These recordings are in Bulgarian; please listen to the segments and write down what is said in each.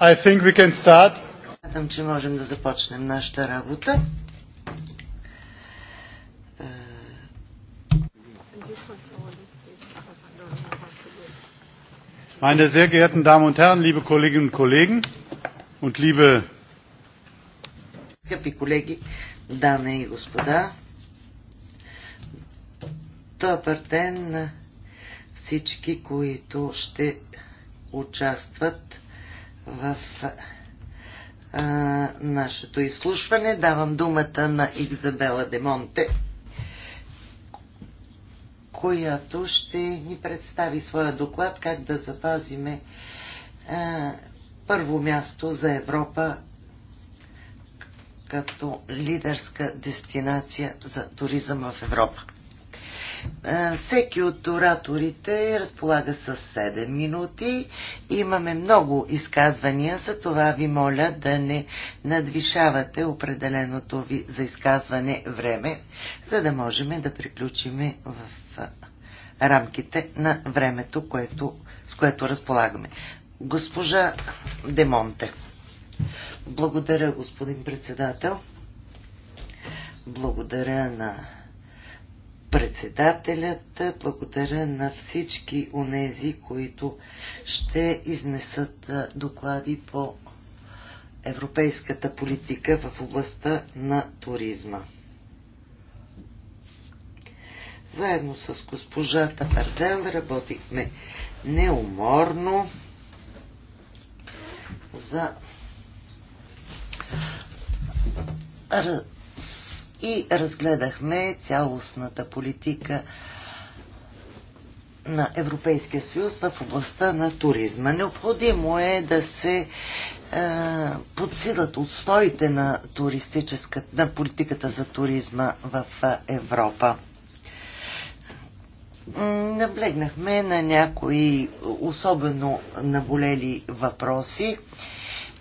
I think we can start. Смятам, че можем да започнем нашата работа. Meine sehr geehrten Damen und Herren, liebe Kolleginnen und Kollegen und liebe Скъпи колеги, дами господа, добър ден на всички, които ще участват в а, нашето изслушване. Давам думата на Изабела Демонте, която ще ни представи своя доклад как да запазиме а, първо място за Европа като лидерска дестинация за туризъм в Европа. Е, всеки от ораторите разполага с 7 минути. Имаме много изказвания, за това ви моля да не надвишавате определеното ви за изказване време, за да можем да приключиме в е, рамките на времето, което, с което разполагаме. Госпожа Демонте. Благодаря, господин председател. Благодаря на председателят. Благодаря на всички онези, които ще изнесат доклади по европейската политика в областта на туризма. Заедно с госпожата Пардел работихме неуморно за и разгледахме цялостната политика на Европейския съюз в областта на туризма. Необходимо е да се е, подсилят отстоите на, на политиката за туризма в е, Европа. Наблегнахме на някои особено наболели въпроси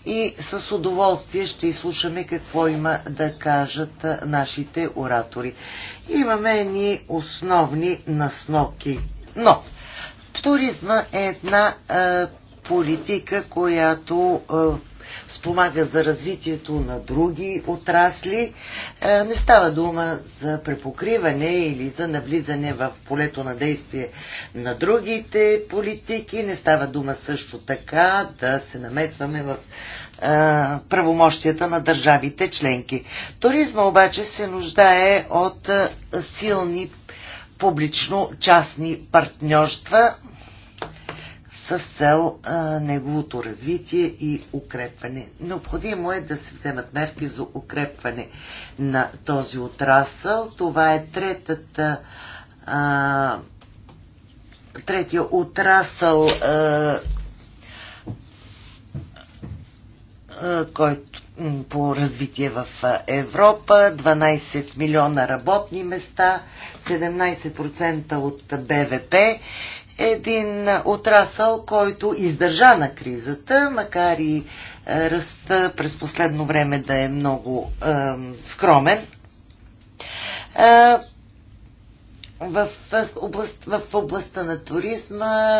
и с удоволствие ще изслушаме какво има да кажат нашите оратори. Имаме ни основни насноки. Но туризма е една политика, която спомага за развитието на други отрасли. Е, не става дума за препокриване или за навлизане в полето на действие на другите политики. Не става дума също така да се намесваме в е, правомощията на държавите членки. Туризма обаче се нуждае от е, силни публично-частни партньорства, с цел а, неговото развитие и укрепване. Необходимо е да се вземат мерки за укрепване на този отрасъл. Това е третата а, третия отрасъл, а, а, който по развитие в Европа, 12 милиона работни места, 17% от БВП един отрасъл, който издържа на кризата, макар и е, ръста през последно време да е много е, скромен. Е, в, област, в областта на туризма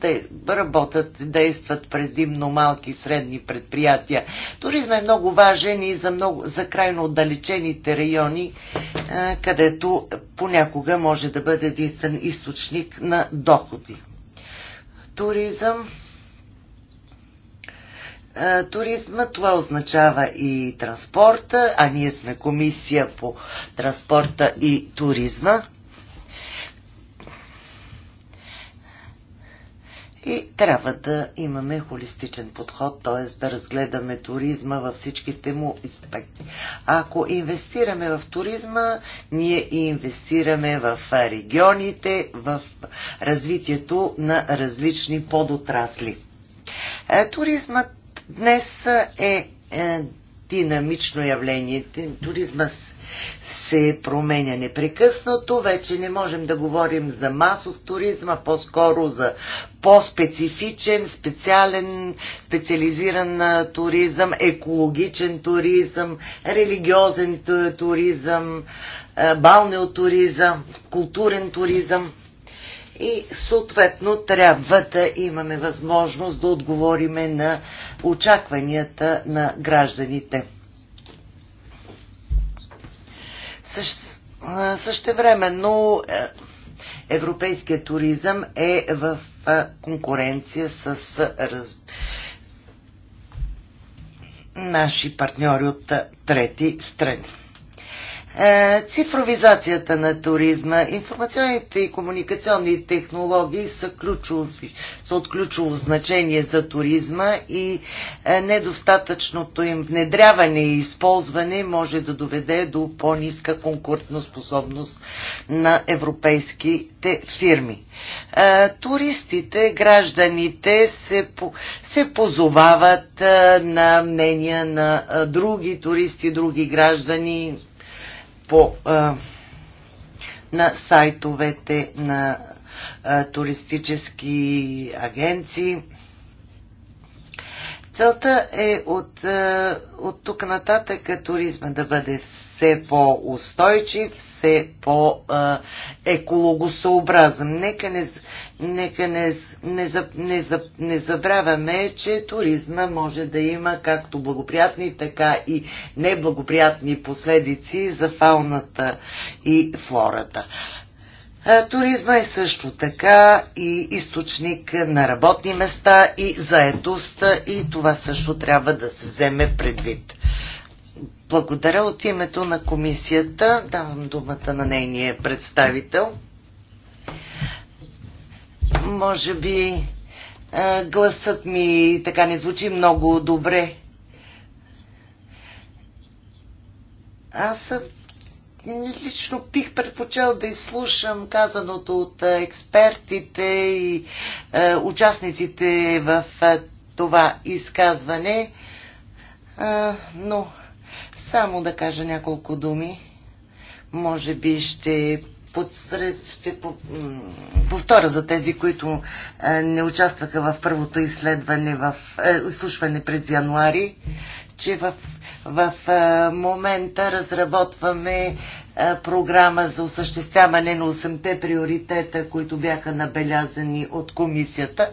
де, работят, действат предимно малки и средни предприятия. Туризма е много важен и за, много, за крайно отдалечените райони, е, където понякога може да бъде единствен източник на доходи. Туризъм. Е, туризма това означава и транспорта, а ние сме комисия по транспорта и туризма. И трябва да имаме холистичен подход, т.е. да разгледаме туризма във всичките му аспекти. Ако инвестираме в туризма, ние и инвестираме в регионите, в развитието на различни подотрасли. Е, туризмът днес е, е динамично явление. Туризма се променя непрекъснато. Вече не можем да говорим за масов туризъм, а по-скоро за по-специфичен, специален, специализиран туризъм, екологичен туризъм, религиозен туризъм, балнеотуризъм, културен туризъм и съответно трябва да имаме възможност да отговориме на очакванията на гражданите. време, но е, европейският туризъм е в конкуренция с раз... наши партньори от трети страни. Е, цифровизацията на туризма, информационните и комуникационни технологии са, ключов, са от ключово значение за туризма и е, недостатъчното им внедряване и използване може да доведе до по-ниска конкурентоспособност на европейските фирми. Е, туристите, гражданите се, се позовават на мнения на други туристи, други граждани, по, а, на сайтовете на а, туристически агенции. Целта е от, е, от тук нататък туризма да бъде все по-устойчив, все по-екологосъобразен. Нека, не, нека не, не, не, не забравяме, че туризма може да има както благоприятни, така и неблагоприятни последици за фауната и флората. Е, туризма е също така и източник на работни места и заедост, и това също трябва да се вземе предвид. Благодаря от името на комисията. Давам думата на нейния представител. Може би е, гласът ми така не звучи много добре. Аз лично бих предпочел да изслушам казаното от експертите и участниците в това изказване, но само да кажа няколко думи. Може би ще подсред, ще повторя за тези, които не участваха в първото изследване в изслушване през януари, че в, в момента разработваме програма за осъществяване на 8-те приоритета, които бяха набелязани от комисията.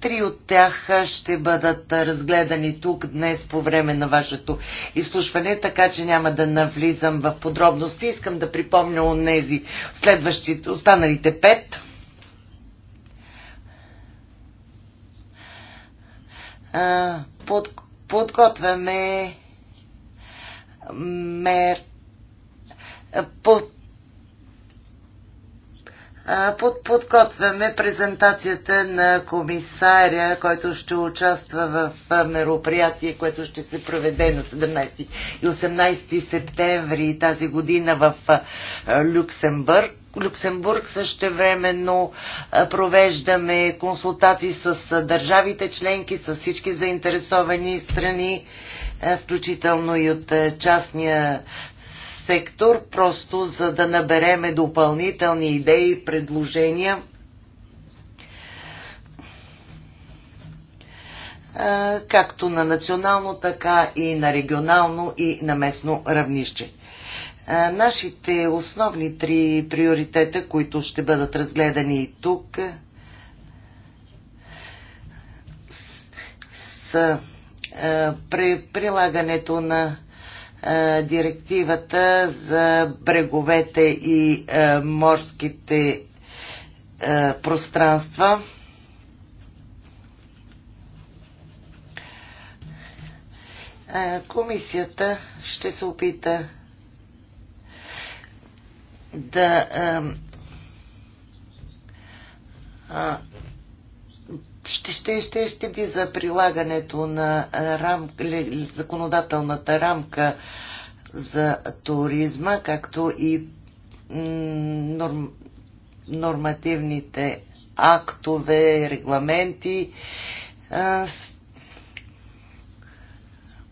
три от тях ще бъдат разгледани тук днес по време на вашето изслушване, така че няма да навлизам в подробности. Искам да припомня от тези следващите, останалите пет. под подготвяме мер под под, подготвяме презентацията на комисаря, който ще участва в мероприятие, което ще се проведе на 17 и 18 септември тази година в Люксембург. Люксембург също времено провеждаме консултации с държавите членки, с всички заинтересовани страни, включително и от частния сектор, просто за да набереме допълнителни идеи и предложения. както на национално, така и на регионално и на местно равнище. Нашите основни три приоритета, които ще бъдат разгледани и тук, са при прилагането на директивата за бреговете и морските пространства. Комисията ще се опита да а, ще, ще, ще, ще би за прилагането на рам, законодателната рамка за туризма, както и норм, нормативните актове, регламенти,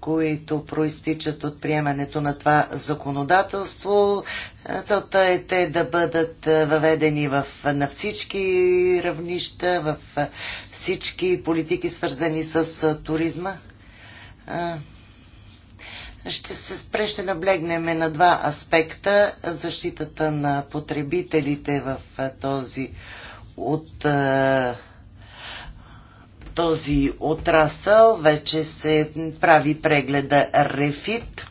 които проистичат от приемането на това законодателство. Целта е те да бъдат е, въведени в, на всички равнища, в е, всички политики, свързани с е, туризма. Ще се спре, ще наблегнем на два аспекта. Защитата на потребителите в този от този отрасъл. Вече се прави прегледа Рефит.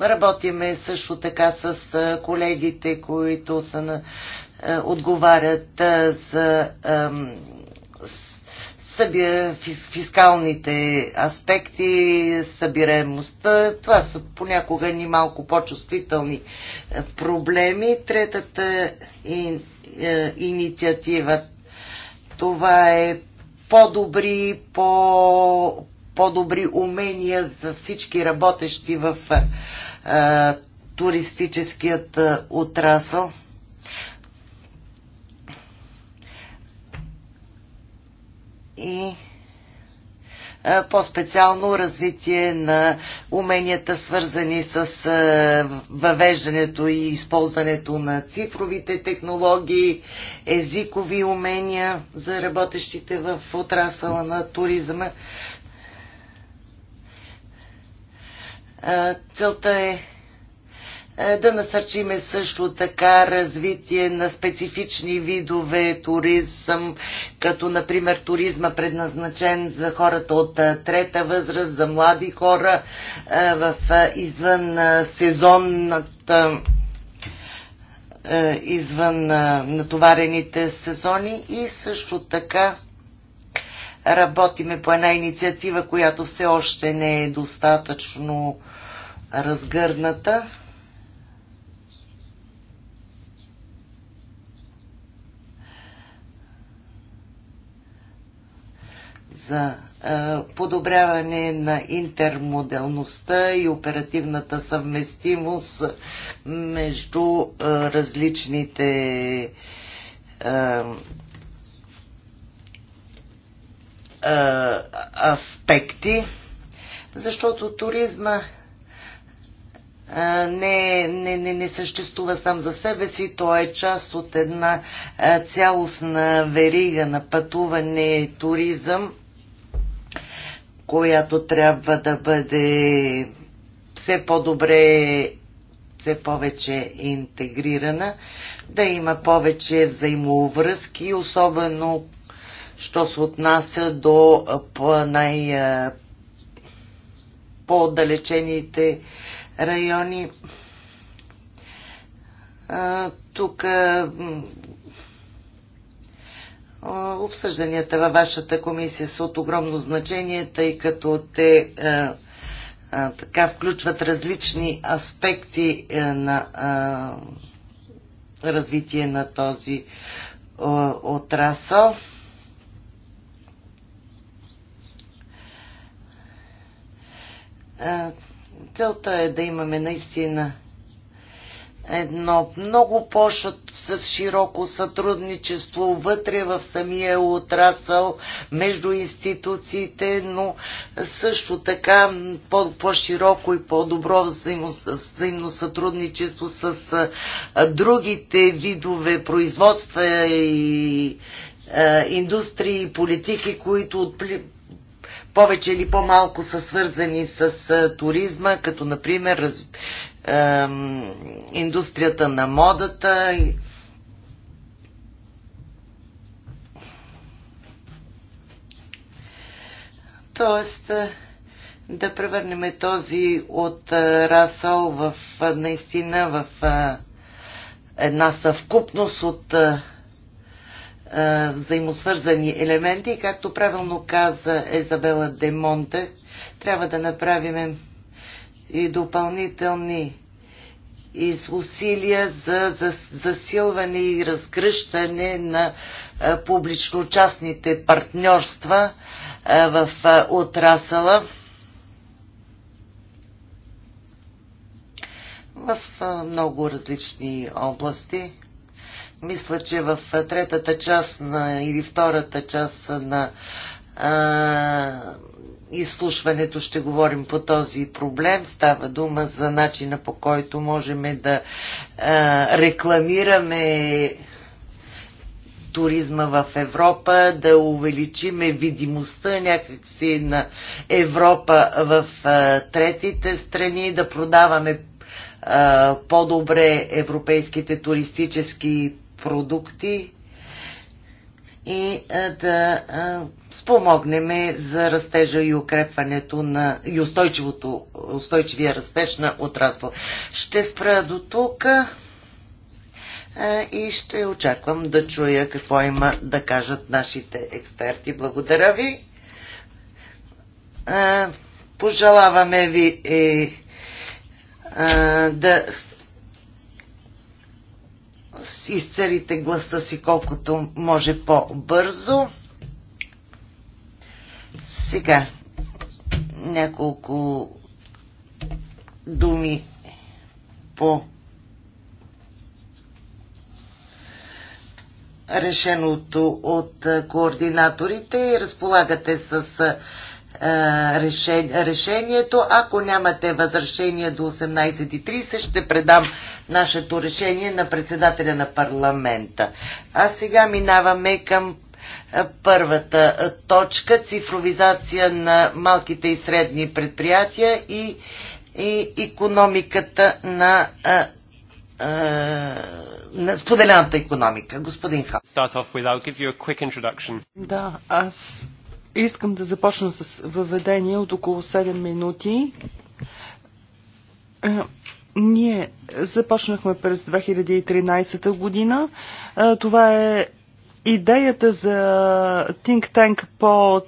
Работиме също така с колегите, които са на, отговарят за събира фискалните аспекти, събираемостта. Това са понякога ни малко по-чувствителни проблеми. Третата и, и, инициатива това е по-добри, по, по-добри умения за всички работещи в а, туристическият а, отрасъл. И по-специално развитие на уменията, свързани с въвеждането и използването на цифровите технологии, езикови умения за работещите в отрасъла на туризма. Целта е е, да насърчиме също така развитие на специфични видове туризъм, като например туризма предназначен за хората от е, трета възраст, за млади хора е, в извън сезонната извън натоварените сезони и също така работиме по една инициатива, която все още не е достатъчно разгърната за е, подобряване на интермоделността и оперативната съвместимост между е, различните е, аспекти, защото туризма не, не, не, не съществува сам за себе си, той е част от една цялостна верига на пътуване и туризъм която трябва да бъде все по-добре, все повече интегрирана, да има повече взаимовръзки, особено що се отнася до най- по-далечените райони. Тук Обсъжданията във вашата комисия са от огромно значение, тъй като те а, а, така включват различни аспекти а, е, на а, развитие на този а, отрасъл. А, целта е да имаме наистина едно много по с широко сътрудничество вътре в самия отрасъл, между институциите, но също така по-широко и по-добро взаимно, взаимно сътрудничество с другите видове производства и индустрии и политики, които от повече или по-малко са свързани с туризма, като например индустрията на модата. Тоест, е, да превърнем този от е, Расъл в е, наистина в една съвкупност от взаимосвързани елементи. И както правилно каза Езабела Демонте, трябва да направим и допълнителни усилия за засилване и разгръщане на публично-частните партньорства в отрасъла. в много различни области. Мисля, че в третата част на, или втората част на а, изслушването ще говорим по този проблем. Става дума за начина по който можем да а, рекламираме туризма в Европа, да увеличиме видимостта някакси на Европа в а, третите страни, да продаваме по-добре европейските туристически продукти и е, да е, спомогнем за растежа и укрепването на и устойчивото, устойчивия растеж на отрасъл. Ще спра до тук е, и ще очаквам да чуя какво има да кажат нашите експерти. Благодаря ви. Пожелаваме ви да изцелите гласа си колкото може по-бързо. Сега няколко думи по решеното от координаторите и разполагате с е, решението. Ако нямате възрешение до 18.30, ще предам нашето решение на председателя на парламента. А сега минаваме към е, първата е, точка цифровизация на малките и средни предприятия и, и економиката на, а, а, на споделената економика. Господин Хан. Да, аз Искам да започна с въведение от около 7 минути. Е, ние започнахме през 2013 година. Е, това е идеята за think tank по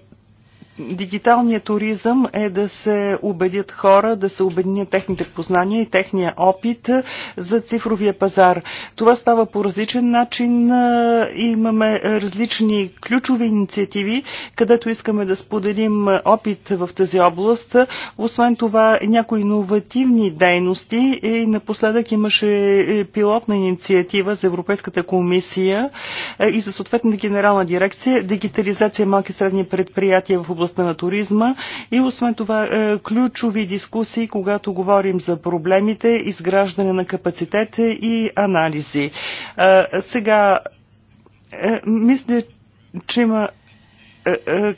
Дигиталният туризъм е да се убедят хора, да се обединят техните познания и техния опит за цифровия пазар. Това става по различен начин. Е, имаме различни ключови инициативи, където искаме да споделим опит в тази област. Освен това, някои иновативни дейности и е, напоследък имаше е, пилотна инициатива за Европейската комисия и за съответната генерална дирекция дигитализация малки средни предприятия в област областта на туризма и освен това е, ключови дискусии, когато говорим за проблемите, изграждане на капацитет и анализи. Е, сега, е, мисля, че има е, е,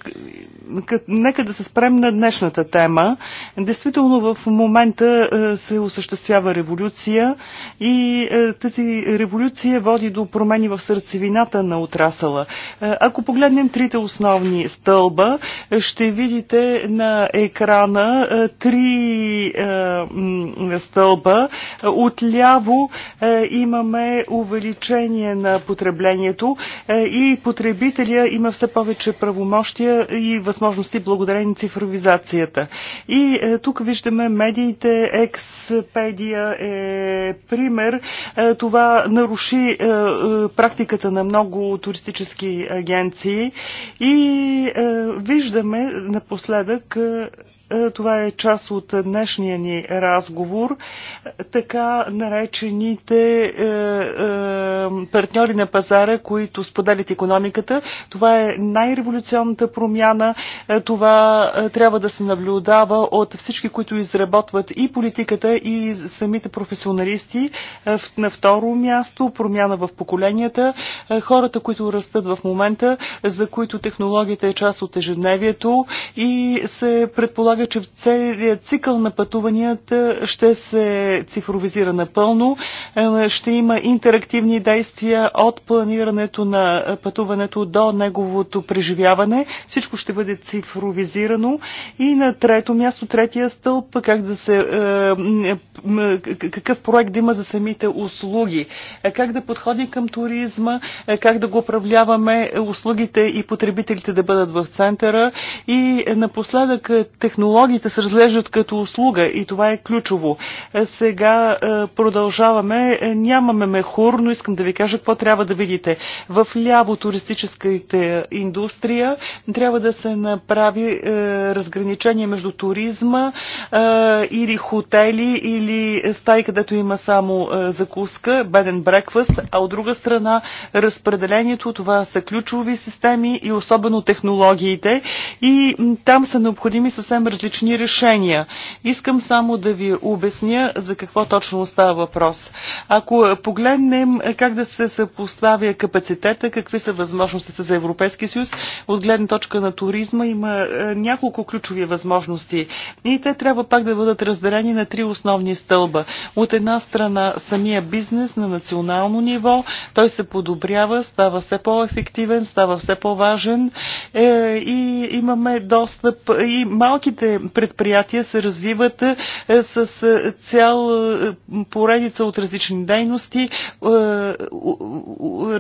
нека да се спрем на днешната тема. Действително в момента е, се осъществява революция и тази революция води до промени в сърцевината на отрасъла. Ако погледнем трите основни стълба, ще видите на екрана три стълба. Отляво имаме увеличение на потреблението и потребителя има все повече право правомощия и възможности благодарение на цифровизацията. И е, тук виждаме медиите, Експедия е пример. Е, това наруши е, е, практиката на много туристически агенции и е, виждаме напоследък е, е, това е част от днешния ни разговор, така наречените е, е, партньори на пазара, които споделят економиката. Това е най-революционната промяна. Е, това е, трябва да се наблюдава от всички, които изработват и политиката, и самите професионалисти. На второ място промяна в поколенията. Хората, които растат в момента, за които технологията е част от ежедневието и се предполага предполага, че целият цикъл на пътуванията ще се цифровизира напълно. Е, ще има интерактивни действия от планирането на пътуването до неговото преживяване. Всичко ще бъде цифровизирано. И на трето място, третия стълб, как да се, е, е, какъв проект да има за самите услуги. Как да подходим към туризма, как да го управляваме, услугите и потребителите да бъдат в центъра. И напоследък технологията технологиите се разглеждат като услуга и това е ключово. Е, сега е, продължаваме. Е, нямаме мехур, но искам да ви кажа какво трябва да видите. В ляво туристическата индустрия трябва да се направи разграничение между туризма или хотели или стай, където има само закуска, беден breakfast, а от друга страна разпределението, това са ключови системи и особено технологиите и там са необходими съвсем различни различни решения. Искам само да ви обясня за какво точно става въпрос. Ако погледнем как да се съпоставя капацитета, какви са възможностите за Европейския съюз, от гледна точка на туризма има е, няколко ключови възможности. И те трябва пак да бъдат разделени на три основни стълба. От една страна самия бизнес на национално ниво, той се подобрява, става все по-ефективен, става все по-важен е, и имаме достъп и малките Малките предприятия се развиват е, с е, цял е, поредица от различни дейности,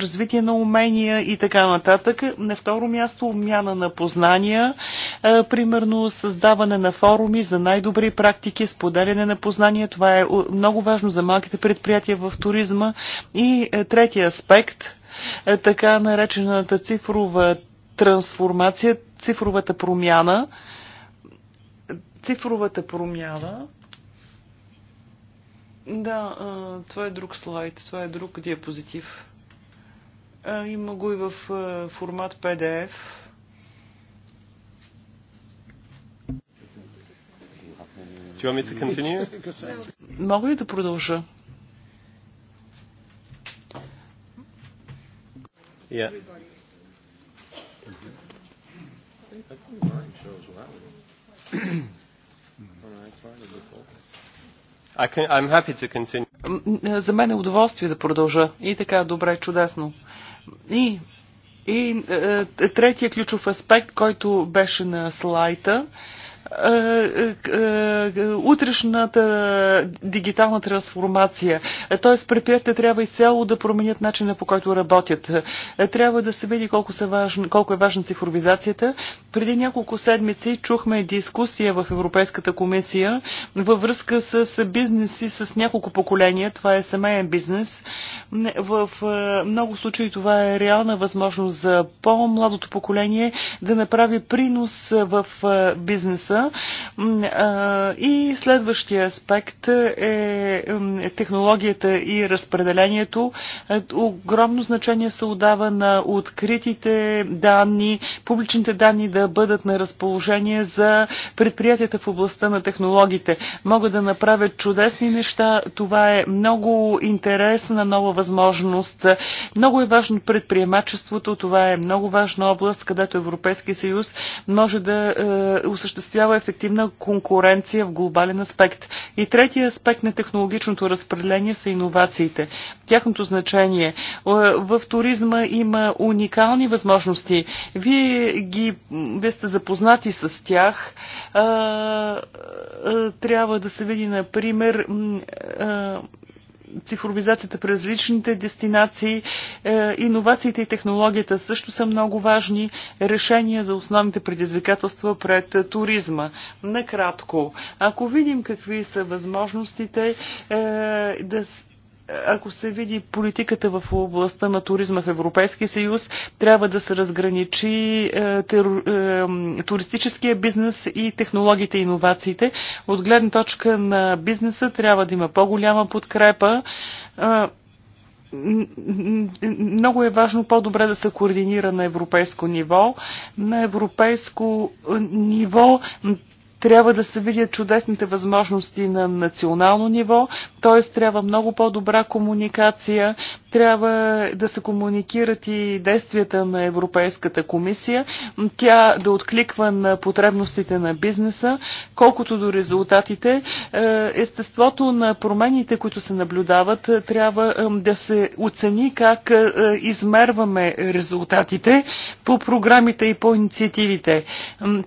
развитие на умения и така нататък. На второ място обмяна на познания, примерно създаване на форуми за най-добри практики, споделяне на познания. Това е много важно за малките предприятия в туризма. И третия аспект – така наречената цифрова трансформация, цифровата промяна, цифровата промяна. Да, това е друг слайд, това е друг диапозитив. Има го и в формат PDF. Do you want me to continue? Мога ли да продължа? Yeah. За мен е удоволствие да продължа. И така, добре, чудесно. И, и е, е третия ключов аспект, който беше на слайта, е, е, е, е, утрешната дигитална трансформация. Т.е. предприятията трябва изцяло да променят начина по който работят. Трябва да се види колко, са важни, колко е важна цифровизацията. Преди няколко седмици чухме дискусия в Европейската комисия във връзка с бизнеси с няколко поколения. Това е семейен бизнес. В много случаи това е реална възможност за по-младото поколение да направи принос в бизнеса и следващия аспект е технологията и разпределението. Е, огромно значение се отдава на откритите данни, публичните данни да бъдат на разположение за предприятията в областта на технологите. Могат да направят чудесни неща. Това е много интересна нова възможност. Много е важно предприемачеството. Това е много важна област, където Европейски съюз може да е, осъществи осъществява ефективна конкуренция в глобален аспект. И третия аспект на технологичното разпределение са иновациите. Тяхното значение. Е, в туризма има уникални възможности. Вие, ги, вие сте запознати с тях. Е, е, трябва да се види, например, цифровизацията през различните дестинации, е, иновациите и технологията също са много важни решения за основните предизвикателства пред е, туризма. Накратко, ако видим какви са възможностите е, да ако се види политиката в областта на туризма в Европейския съюз, трябва да се разграничи е, тер, е, туристическия бизнес и технологиите и иновациите. От гледна точка на бизнеса трябва да има по-голяма подкрепа. Е, много е важно по-добре да се координира на европейско ниво. На европейско е, ниво трябва да се видят чудесните възможности на национално ниво, т.е. трябва много по-добра комуникация, трябва да се комуникират и действията на Европейската комисия, тя да откликва на потребностите на бизнеса, колкото до резултатите. Е, естеството на промените, които се наблюдават, трябва е, да се оцени как е, измерваме резултатите по програмите и по инициативите.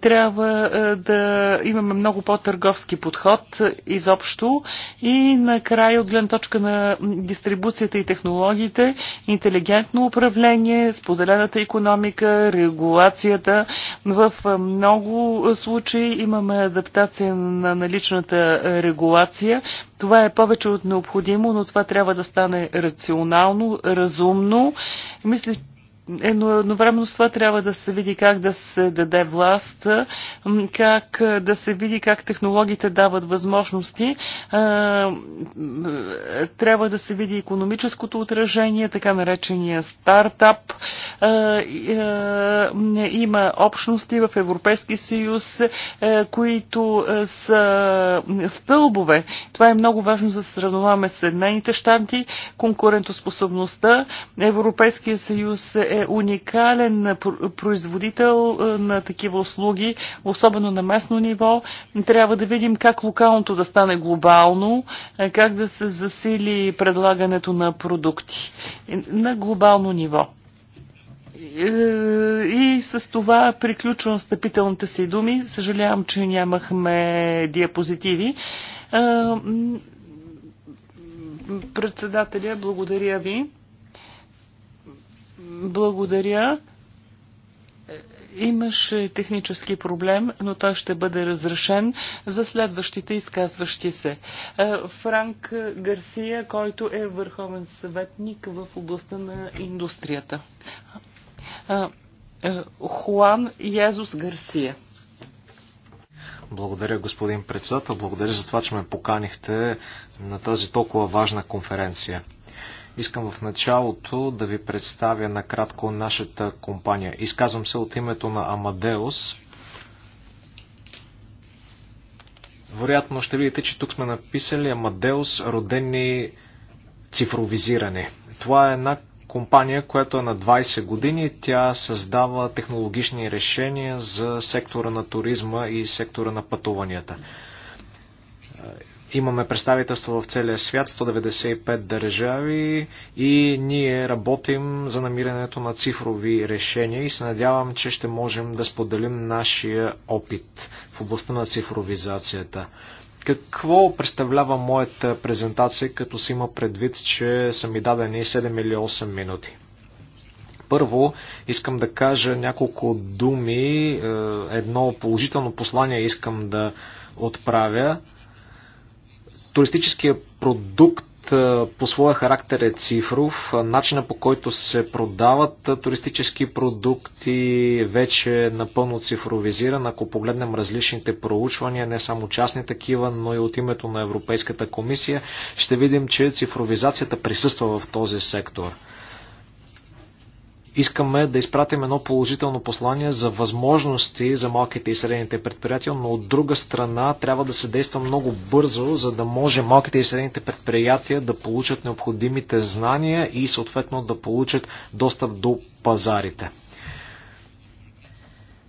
Трябва да имаме много по-търговски подход е, изобщо и накрая от гледна точка на дистрибуцията и технологиите, интелигентно управление, споделената економика, регулацията. В е, много случаи имаме адаптация на наличната регулация. Това е повече от необходимо, но това трябва да стане рационално, разумно. Мисля, но едновременно с това трябва да се види как да се даде власт, как е, да се види как технологиите дават възможности. Е, е, трябва да се види економическото отражение, така наречения стартап. Има общности в Европейски съюз, които са стълбове. Това е много важно за да сравняваме с Съединените щати, конкурентоспособността. Европейския съюз е уникален производител на такива услуги, особено на местно ниво. Трябва да видим как локалното да стане глобално, как да се засили предлагането на продукти на глобално ниво и е, с това приключвам стъпителните си думи. Съжалявам, че нямахме диапозитиви. Е, председателя, благодаря ви. Благодаря. Имаше технически проблем, но той ще бъде разрешен за следващите изказващи се. Е, Франк Гарсия, който е върховен съветник в областта на индустрията. Е, е, Хуан Язус Гарсия. Благодаря, господин председател. Благодаря за това, че ме поканихте на тази толкова важна конференция. Искам в началото да ви представя накратко нашата компания. Изказвам се от името на Амадеус. Вероятно ще видите, че тук сме написали Амадеус родени цифровизиране. Това е една компания, която е на 20 години. Тя създава технологични решения за сектора на туризма и сектора на пътуванията. Имаме представителство в целия свят, 195 държави и ние работим за намирането на цифрови решения и се надявам, че ще можем да споделим нашия опит в областта на цифровизацията. Какво представлява моята презентация, като си има предвид, че са ми дадени 7 или 8 минути? Първо, искам да кажа няколко думи, е, едно положително послание искам да отправя. Туристическия продукт по своя характер е цифров. Начина по който се продават туристически продукти вече е напълно цифровизиран. Ако погледнем различните проучвания, не само частни такива, но и от името на Европейската комисия, ще видим, че цифровизацията присъства в този сектор искаме да изпратим едно положително послание за възможности за малките и средните предприятия, но от друга страна трябва да се действа много бързо, за да може малките и средните предприятия да получат необходимите знания и съответно да получат достъп до пазарите.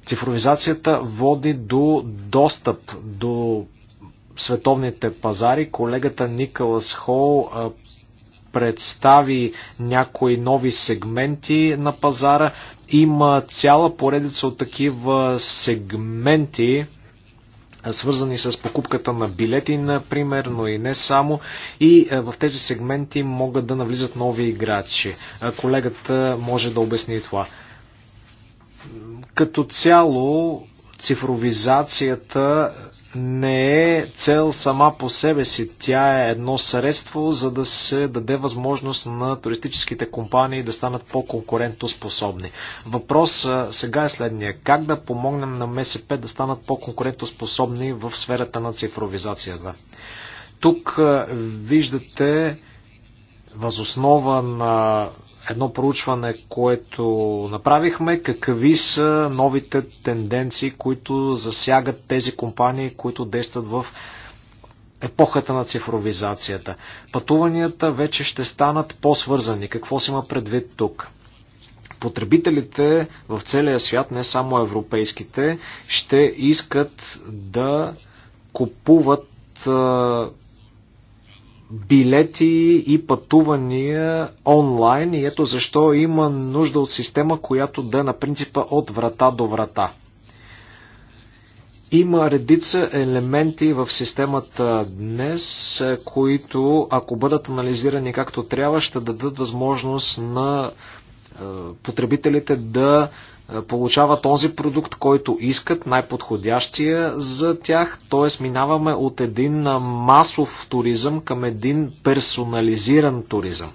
Цифровизацията води до достъп до световните пазари. Колегата Николас Хол представи някои нови сегменти на пазара. Има цяла поредица от такива сегменти, свързани с покупката на билети, например, но и не само. И е, в тези сегменти могат да навлизат нови играчи. Е, колегата може да обясни това. Като цяло, цифровизацията не е цел сама по себе си. Тя е едно средство, за да се даде възможност на туристическите компании да станат по-конкурентоспособни. Въпрос сега е следния. Как да помогнем на МСП да станат по-конкурентоспособни в сферата на цифровизацията? Тук виждате възоснова на едно проучване, което направихме, какви са новите тенденции, които засягат тези компании, които действат в епохата на цифровизацията. Пътуванията вече ще станат по-свързани. Какво си има предвид тук? Потребителите в целия свят, не само европейските, ще искат да купуват билети и пътувания онлайн и ето защо има нужда от система, която да е на принципа от врата до врата. Има редица елементи в системата днес, които, ако бъдат анализирани както трябва, ще дадат възможност на е, потребителите да е, получава този продукт, който искат, най-подходящия за тях, т.е. минаваме от един масов туризъм към един персонализиран туризъм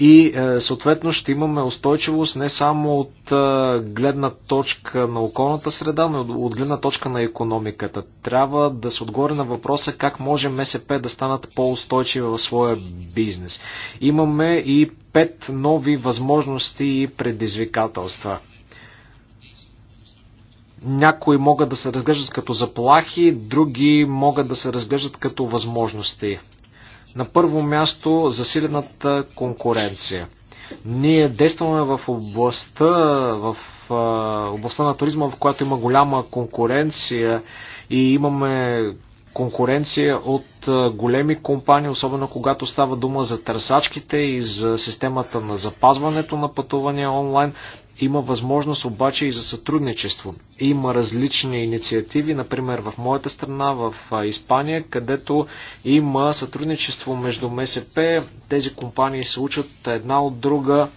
и е, съответно ще имаме устойчивост не само от е, гледна точка на околната среда, но и от гледна точка на економиката. Трябва да се отговори на въпроса как може МСП да станат по-устойчиви в своя бизнес. Имаме и пет нови възможности и предизвикателства някои могат да се разглеждат като заплахи, други могат да се разглеждат като възможности. На първо място засилената конкуренция. Ние действаме в областта, в областта на туризма, в която има голяма конкуренция и имаме конкуренция от големи компании, особено когато става дума за търсачките и за системата на запазването на пътувания онлайн. Има възможност обаче и за сътрудничество. Има различни инициативи, например в моята страна, в Испания, където има сътрудничество между МСП. Тези компании се учат една от друга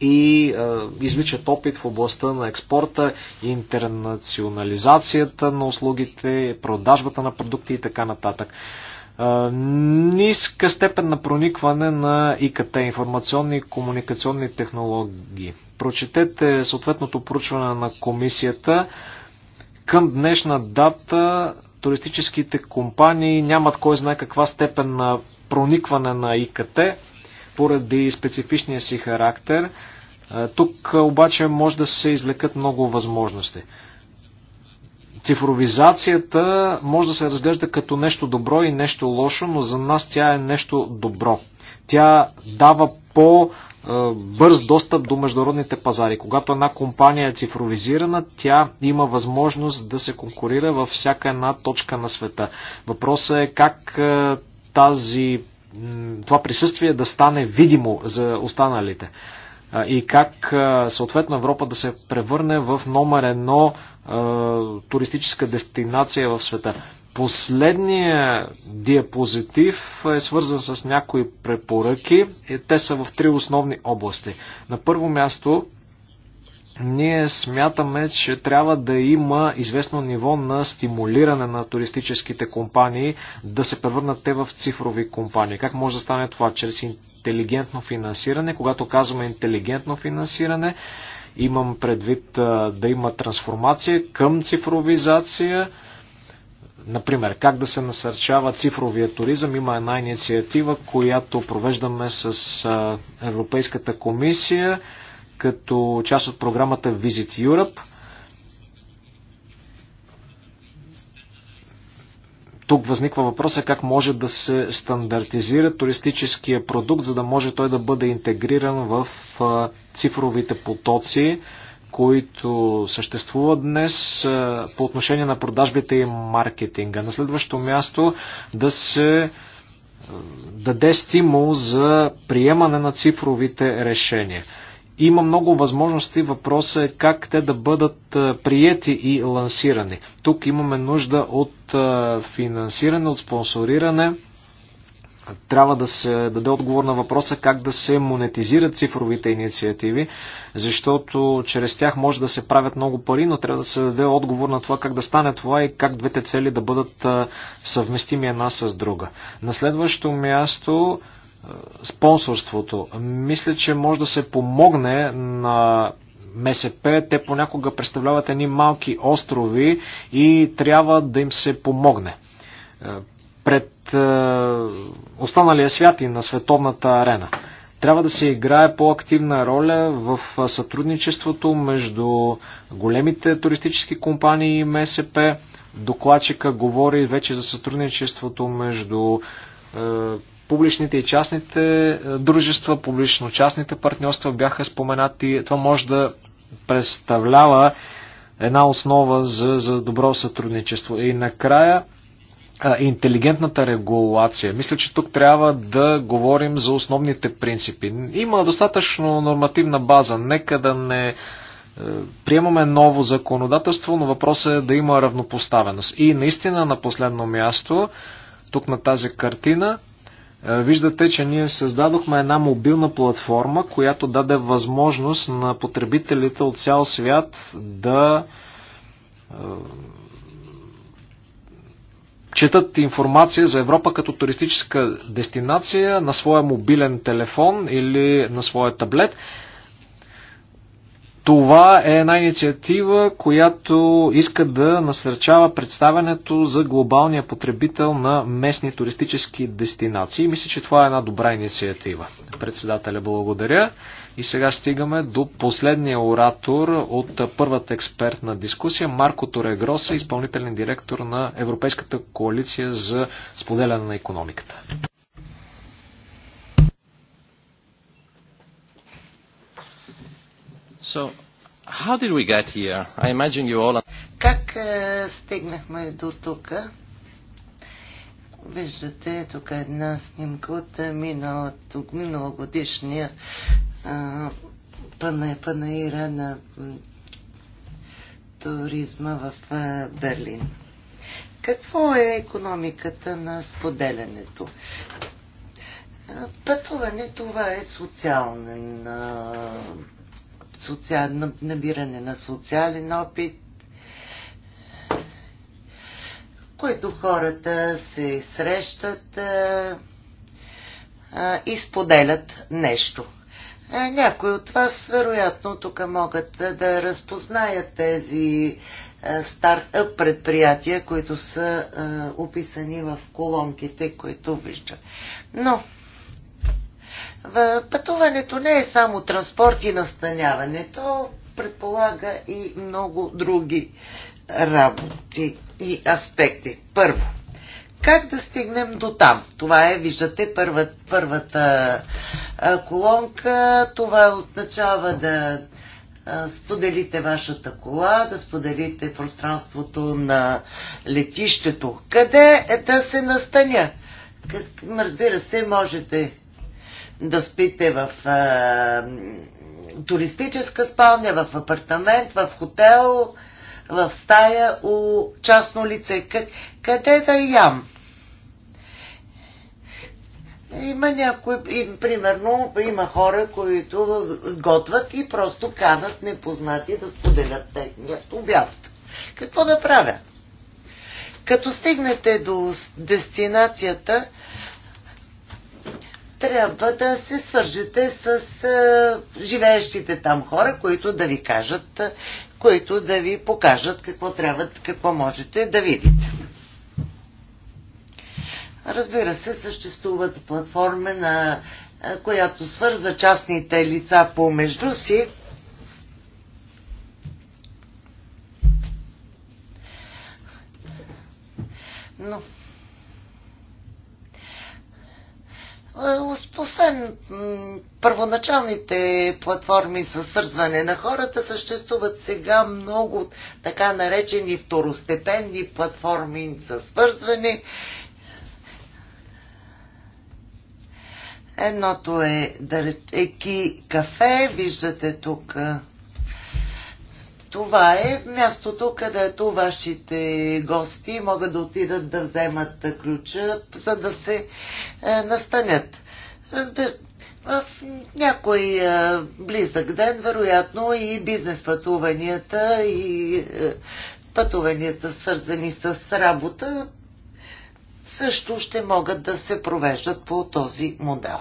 и е, извличат опит в областта на експорта, интернационализацията на услугите, продажбата на продукти и така нататък ниска степен на проникване на ИКТ, информационни и комуникационни технологии. Прочетете съответното проучване на комисията. Към днешна дата туристическите компании нямат кой знае каква степен на проникване на ИКТ поради специфичния си характер. Тук обаче може да се извлекат много възможности. Цифровизацията може да се разглежда като нещо добро и нещо лошо, но за нас тя е нещо добро. Тя дава по- бърз достъп до международните пазари. Когато една компания е цифровизирана, тя има възможност да се конкурира във всяка една точка на света. Въпросът е как е, тази, това присъствие да стане видимо за останалите и как съответно Европа да се превърне в номер едно туристическа дестинация в света. Последният диапозитив е свързан с някои препоръки. И е, те са в три основни области. На първо място ние смятаме, че трябва да има известно ниво на стимулиране на туристическите компании да се превърнат те в цифрови компании. Как може да стане това? Чрез интелигентно финансиране. Когато казваме интелигентно финансиране, имам предвид да има трансформация към цифровизация. Например, как да се насърчава цифровия туризъм. Има една инициатива, която провеждаме с Европейската комисия като част от програмата Visit Europe – Тук възниква въпроса как може да се стандартизира туристическия продукт, за да може той да бъде интегриран в цифровите потоци, които съществуват днес по отношение на продажбите и маркетинга. На следващо място да се даде стимул за приемане на цифровите решения има много възможности. Въпросът е как те да бъдат е, приети и лансирани. Тук имаме нужда от е, финансиране, от спонсориране. Трябва да се даде отговор на въпроса как да се монетизират цифровите инициативи, защото чрез тях може да се правят много пари, но трябва да се даде отговор на това как да стане това и как двете цели да бъдат е, съвместими една с друга. На следващо място спонсорството. Мисля, че може да се помогне на МСП. Те понякога представляват едни малки острови и трябва да им се помогне е, пред е, останалия свят и на световната арена. Трябва да се играе по-активна роля в сътрудничеството между големите туристически компании и МСП. Докладчика говори вече за сътрудничеството между е, Публичните и частните е, дружества, публично-частните партньорства бяха споменати. Това може да представлява една основа за, за добро сътрудничество. И накрая е, интелигентната регулация. Мисля, че тук трябва да говорим за основните принципи. Има достатъчно нормативна база. Нека да не е, приемаме ново законодателство, но въпросът е да има равнопоставеност. И наистина на последно място, тук на тази картина, е, виждате, че ние създадохме една мобилна платформа, която даде възможност на потребителите от цял свят да е, четат информация за Европа като туристическа дестинация на своя мобилен телефон или на своя таблет. Това е една инициатива, която иска да насърчава представянето за глобалния потребител на местни туристически дестинации. Мисля, че това е една добра инициатива. Председателя, благодаря. И сега стигаме до последния оратор от първата експертна дискусия. Марко Торегроса, изпълнителен директор на Европейската коалиция за споделяне на економиката. So, how did we get here? I imagine you all... Как е, стигнахме до тук? Виждате тук е една снимка от е, миналото, миналогодишния пана, панаира на туризма в е, Берлин. Какво е економиката на споделянето? Пътуване това е социален социал, набиране на социален опит, които хората се срещат а, а, и споделят нещо. А, някои от вас, вероятно, тук могат да разпознаят тези стартъп предприятия, които са а, описани в колонките, които виждат. Но е, пътуването не е само транспорт и настаняване. То предполага и много други работи и аспекти. Първо, как да стигнем до там? Това е, виждате, първа, първата е, колонка. Това означава да е, споделите вашата кола, да споделите пространството на летището. Къде е да се настаня? Разбира се, можете да спите в туристическа спалня, в апартамент, в хотел, в стая у частно лице. Къде да ям? Има някои, и, примерно, има хора, които готват и просто канат непознати да споделят техния обяд. Какво да правя? Като стигнете до дестинацията, трябва да се свържете с живеещите там хора, които да ви кажат, които да ви покажат какво трябва, какво можете да видите. Разбира се, съществуват платформи, на, която свърза частните лица помежду си. Но Е, освен първоначалните платформи за свързване на хората, съществуват сега много така наречени второстепенни платформи за свързване. Едното е, да реч, кафе, виждате тук това е мястото, където вашите гости могат да отидат да вземат ключа, за да се е, настанят. Разбира, в някой е, близък ден, вероятно, и бизнес пътуванията, и е, пътуванията свързани с работа, също ще могат да се провеждат по този модел.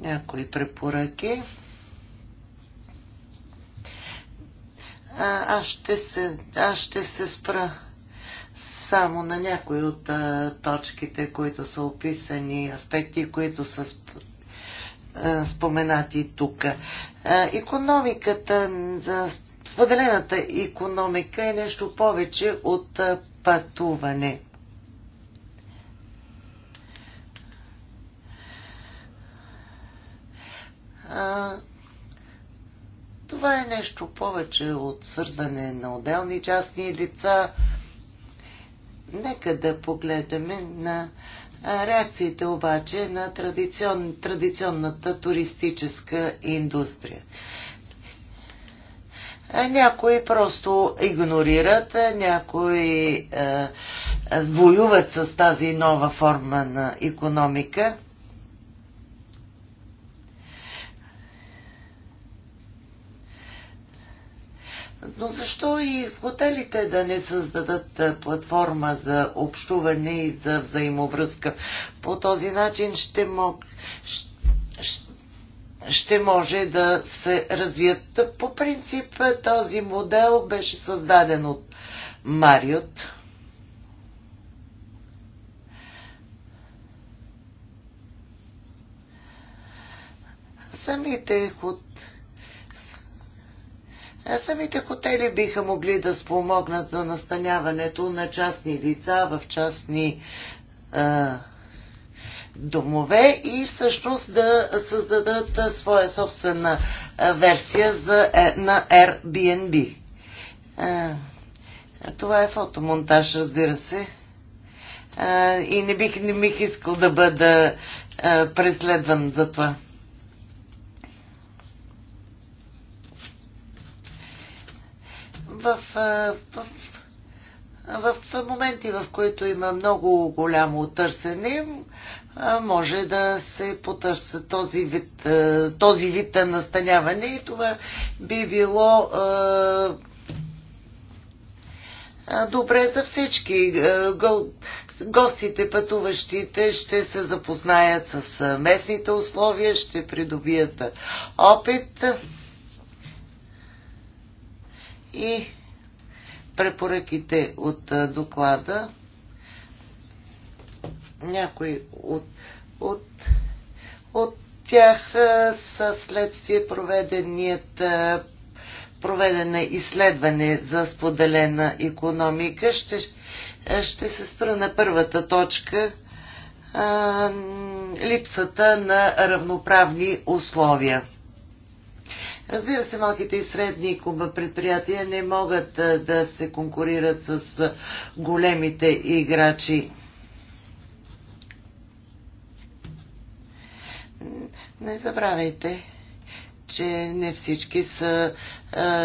Някои препоръки. аз ще се, аз ще се спра само на някои от а, точките, които са описани, аспекти, които са сп, а, споменати тук. А, економиката, а, споделената економика е нещо повече от а, пътуване. А, това е нещо повече от свързване на отделни частни лица. Нека да погледнем на реакциите обаче на традицион, традиционната туристическа индустрия. Някои просто игнорират, някои е, воюват с тази нова форма на економика. Но защо и хотелите да не създадат платформа за общуване и за взаимовръзка? По този начин ще, мог, ще може да се развият. По принцип този модел беше създаден от Мариот. Самите хотели Самите хотели биха могли да спомогнат за настаняването на частни лица в частни а, домове и всъщност да създадат своя собствена версия за, е, на Airbnb. А, това е фотомонтаж, разбира се. А, и не бих, не бих искал да бъда а, преследван за това. в, в, в, в моменти, в които има много голямо търсене, може да се потърса този вид, този вид настаняване и това би било добре за всички. Гостите, пътуващите ще се запознаят с местните условия, ще придобият опит и препоръките от доклада. Някои от, от, от тях са следствие проведеният проведена изследване за споделена економика. Ще, ще се спра на първата точка а, липсата на равноправни условия. Разбира се, малките и средни предприятия не могат да се конкурират с големите играчи. Не забравяйте, че не всички са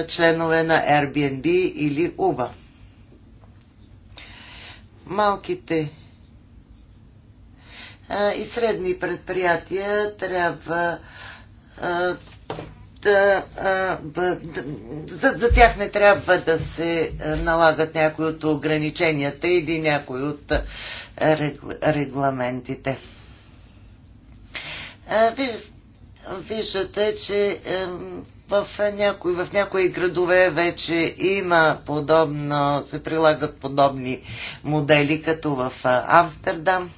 членове на Airbnb или Uber. Малките и средни предприятия трябва а, да, за, за тях не трябва да се налагат някои от ограниченията или някои от регламентите. Виждате, че в някои, в някои градове вече има подобно, се прилагат подобни модели, като в Амстердам.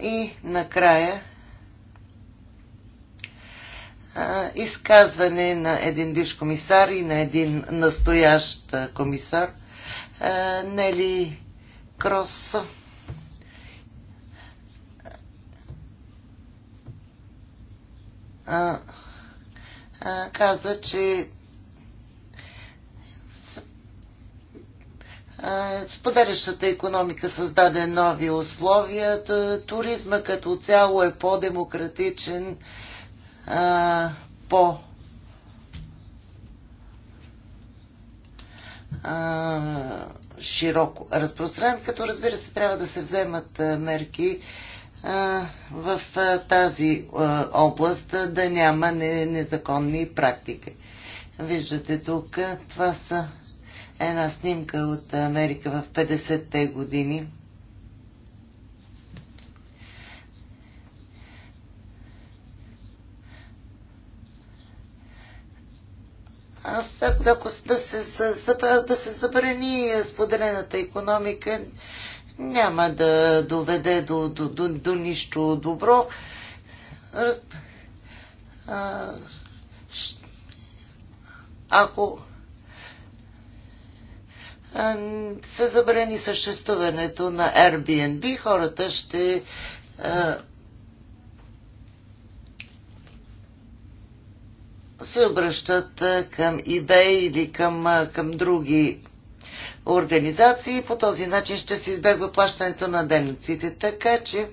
И накрая изказване на един бивш комисар и на един настоящ комисар. Нели Крос. каза, че Споделящата економика създаде нови условия. Туризма като цяло е по-демократичен, по- широко разпространен, като разбира се трябва да се вземат мерки в тази област да няма незаконни практики. Виждате тук, това са една снимка от Америка в 50-те години. Аз, ако, ако да, се, да се забрани споделената економика, няма да доведе до, до, до, до нищо добро. Раз... А, ако се забрани съществуването на Airbnb, хората ще се обръщат към eBay или към, към други организации. По този начин ще се избегва плащането на денниците. Така че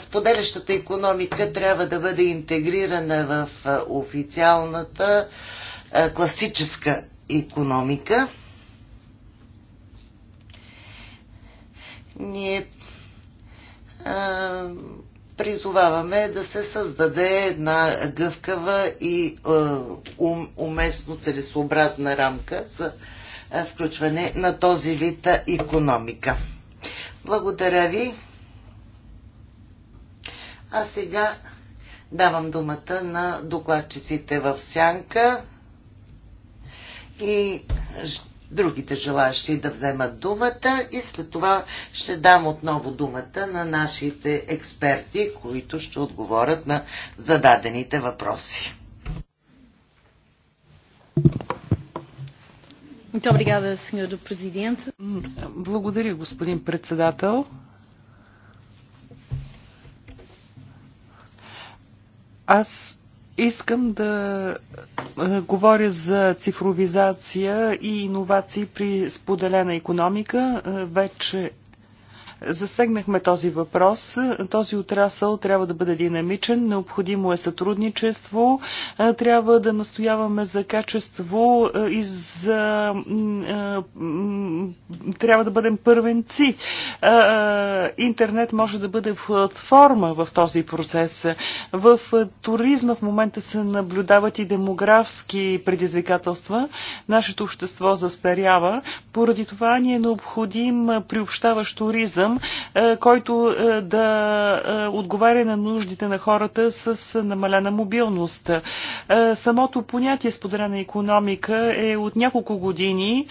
споделящата економика трябва да бъде интегрирана в официалната класическа економика. ние а, призоваваме да се създаде една гъвкава и а, ум, уместно целесообразна рамка за а, включване на този вид економика. Благодаря ви. А сега давам думата на докладчиците в Сянка и другите желаящи да вземат думата и след това ще дам отново думата на нашите експерти, които ще отговорят на зададените въпроси. Благодаря, господин председател. Аз Искам да говоря за цифровизация и иновации при споделена економика. Вече Засегнахме този въпрос. Този отрасъл трябва да бъде динамичен, необходимо е сътрудничество, трябва да настояваме за качество и за... трябва да бъдем първенци. Интернет може да бъде платформа в този процес. В туризма в момента се наблюдават и демографски предизвикателства. Нашето общество застарява. Поради това ни е необходим приобщаващ туризъм механизъм, е, който е, да е, отговаря на нуждите на хората с намалена мобилност. Самото понятие споделена економика е от няколко години.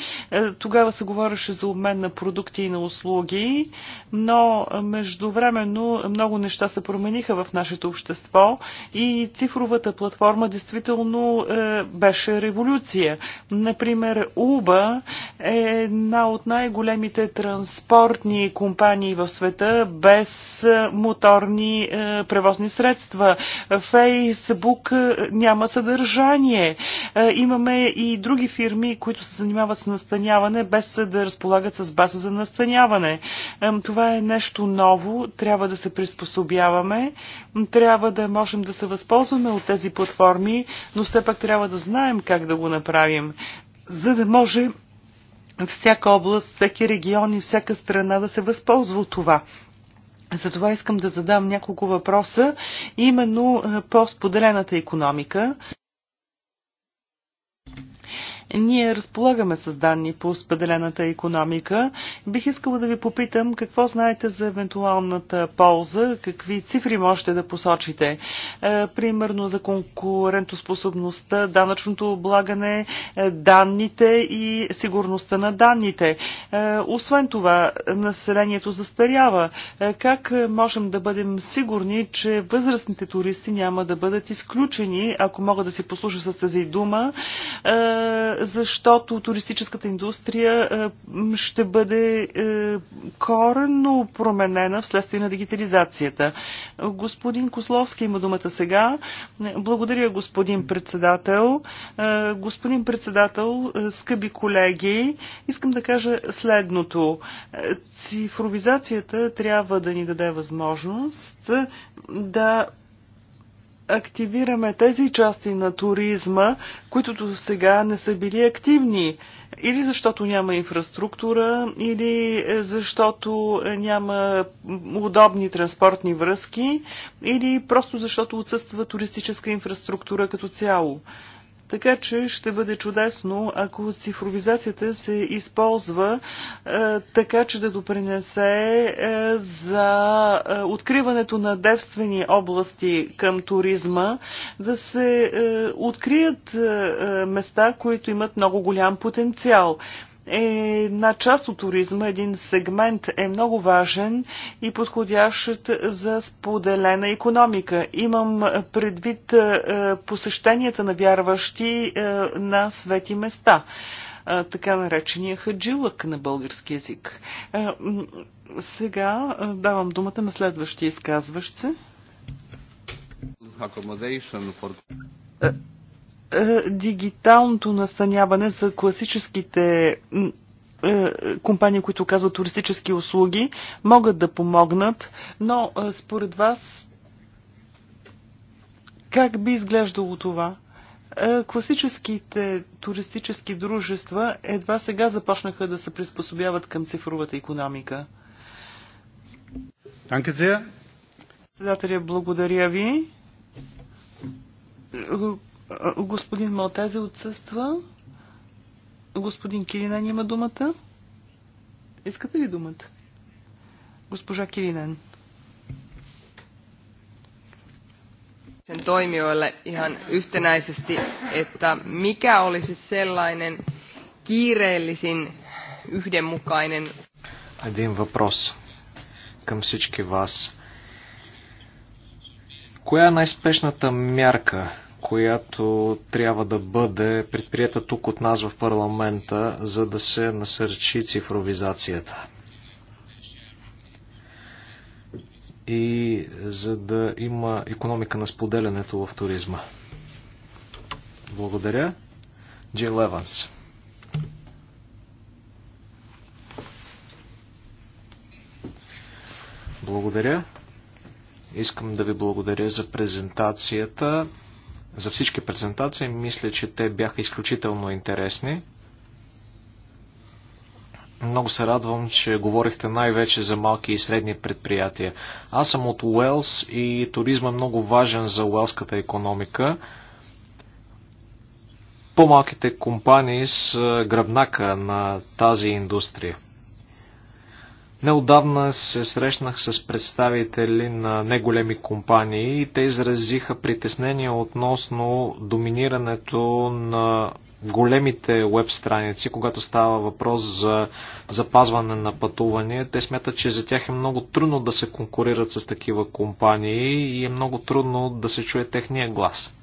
Тогава се говореше за обмен на продукти и на услуги, но междувременно много неща се промениха в нашето общество и цифровата платформа действително беше революция. Например, Уба е една от най-големите транспортни компании компании в света без е, моторни е, превозни средства. Фейсбук е, няма съдържание. Имаме и други фирми, които се занимават с настаняване без да разполагат с база за настаняване. Това е нещо ново, трябва да се приспособяваме, трябва да можем да се възползваме от тези платформи, но все пак трябва да знаем как да го направим, за да може всяка област, всеки регион и всяка страна да се възползва от това. Затова искам да задам няколко въпроса, именно по споделената економика. Ние разполагаме с данни по споделената економика. Бих искала да ви попитам какво знаете за евентуалната полза, какви цифри можете да посочите. Е, примерно за конкурентоспособността, данъчното облагане, е, данните и сигурността на данните. Е, освен това, населението застарява. Как можем да бъдем сигурни, че възрастните туристи няма да бъдат изключени, ако мога да си послуша с тази дума, защото туристическата индустрия е, ще бъде е, коренно променена вследствие на дигитализацията. Господин Кословски има думата сега. Благодаря, господин председател. Е, господин председател, скъби колеги, искам да кажа следното. Цифровизацията трябва да ни даде възможност да активираме тези части на туризма, които до сега не са били активни. Или защото няма инфраструктура, или защото няма удобни транспортни връзки, или просто защото отсъства туристическа инфраструктура като цяло. Така че ще бъде чудесно, ако цифровизацията се използва е, така, че да допринесе е, за е, откриването на девствени области към туризма, да се е, открият е, е места, които имат много голям потенциал. Е една част от туризма, един сегмент е много важен и подходящ за споделена економика. Имам предвид е, посещенията на вярващи е, на свети места така наречения хаджилък на български язик. Сега давам думата на следващия изказващ се. Е, дигиталното настаняване за класическите е, компании, които казват туристически услуги, могат да помогнат, но е, според вас как би изглеждало това? Класическите туристически дружества едва сега започнаха да се приспособяват към цифровата економика. Председателя, благодаря ви. Господин Малтазе отсъства. Господин Киринен има думата. Искате ли думата? Госпожа Киринен. sen toimijoille ihan yhtenäisesti, että mikä olisi sellainen kiireellisin yhdenmukainen... Един въпрос към всички вас. Коя е най-спешната мярка, която трябва да бъде предприета тук от нас в парламента, за да се насърчи цифровизацията. И за да има економика на споделянето в туризма. Благодаря. Джин Леванс. Благодаря. Искам да ви благодаря за презентацията за всички презентации. Мисля, че те бяха изключително интересни. Много се радвам, че говорихте най-вече за малки и средни предприятия. Аз съм от Уелс и туризма е много важен за уелската економика. По-малките компании са гръбнака на тази индустрия. Неодавна се срещнах с представители на неголеми компании и те изразиха притеснения относно доминирането на големите веб страници, когато става въпрос за запазване на пътувания, те смятат, че за тях е много трудно да се конкурират с такива компании и е много трудно да се чуе техния глас.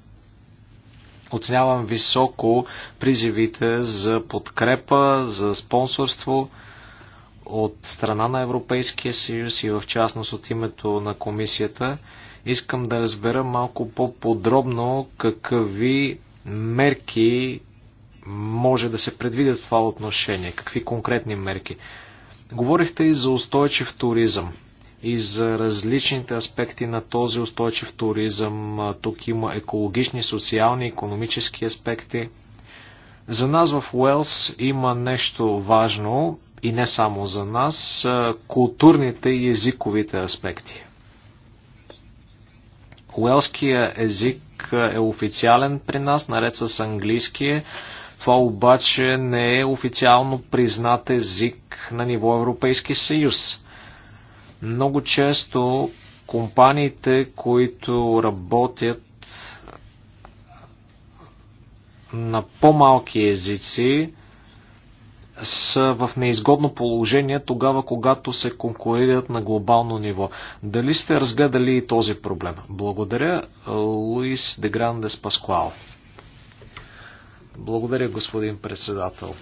Оценявам високо призивите за подкрепа, за спонсорство от страна на Европейския съюз и в частност от името на комисията, искам да разбера малко по-подробно какви мерки може да се предвидят в това отношение, какви конкретни мерки. Говорихте и за устойчив туризъм и за различните аспекти на този устойчив туризъм. Тук има екологични, социални, економически аспекти. За нас в Уелс има нещо важно и не само за нас, културните и езиковите аспекти. Уелския език е официален при нас, наред с английския. Това обаче не е официално признат език на ниво Европейски съюз. Много често компаниите, които работят на по-малки езици, са в неизгодно положение тогава, когато се конкурират на глобално ниво. Дали сте разгледали и този проблем? Благодаря, Луис де Грандес Паскуал. Благодаря, господин председател.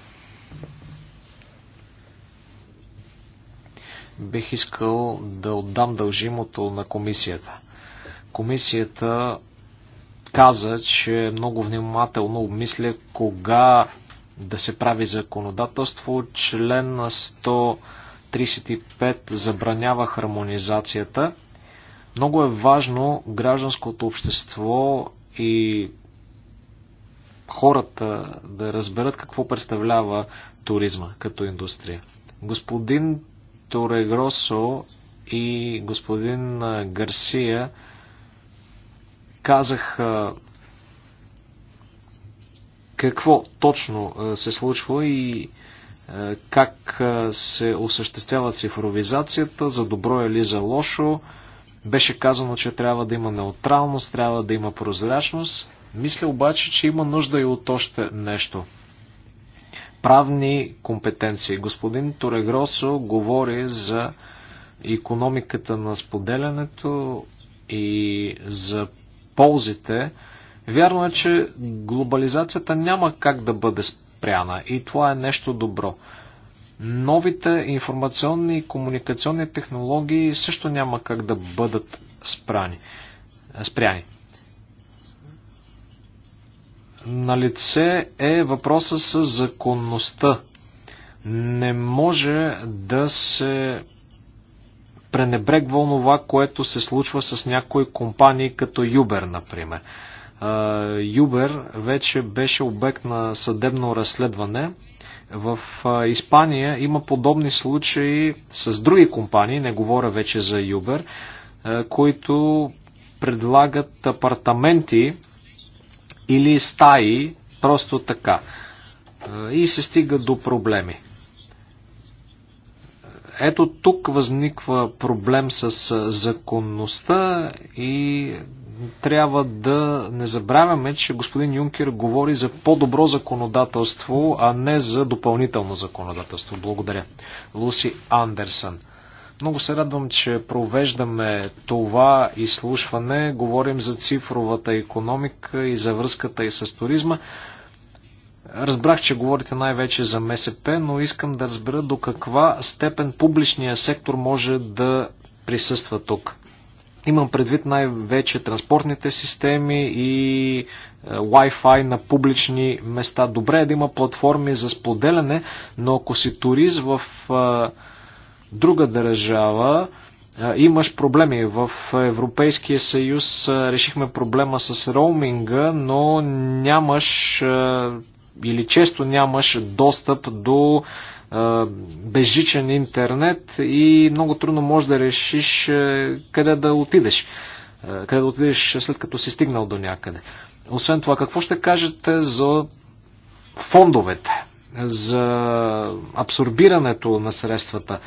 Бих искал да отдам дължимото на комисията. Комисията каза, че много внимателно обмисля кога да се прави законодателство. Член на 135 забранява хармонизацията. Много е важно гражданското общество и хората да разберат какво представлява туризма като индустрия. Господин Торегросо и господин Гарсия казаха какво точно се случва и как се осъществява цифровизацията, за добро или за лошо. Беше казано, че трябва да има неутралност, трябва да има прозрачност. Мисля обаче, че има нужда и от още нещо. Правни компетенции. Господин Торегросо говори за економиката на споделянето и за ползите Вярно е, че глобализацията няма как да бъде спряна и това е нещо добро. Новите информационни и комуникационни технологии също няма как да бъдат спрани. спряни. На лице е въпроса с законността. Не може да се пренебрегва онова, което се случва с някои компании, като Uber, например. Юбер вече беше обект на съдебно разследване. В Испания има подобни случаи с други компании, не говоря вече за Юбер, които предлагат апартаменти или стаи просто така. И се стига до проблеми. Ето тук възниква проблем с законността и трябва да не забравяме, че господин Юнкер говори за по-добро законодателство, а не за допълнително законодателство. Благодаря. Луси Андерсън. Много се радвам, че провеждаме това изслушване. Говорим за цифровата економика и за връзката и с туризма. Разбрах, че говорите най-вече за МСП, но искам да разбера до каква степен публичния сектор може да присъства тук. Имам предвид най-вече транспортните системи и е, Wi-Fi на публични места. Добре е да има платформи за споделяне, но ако си турист в е, друга държава, е, имаш проблеми. В Европейския съюз решихме проблема с роуминга, но нямаш или често нямаш достъп до безжичен интернет и много трудно можеш да решиш къде да отидеш. Къде да отидеш след като си стигнал до някъде. Освен това, какво ще кажете за фондовете, за абсорбирането на средствата?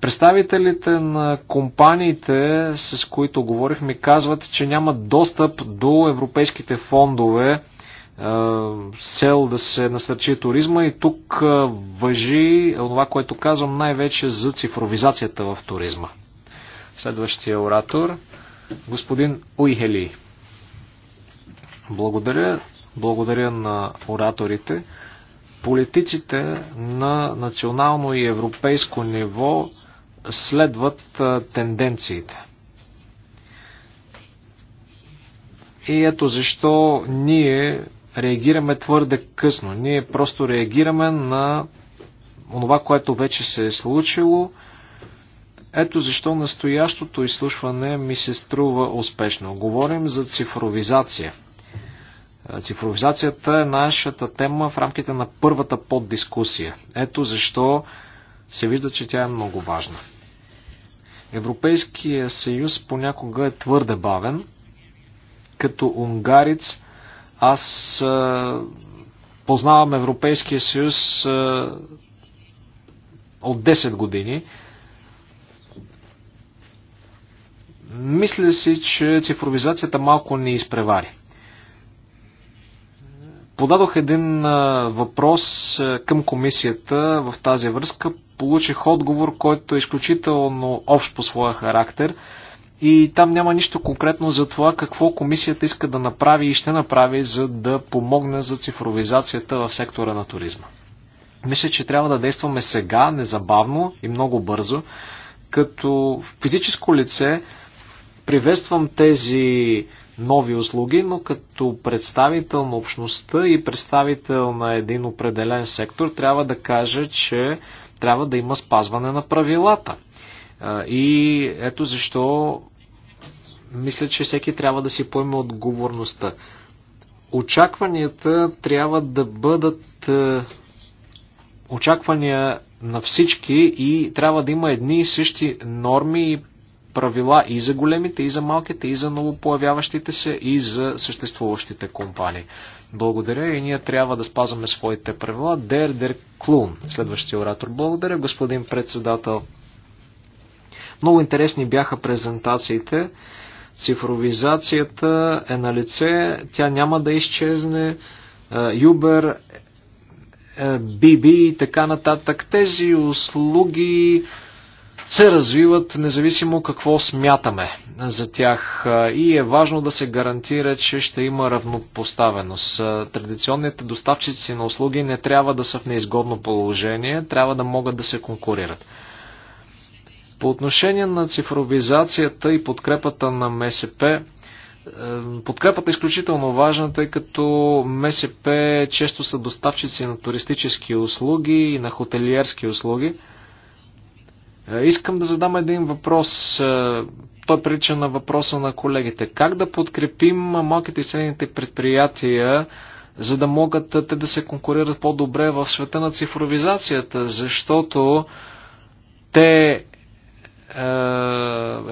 Представителите на компаниите, с които говорих, ми казват, че нямат достъп до европейските фондове е, цел да се насърчи туризма и тук е, въжи това, което казвам най-вече за цифровизацията в туризма. Следващия оратор, господин Уйхели. Благодаря, благодаря на ораторите. Политиците на национално и европейско ниво следват е, тенденциите. И ето защо ние реагираме твърде късно. Ние просто реагираме на това, което вече се е случило. Ето защо настоящото изслушване ми се струва успешно. Говорим за цифровизация. Цифровизацията е нашата тема в рамките на първата поддискусия. Ето защо се вижда, че тя е много важна. Европейския съюз понякога е твърде бавен. Като унгарец аз а, е, познавам Европейския съюз а, е, от 10 години. Мисля си, че цифровизацията малко ни изпревари. Подадох един е, въпрос към комисията в тази връзка. Получих отговор, който е изключително общ по своя характер – и там няма нищо конкретно за това какво комисията иска да направи и ще направи, за да помогне за цифровизацията в сектора на туризма. Мисля, че трябва да действаме сега, незабавно и много бързо. Като физическо лице приветствам тези нови услуги, но като представител на общността и представител на един определен сектор трябва да кажа, че трябва да има спазване на правилата. И ето защо мисля, че всеки трябва да си поеме отговорността. Очакванията трябва да бъдат е, очаквания на всички и трябва да има едни и същи норми и правила и за големите, и за малките, и за новопоявяващите се, и за съществуващите компании. Благодаря и ние трябва да спазваме своите правила. Дер Дер Клун, следващия оратор. Благодаря, господин председател. Много интересни бяха презентациите. Цифровизацията е на лице, тя няма да изчезне. Е, Uber, е, BB и така нататък. Тези услуги се развиват независимо какво смятаме за тях е, и е важно да се гарантира, че ще има равнопоставеност. Традиционните доставчици на услуги не трябва да са в неизгодно положение, трябва да могат да се конкурират. По отношение на цифровизацията и подкрепата на МСП, е, подкрепата е изключително важна, тъй като МСП често са доставчици на туристически услуги и на хотелиерски услуги. Е, искам да задам един въпрос. Е, той прилича на въпроса на колегите. Как да подкрепим малките и средните предприятия, за да могат те да се конкурират по-добре в света на цифровизацията? Защото те е,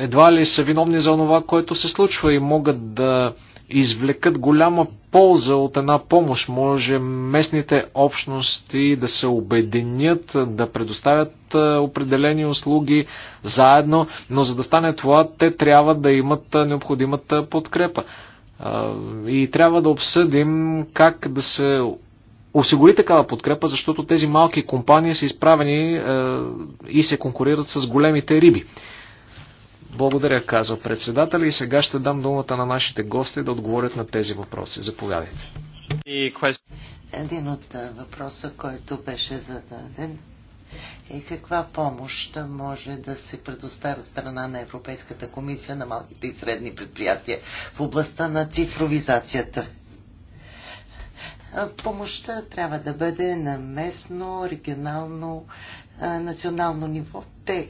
едва ли са виновни за това, което се случва и могат да извлекат голяма полза от една помощ. Може местните общности да се обединят, да предоставят е, определени услуги заедно, но за да стане това, те трябва да имат е, необходимата подкрепа. И трябва да обсъдим как да се осигури такава подкрепа, защото тези малки компании са изправени е, и се конкурират с големите риби. Благодаря, казва председател, и сега ще дам думата на нашите гости да отговорят на тези въпроси. Заповядайте. Един от е, въпроса, който беше зададен е каква помощ може да се предоставя страна на Европейската комисия на малките и средни предприятия в областта на цифровизацията помощта трябва да бъде на местно, регионално, национално ниво. Те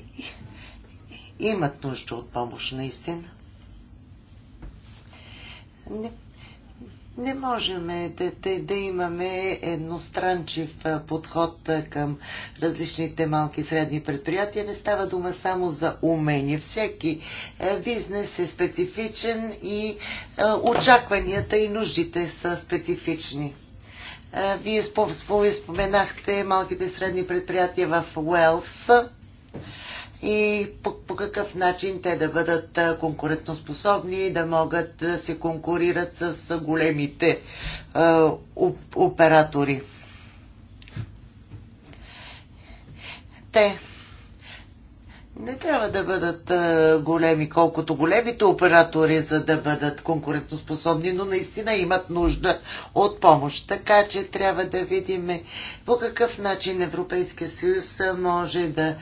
имат нужда от помощ, наистина. Не, не можем да, да, да имаме едностранчив подход към различните малки и средни предприятия. Не става дума само за умение. Всеки бизнес е специфичен и очакванията и нуждите са специфични. Вие споменахте малките и средни предприятия в Уелс и по, по какъв начин те да бъдат конкурентоспособни, да могат да се конкурират с големите е, оператори. Те не трябва да бъдат големи, колкото големите оператори, за да бъдат конкурентоспособни, но наистина имат нужда от помощ. Така че трябва да видим по какъв начин Европейския съюз може да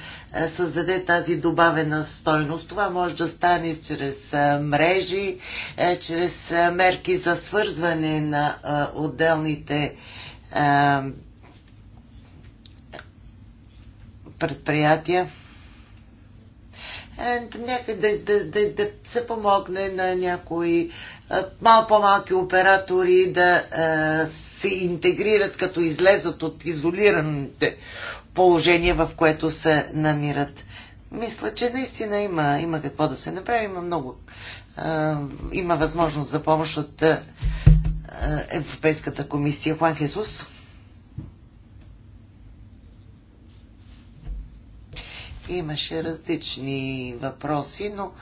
създаде тази добавена стойност. Това може да стане чрез мрежи, чрез мерки за свързване на отделните предприятия някъде да, да, да, да се помогне на някои е, мал по-малки оператори да е, се интегрират, като излезат от изолираните положения, в което се намират. Мисля, че наистина има, има какво да се направи, има много. А, е, има възможност за помощ от а, Европейската комисия. Хуан Хесус. Имаше различни въпроси, но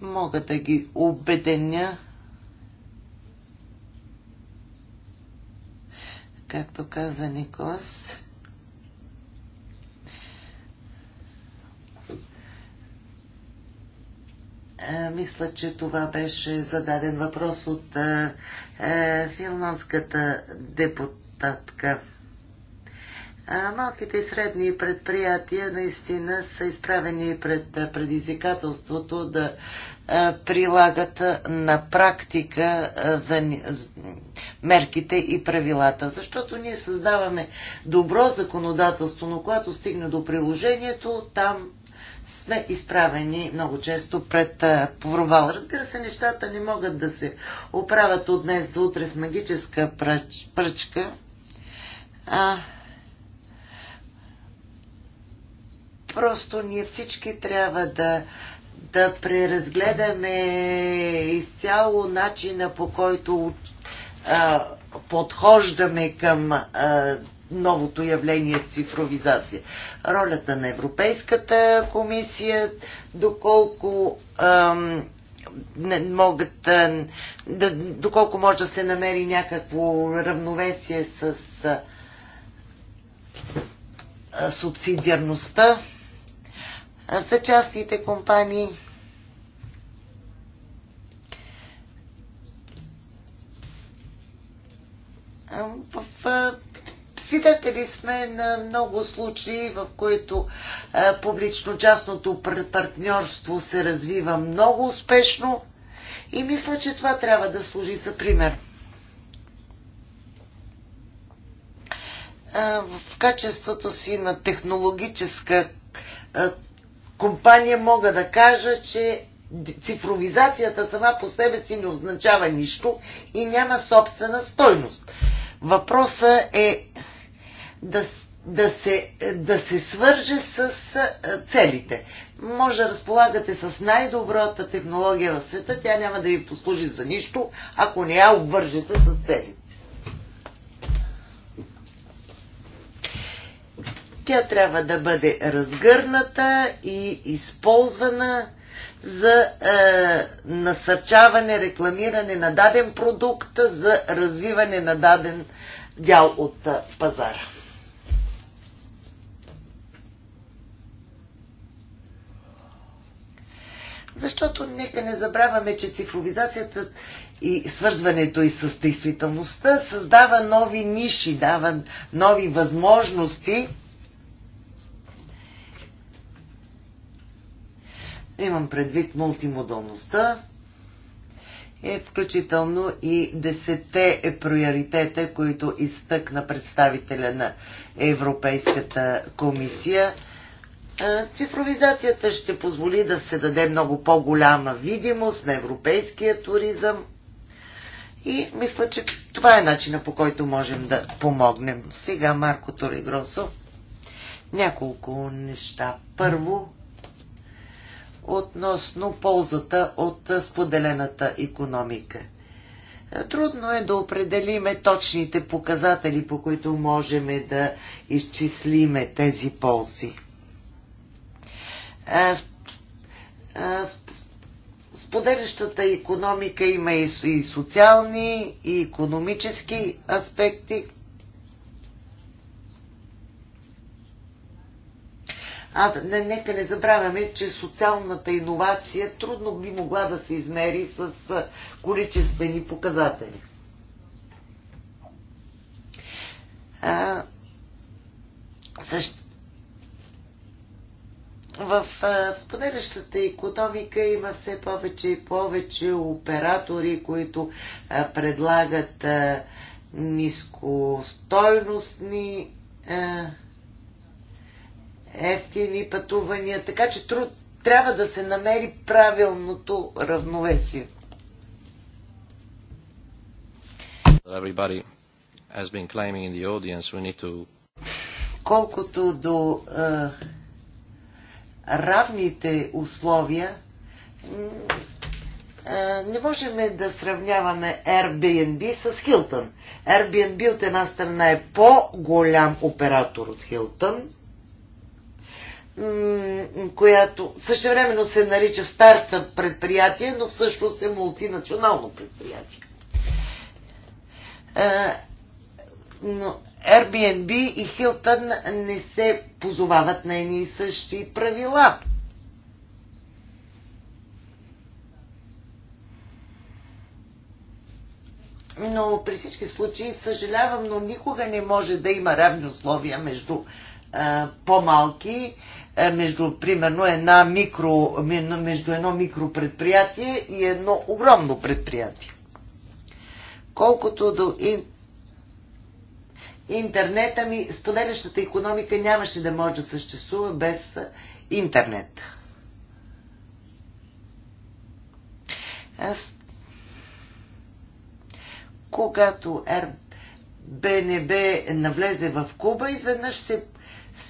мога да ги обеденя. Както каза Николас, е, мисля, че това беше зададен въпрос от е, е, финландската депутатка. Малките и средни предприятия наистина са изправени пред предизвикателството да прилагат на практика за мерките и правилата. Защото ние създаваме добро законодателство, но когато стигне до приложението, там сме изправени много често пред провал. Разбира се, нещата не могат да се оправят от днес за утре с магическа пръч, пръчка. А, Просто ние всички трябва да, да преразгледаме изцяло начина по който а, подхождаме към а, новото явление цифровизация. Ролята на Европейската комисия, доколко ам, не, могат, а, да, доколко може да се намери някакво равновесие с а, а, субсидиарността за частните компании. В свидетели сме на много случаи, в които публично-частното партньорство се развива много успешно и мисля, че това трябва да служи за пример. В качеството си на технологическа компания мога да кажа, че цифровизацията сама по себе си не означава нищо и няма собствена стойност. Въпросът е да, да, се, да се свърже с е, целите. Може да разполагате с най-добрата технология в света, тя няма да ви послужи за нищо, ако не я обвържете с целите. Тя трябва да бъде разгърната и използвана за е, насърчаване, рекламиране на даден продукт, за развиване на даден дял от е, пазара. Защото нека не забравяме, че цифровизацията и свързването и с действителността създава нови ниши, дава нови възможности Имам предвид мултимодалността, е включително и десете е приоритета, които изтъкна представителя на Европейската комисия. Цифровизацията ще позволи да се даде много по-голяма видимост на европейския туризъм и мисля, че това е начина по който можем да помогнем. Сега Марко Торигросо. Няколко неща. Първо, относно ползата от споделената економика. Е, трудно е да определиме точните показатели, по които можем да изчислиме тези ползи. Е, е, споделящата економика има и социални, и економически аспекти. А не, нека не забравяме, че социалната иновация трудно би могла да се измери с количествени показатели. А, също, в, споделящата економика има все повече и повече оператори, които а, предлагат а, нискостойностни а, ефтини пътувания, така че труд, трябва да се намери правилното равновесие. Everybody has been claiming in the audience we need to... Колкото до а, равните условия, не можем да сравняваме Airbnb с Хилтън. Airbnb от една страна е по-голям оператор от Хилтън, която същевременно се нарича старта предприятие, но всъщност е мултинационално предприятие. Но Airbnb и Hilton не се позовават на едни и същи правила. Но при всички случаи съжалявам, но никога не може да има равни условия между по-малки е, между, примерно, една микро, между едно микропредприятие и едно огромно предприятие. Колкото до ин... интернета ми, споделящата економика нямаше да може да съществува без е, интернет. Аз... Когато РБНБ навлезе в Куба, изведнъж се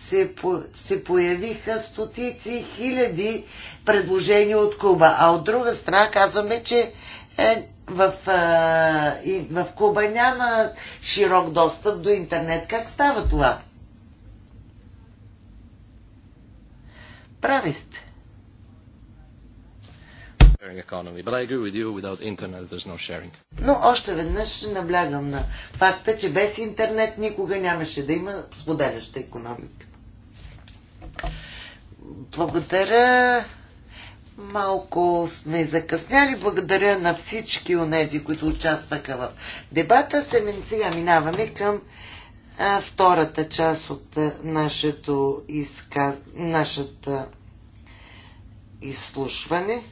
се, по, се появиха стотици хиляди предложения от Куба. А от друга страна казваме, че е, в, е, и в Куба няма широк достъп до интернет. Как става това? Прави сте. Но още веднъж наблягам на факта, че без интернет никога нямаше да има споделяща економика. Благодаря. Малко сме закъсняли. Благодаря на всички тези, които участваха в дебата. Сега минаваме към втората част от нашето изказ... нашата изслушване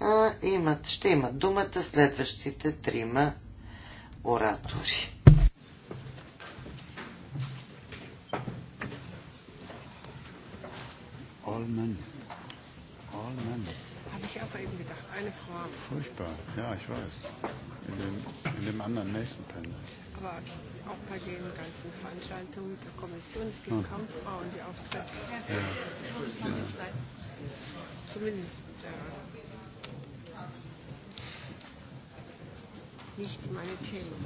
а, имат, ще имат думата следващите трима оратори. Allman. Allman. Habe ich aber eben gedacht, eine Frau. Furchtbar, ja, ich weiß. In dem, in dem anderen nächsten Panel. Aber auch bei den ganzen Veranstaltungen der Kommission, es gibt hm. kaum Frauen, die auftreten. Ja. ja. Zumindest. Äh, nicht meine Themen.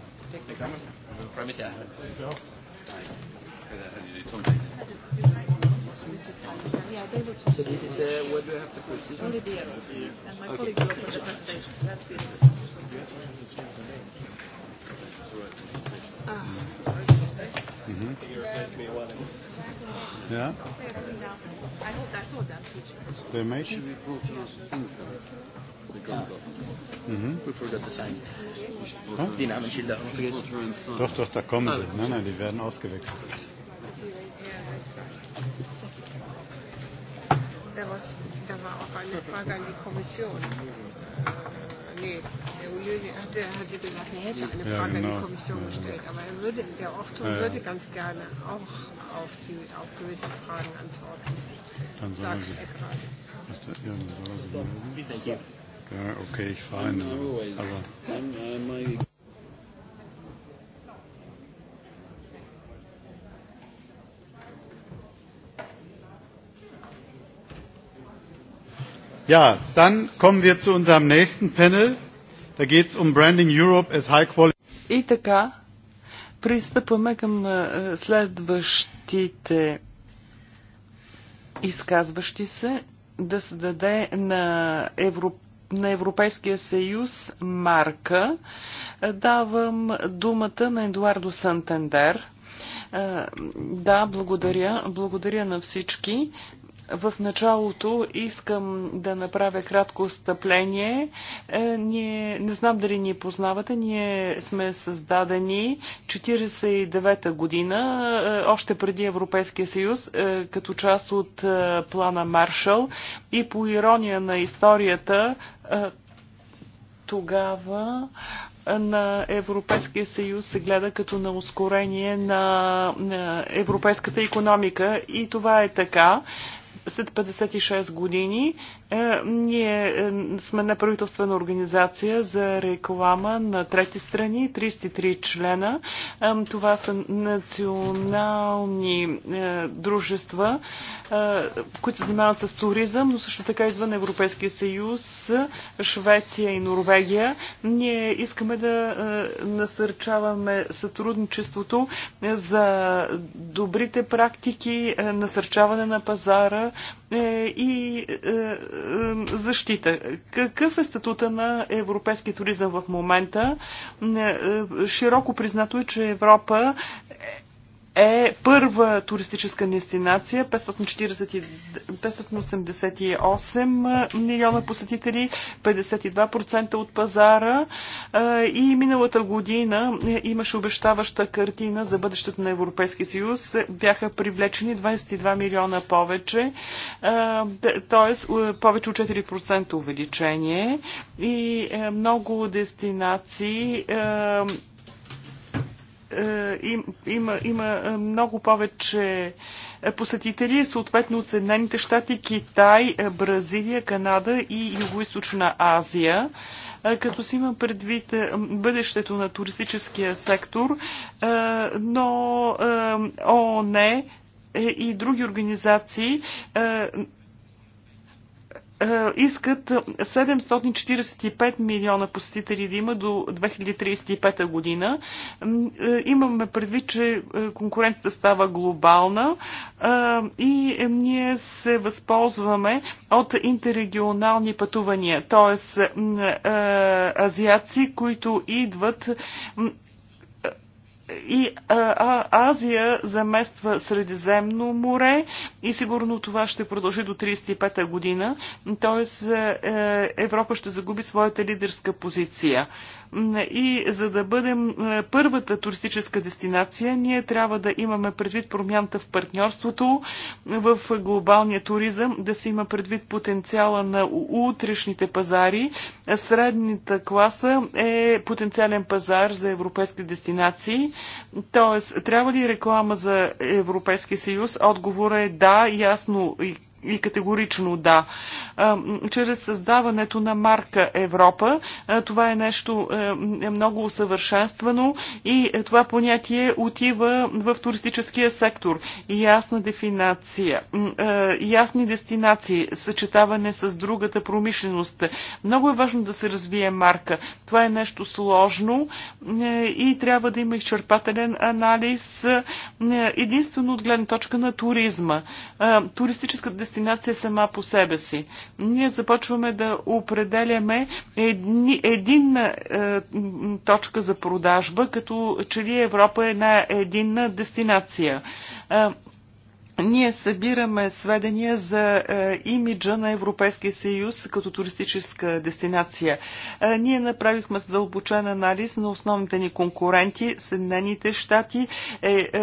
So this is uh, what we have to this? Only the and my okay. colleague will the presentation. That's ah. mm-hmm. Yeah. I hope that's all that. They Should things though? Mhm. Die Namensschilder haben vergessen. Doch, doch, da kommen sie. Nein, nein, die werden ausgewechselt. Da war, da war auch eine Frage an die Kommission. Äh, nee, der Ulyni hatte, hatte gesagt, er hätte eine Frage ja, genau. an die Kommission gestellt, Ja, aber er würde, der Ortung ja, ja. würde ganz gerne auch auf, die, auf gewisse Fragen antworten. Dann soll er sie. Ja, dann soll er sie okay, fine. Aber Ja, dann kommen wir zu unserem nächsten Panel. Da geht es um Branding Europe as High Quality. И така, пристъпваме към следващите изказващи се да се даде на Европа на Европейския съюз марка. Давам думата на Едуардо Сантендер. Е, да, благодаря. Благодаря на всички. В началото искам да направя кратко стъпление. Е, ние, не знам дали ни познавате, ние сме създадени 49-та година, е, още преди Европейския съюз, е, като част от плана Маршал. И по ирония на историята, тогава на Европейския съюз се гледа като на ускорение на, европейската економика и това е така след 56 години е, ние е, сме неправителствена организация за реклама на трети страни, 33 члена. Е, това са национални дружества, които се занимават с туризъм, но също така извън Европейския съюз, Швеция и Норвегия. Ние искаме да насърчаваме сътрудничеството за добрите практики, насърчаване на пазара, е, и е, е, защита. Какъв е статута на европейския туризъм в момента? Широко признато е, че Европа е първа туристическа дестинация, 540, 588 милиона посетители, 52% от пазара и миналата година е, имаше обещаваща картина за бъдещето на Европейския съюз. Бяха привлечени 22 милиона повече, т.е. повече от 4% увеличение и е, много дестинации е, е, им, има, има е, много повече е, посетители, съответно от Съединените щати, Китай, Бразилия, Канада и Юго-Источна Азия като си има предвид бъдещето на туристическия сектор, но ООН и други организации е, искат 745 милиона посетители да има до 2035 година. Е, имаме предвид, че е, конкуренцията става глобална и ние се възползваме от интеррегионални пътувания, т.е. азиаци, които идват и а, а, Азия замества Средиземно море и сигурно това ще продължи до 35-та година, т.е. Европа ще загуби своята лидерска позиция. И за да бъдем е, първата туристическа дестинация, ние трябва да имаме предвид промяната в партньорството, в глобалния туризъм, да се има предвид потенциала на утрешните пазари. Средната класа е потенциален пазар за европейски дестинации Тоест, трябва ли реклама за Европейския съюз? Отговорът е да, ясно и и категорично да чрез създаването на марка Европа. Това е нещо е, е, много усъвършенствано и е, това понятие отива в туристическия сектор. Ясна дефинация, ясни дестинации, съчетаване с другата промишленост. Много е важно да се развие марка. Това е нещо сложно и трябва да има изчерпателен анализ единствено от гледна точка на туризма. Туристическата дестинация сама по себе си ние започваме да определяме едни, един е, точка за продажба, като че ли Европа е една единна дестинация. Е, ние събираме сведения за е, имиджа на Европейския съюз като туристическа дестинация. Е, ние направихме задълбочен анализ на основните ни конкуренти Съединените щати, е, е, е,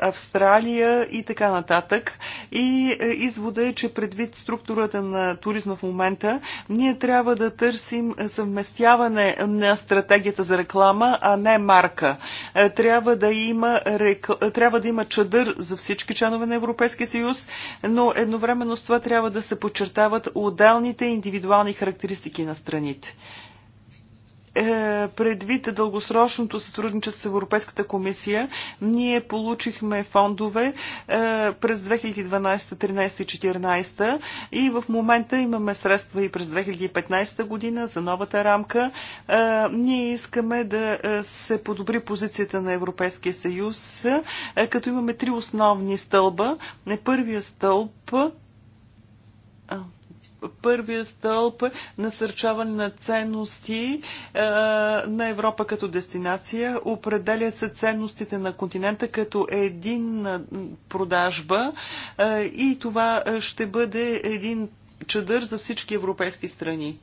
Австралия и така нататък. И е, извода е, че предвид структурата на туризма в момента, ние трябва да търсим съвместяване на стратегията за реклама, а не марка. Е, трябва, да има, рекл... трябва да има чадър за всички членове на Европейския съюз, но едновременно с това трябва да се подчертават отделните индивидуални характеристики на страните. Е, предвид дългосрочното сътрудничество с Европейската комисия, ние получихме фондове е, през 2012, 2013 2014 и в момента имаме средства и през 2015 година за новата рамка. Е, ние искаме да се подобри позицията на Европейския съюз, като имаме три основни стълба. Първия стълб първия стълб насърчаване на ценности е, на Европа като дестинация. Определят се ценностите на континента като един е, продажба е, и това ще бъде един чадър за всички европейски страни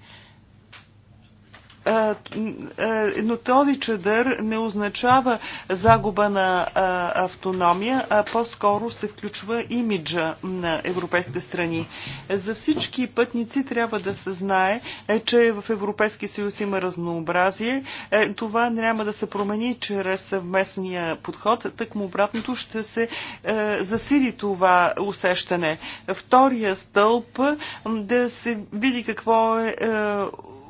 но този чадър не означава загуба на автономия, а по-скоро се включва имиджа на европейските страни. За всички пътници трябва да се знае, е, че в Европейския съюз има разнообразие. Е, това няма да се промени чрез съвместния подход, тък му обратното ще се е, засили това усещане. Втория стълб да се види какво е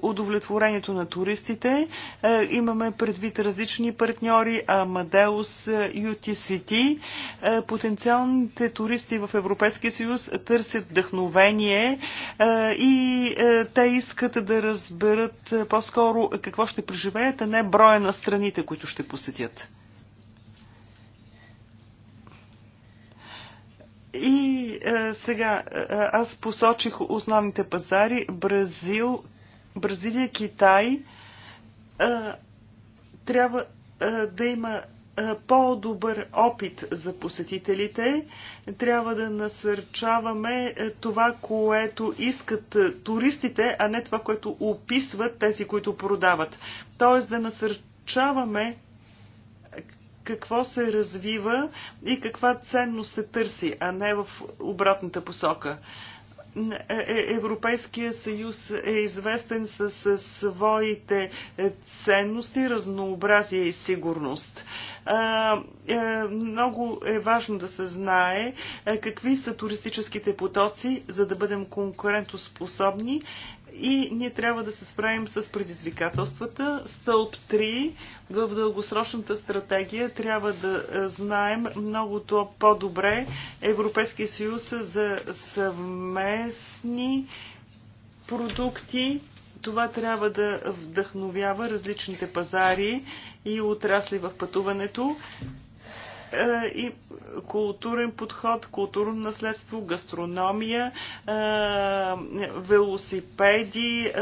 удовлетворението на туристите. Е, имаме предвид различни партньори, Амадеус, UTCT. Е, е, потенциалните туристи в Европейския съюз търсят вдъхновение и те искат да разберат по-скоро какво ще преживеят, а не броя на страните, които ще посетят. И е, сега аз посочих основните пазари Бразил, Бразилия, Китай трябва да има по-добър опит за посетителите. Трябва да насърчаваме това, което искат туристите, а не това, което описват тези, които продават. Тоест да насърчаваме какво се развива и каква ценност се търси, а не в обратната посока. Европейския съюз е известен с своите ценности, разнообразие и сигурност. Е, много е важно да се знае е, какви са туристическите потоци, за да бъдем конкурентоспособни и ние трябва да се справим с предизвикателствата. Стълб 3 в дългосрочната стратегия трябва да е, знаем многото по-добре Европейския съюз за съвместни продукти. Това трябва да вдъхновява различните пазари и отрасли в пътуването. Е, и културен подход, културно наследство, гастрономия, е, велосипеди, е,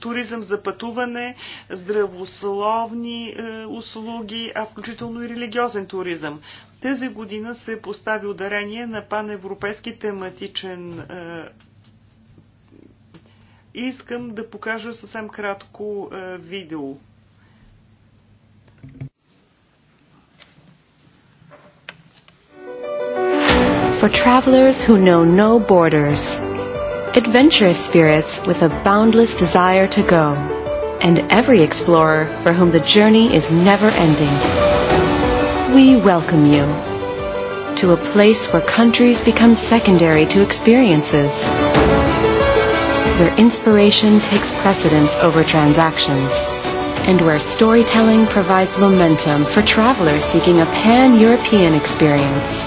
туризъм за пътуване, здравословни услуги, а включително и религиозен туризъм. Тази година се постави ударение на паневропейски тематичен Искам да покажа съвсем кратко видео. for travelers who know no borders. Adventurous spirits with a boundless desire to go. And every explorer for whom the journey is never ending. We welcome you to a place where countries become secondary to experiences. Where inspiration takes precedence over transactions and where storytelling provides momentum for travelers seeking a pan-European experience.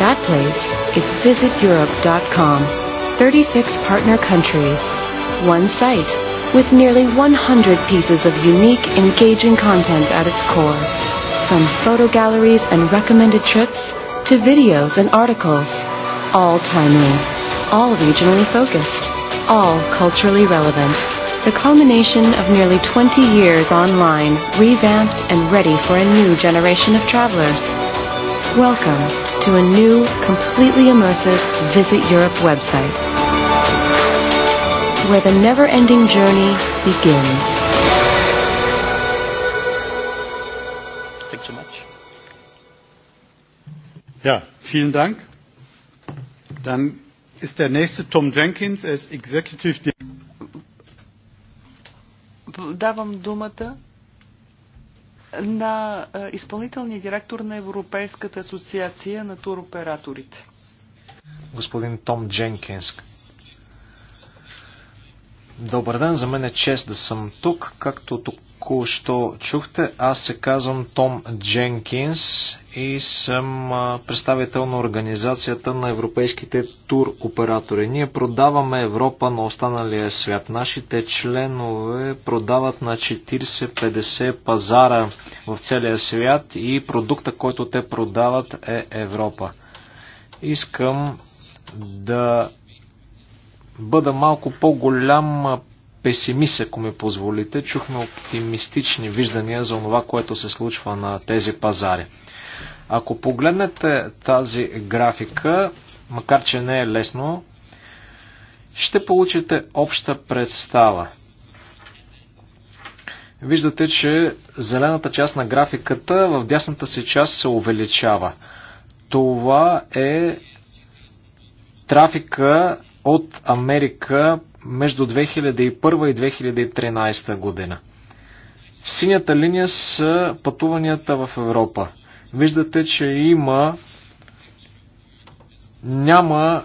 That place is visiteurope.com. 36 partner countries, one site with nearly 100 pieces of unique, engaging content at its core. From photo galleries and recommended trips to videos and articles, all timely, all regionally focused, all culturally relevant. The culmination of nearly 20 years online, revamped and ready for a new generation of travelers. Welcome to a new, completely immersive Visit Europe website where the never-ending journey begins. Thanks so much. Ja, vielen Dank. Dann ist der nächste Tom Jenkins, er ist Executive Davам думата на е, изпълнителния директор на Европейската асоциация на туроператорите. Господин Том Дженкинск. Добър ден, за мен е чест да съм тук. Както току-що чухте, аз се казвам Том Дженкинс и съм представител на Организацията на европейските тур оператори. Ние продаваме Европа на останалия свят. Нашите членове продават на 40-50 пазара в целия свят и продукта, който те продават е Европа. Искам да бъда малко по-голям песимист, ако ми позволите. Чухме оптимистични виждания за това, което се случва на тези пазари. Ако погледнете тази графика, макар че не е лесно, ще получите обща представа. Виждате, че зелената част на графиката в дясната си част се увеличава. Това е трафика от Америка между 2001 и 2013 година. Синята линия са пътуванията в Европа. Виждате, че има няма,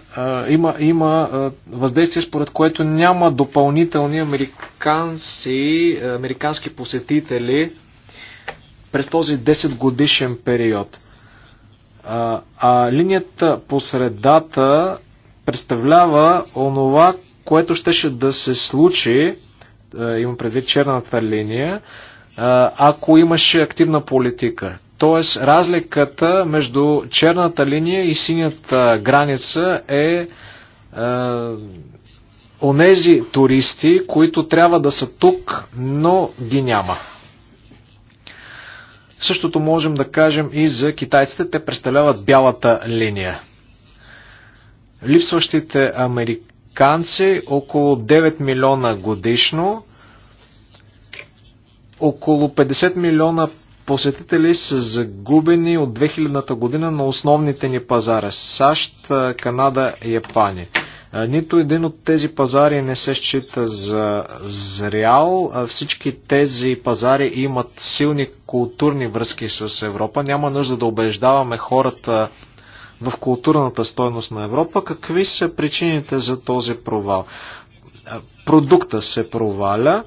има, има въздействие, според което няма допълнителни американци, американски посетители през този 10 годишен период. А, а линията по средата представлява онова, което щеше да се случи, е, имам предвид черната линия, е, ако имаше активна политика. Тоест разликата между черната линия и синята граница е, е онези туристи, които трябва да са тук, но ги няма. Същото можем да кажем и за китайците. Те представляват бялата линия липсващите американци около 9 милиона годишно. Около 50 милиона посетители са загубени от 2000-та година на основните ни пазари САЩ, Канада и Япания. Нито един от тези пазари не се счита за зрял. Всички тези пазари имат силни културни връзки с Европа. Няма нужда да убеждаваме хората в културната стойност на Европа. Какви са причините за този провал? Продукта се проваля.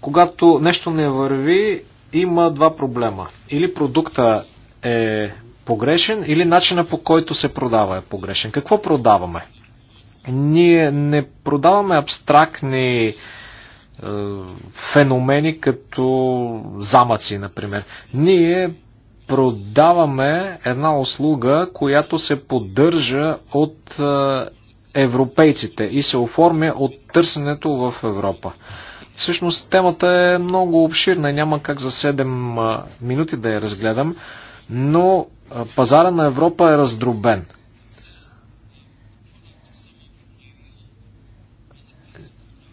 Когато нещо не върви, има два проблема. Или продукта е погрешен, или начина по който се продава е погрешен. Какво продаваме? Ние не продаваме абстрактни е, феномени като замъци, например. Ние продаваме една услуга, която се поддържа от е, европейците и се оформя от търсенето в Европа. Всъщност темата е много обширна и няма как за 7 е, минути да я разгледам, но е, пазара на Европа е раздробен –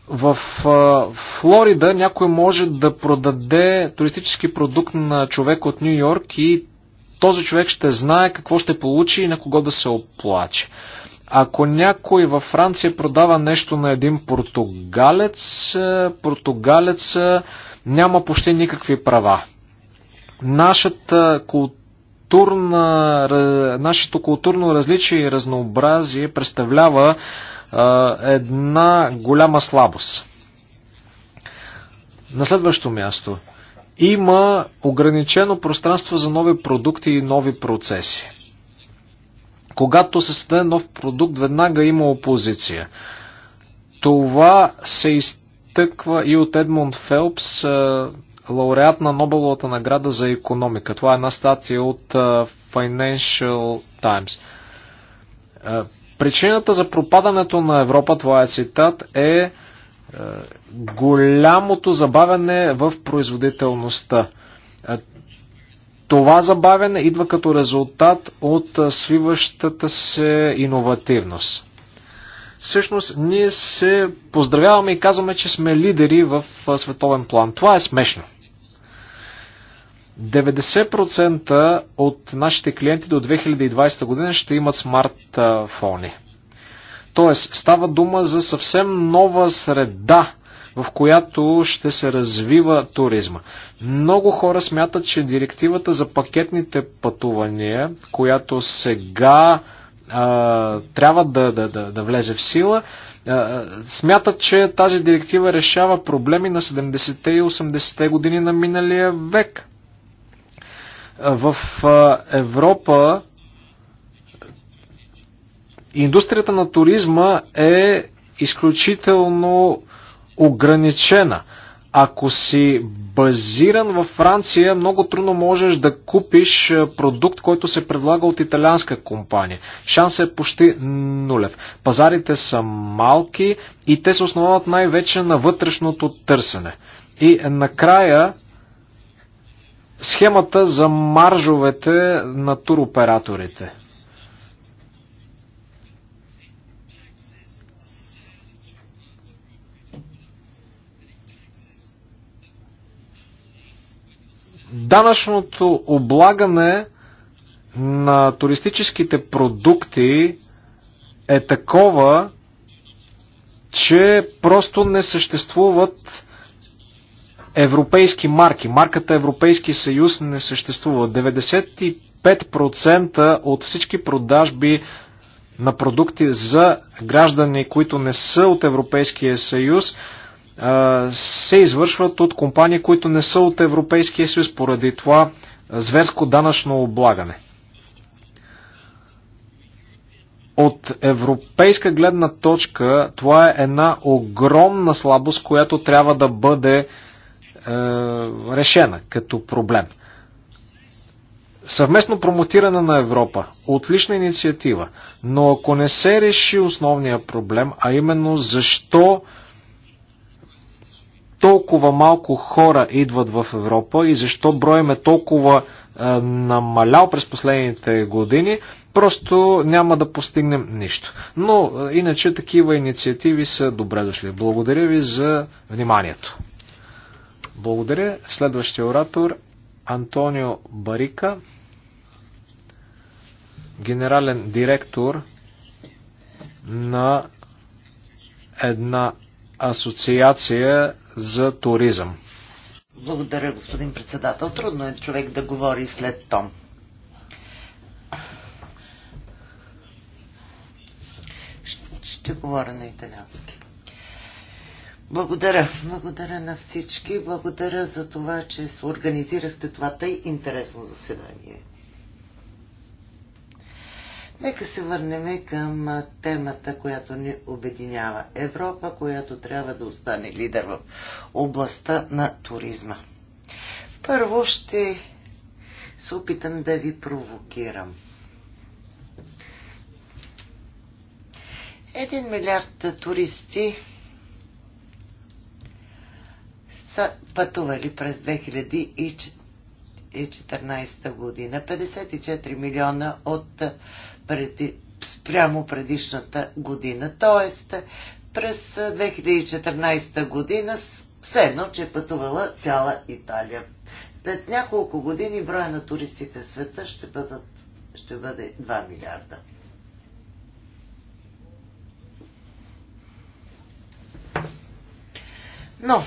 В Флорида някой може да продаде туристически продукт на човек от Нью Йорк и този човек ще знае какво ще получи и на кого да се оплаче. Ако някой във Франция продава нещо на един португалец, португалец няма почти никакви права. Нашата културна, нашето културно различие и разнообразие представлява една голяма слабост. На следващо място. Има ограничено пространство за нови продукти и нови процеси. Когато се създаде нов продукт, веднага има опозиция. Това се изтъква и от Едмунд Фелпс, лауреат на Нобеловата награда за економика. Това е една статия от Financial Times. Причината за пропадането на Европа, това е цитат, е, е голямото забавяне в производителността. Е, това забавяне идва като резултат от е, свиващата се иновативност. Всъщност, ние се поздравяваме и казваме, че сме лидери в световен план. Това е смешно. 90% от нашите клиенти до 2020 година ще имат смартфони. Тоест, става дума за съвсем нова среда, в която ще се развива туризма. Много хора смятат, че директивата за пакетните пътувания, която сега а, трябва да, да, да, да влезе в сила, смятат, че тази директива решава проблеми на 70-те и 80-те години на миналия век. В Европа индустрията на туризма е изключително ограничена. Ако си базиран във Франция, много трудно можеш да купиш продукт, който се предлага от италианска компания. Шансът е почти нулев. Пазарите са малки и те се основават най-вече на вътрешното търсене. И накрая схемата за маржовете на туроператорите. Данъчното облагане на туристическите продукти е такова, че просто не съществуват европейски марки. Марката Европейски съюз не съществува. 95% от всички продажби на продукти за граждани, които не са от Европейския съюз, се извършват от компании, които не са от Европейския съюз, поради това зверско данъчно облагане. От европейска гледна точка това е една огромна слабост, която трябва да бъде е, решена като проблем. Съвместно промотиране на Европа. Отлична инициатива. Но ако не се реши основния проблем, а именно защо толкова малко хора идват в Европа и защо броем е толкова е, намалял през последните години, просто няма да постигнем нищо. Но е, иначе такива инициативи са добре дошли. Благодаря ви за вниманието. Благодаря. Следващия оратор Антонио Барика, генерален директор на една асоциация за туризъм. Благодаря, господин председател. Трудно е човек да говори след Том. Ще говоря на италянски. Благодаря. Благодаря на всички. Благодаря за това, че организирахте това тъй интересно заседание. Нека се върнем към темата, която ни обединява. Европа, която трябва да остане лидер в областта на туризма. Първо ще се опитам да ви провокирам. Един милиард туристи пътували през 2014 година. 54 милиона от преди, спрямо предишната година. Тоест, през 2014 година едно, че е пътувала цяла Италия. След няколко години броя на туристите в света ще, бъдат, ще бъде 2 милиарда. Но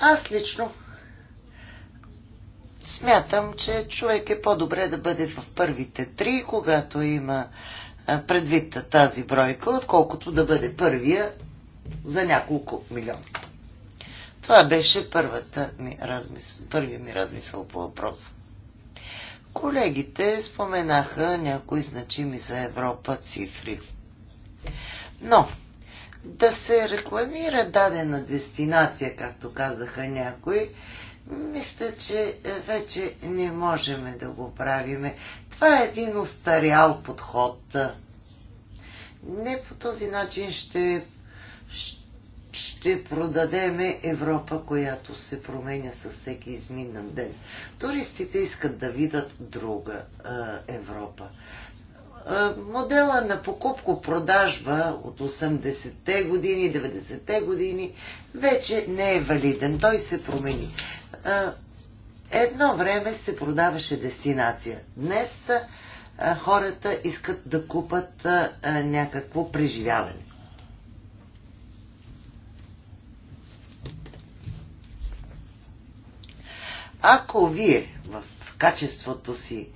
Аз лично смятам, че човек е по-добре да бъде в първите три, когато има предвид тази бройка, отколкото да бъде първия за няколко милиона. Това беше първата ми размисъл, първия ми размисъл по въпроса. Колегите споменаха някои значими за Европа цифри. Но да се рекламира дадена дестинация, както казаха някои, мисля, че е, вече не можем да го правиме. Това е един устарял подход. Не по този начин ще, ще продадеме Европа, която се променя със всеки изминат ден. Туристите искат да видят друга е, Европа модела на покупко-продажба от 80-те години, 90-те години вече не е валиден. Той се промени. Едно време се продаваше дестинация. Днес хората искат да купат някакво преживяване. Ако вие в качеството си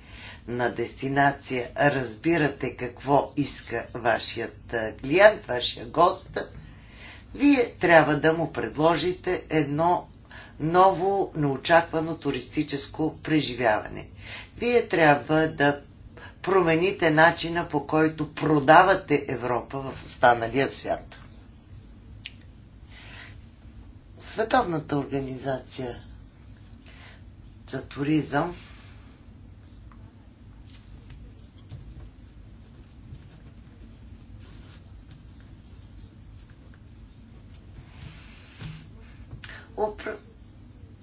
на дестинация разбирате какво иска вашият клиент, вашия гост, вие трябва да му предложите едно ново, неочаквано туристическо преживяване. Вие трябва да промените начина по който продавате Европа в останалия свят. Световната организация за туризъм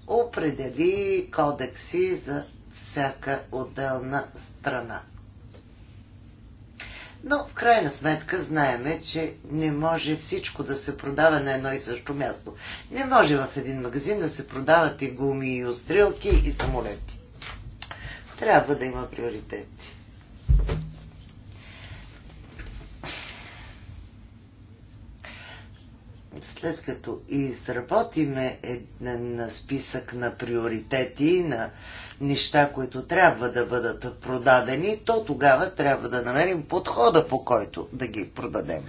определи кодекси за всяка отделна страна. Но в крайна сметка знаеме, че не може всичко да се продава на едно и също място. Не може в един магазин да се продават и гуми, и острилки, и самолети. Трябва да има приоритети. след като изработиме един списък на приоритети, на неща, които трябва да бъдат продадени, то тогава трябва да намерим подхода, по който да ги продадем.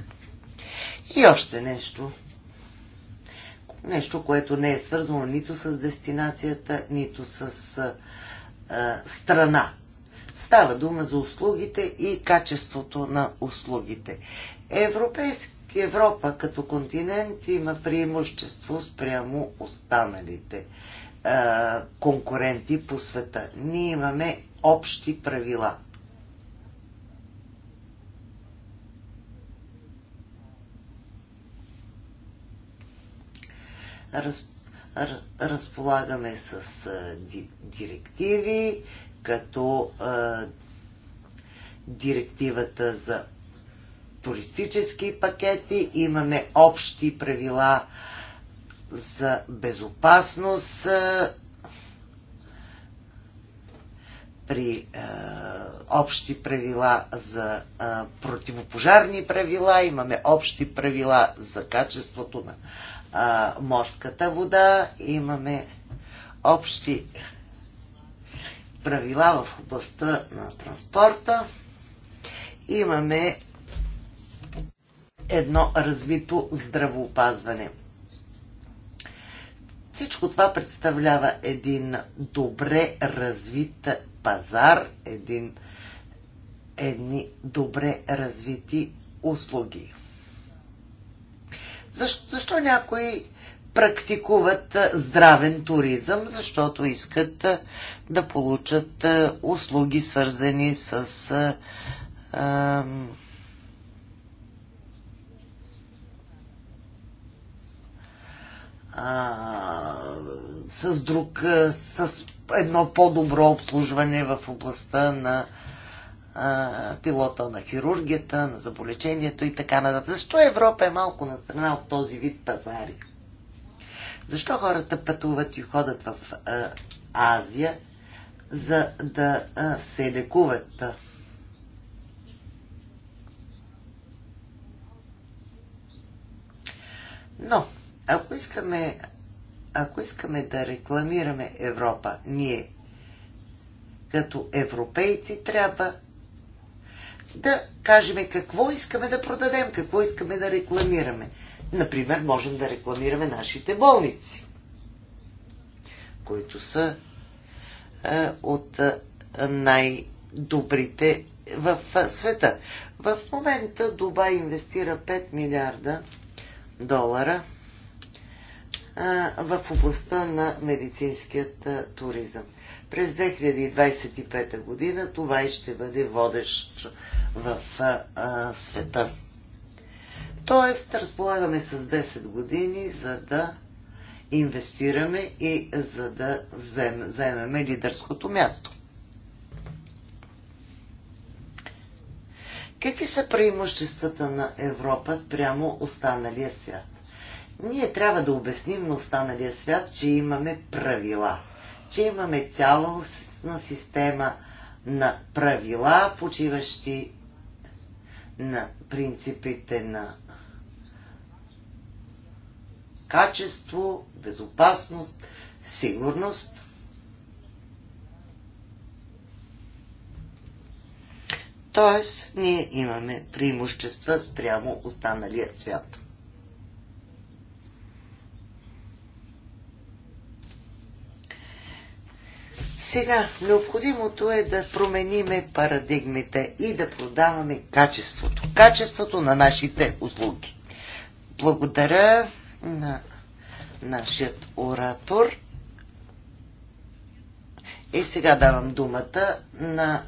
И още нещо. Нещо, което не е свързано нито с дестинацията, нито с а, страна. Става дума за услугите и качеството на услугите. Европейски Европа като континент има преимущество спрямо останалите а, конкуренти по света. Ние имаме общи правила. Раз, разполагаме с а, ди, директиви, като а, директивата за туристически пакети, имаме общи правила за безопасност при е, общи правила за е, противопожарни правила, имаме общи правила за качеството на е, морската вода, имаме общи правила в областта на транспорта, имаме едно развито здравоопазване. Всичко това представлява един добре развит пазар, един, едни добре развити услуги. Защо, защо някои практикуват здравен туризъм, защото искат да получат услуги свързани с а, с друг, с едно по-добро обслужване в областта на а, пилота на хирургията, на заболечението и така нататък. Защо Европа е малко на страна от този вид пазари? Защо хората пътуват и ходят в а, Азия, за да а, се лекуват? Но, ако искаме, ако искаме да рекламираме Европа, ние като европейци трябва да кажем какво искаме да продадем, какво искаме да рекламираме. Например, можем да рекламираме нашите болници, които са е, от е, най-добрите в е, света. В момента Дубай инвестира 5 милиарда долара в областта на медицинският туризъм. През 2025 година това и ще бъде водещ в света. Тоест, разполагаме с 10 години, за да инвестираме и за да вземем вземеме лидерското място. Какви са преимуществата на Европа спрямо останалия свят? Ние трябва да обясним на останалия свят, че имаме правила, че имаме цялостна система на правила, почиващи на принципите на качество, безопасност, сигурност. Тоест, ние имаме преимущества спрямо останалия свят. Сега, необходимото е да промениме парадигмите и да продаваме качеството. Качеството на нашите услуги. Благодаря на нашият оратор. И сега давам думата на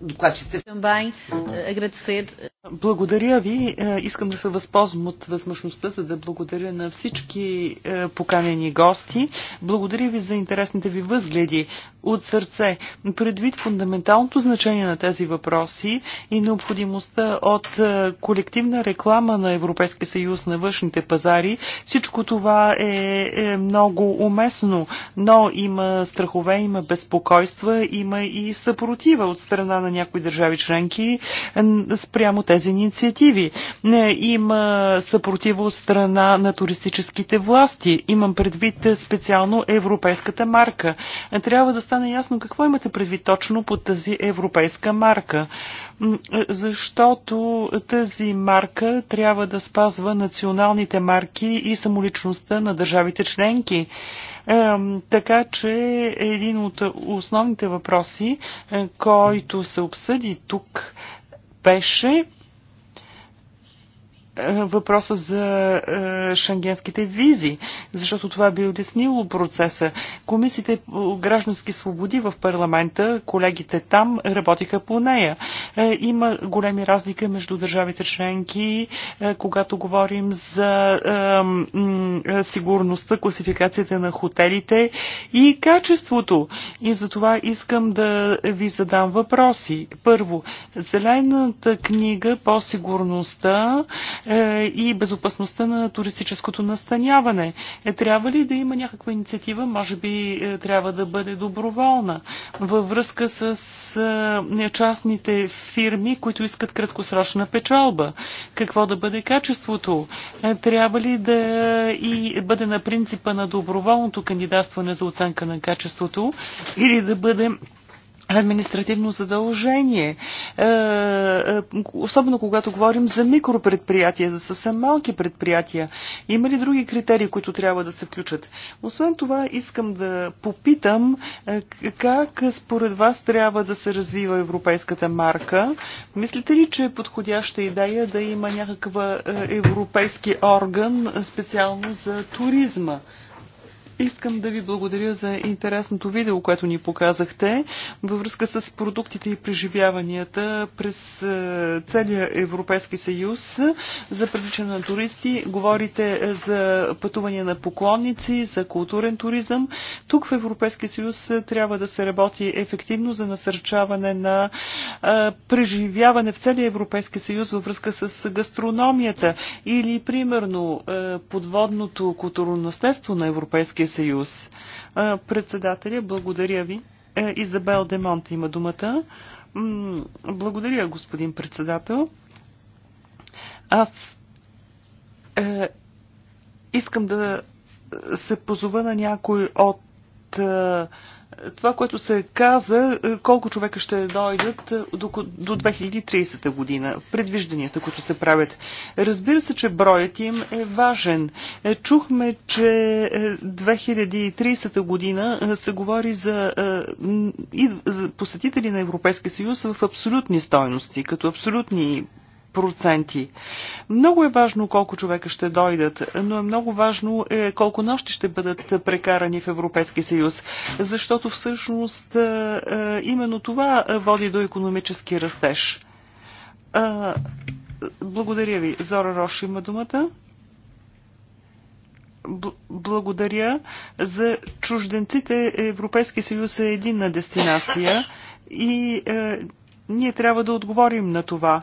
докладчите. Eh, благодаря ви. Е, искам да се възползвам от възможността, за да благодаря на всички е, поканени гости. Благодаря ви за интересните ви възгледи от сърце. Предвид фундаменталното значение на тези въпроси и необходимостта от е, колективна реклама на Европейския съюз на външните пазари, всичко това е много уместно, но има страхове, има безпокойства, има и съпротива от страна на някои държави членки спрямо тези тези инициативи. Не, има съпротива от страна на туристическите власти. Имам предвид е, специално европейската марка. Е, трябва да стане ясно какво имате предвид точно под тази европейска марка. Е, защото тази марка трябва да спазва националните марки и самоличността на държавите членки. Така че един от основните въпроси, който се обсъди тук, беше е, въпроса за е, шенгенските визи, защото това би улеснило процеса. Комисиите по граждански свободи в парламента, колегите там работиха по нея. Е, има големи разлика между държавите членки, когато говорим за сигурността, класификацията на хотелите и качеството. И за това искам да ви задам въпроси. Първо, зелената книга по сигурността е, и безопасността на туристическото настаняване. Е, трябва ли да има някаква инициатива, може би е, трябва да бъде доброволна, във връзка с частните фирми, които искат краткосрочна печалба? Какво да бъде качеството? Трябва ли да и бъде на принципа на доброволното кандидатстване за оценка на качеството или да бъде административно задължение. Е, е, особено когато говорим за микропредприятия, за съвсем малки предприятия. Има ли други критерии, които трябва да се включат? Освен това, искам да попитам е, как според вас трябва да се развива европейската марка. Мислите ли, че е подходяща идея да има някаква европейски орган специално за туризма? Искам да ви благодаря за интересното видео, което ни показахте във връзка с продуктите и преживяванията през е, целия Европейски съюз за привличане на туристи. Говорите е, за пътувания на поклонници, за културен туризъм. Тук в Европейския съюз е, трябва да се работи ефективно за насърчаване на преживяване в целия Европейски съюз във връзка с гастрономията или, примерно, подводното културно наследство на Европейския Европейския съюз. Председателя, благодаря ви. Е, Изабел Демонт има думата. Благодаря, господин председател. Аз е, искам да се позова на някой от е, това, което се каза, е, колко човека ще дойдат е, до 2030 година, предвижданията, които се правят. Разбира се, че броят им е важен. Е, чухме, че 2030 година се говори за, посетители на Европейския съюз в абсолютни стойности, като абсолютни проценти. Много е важно колко човека ще дойдат, но е много важно е, колко нощи ще бъдат прекарани в Европейския съюз, защото всъщност е, е именно това води до економически растеж. Е, благодаря ви. Зора Рош има думата. благодаря за чужденците. Европейския съюз е единна дестинация и е, ние трябва да отговорим на това.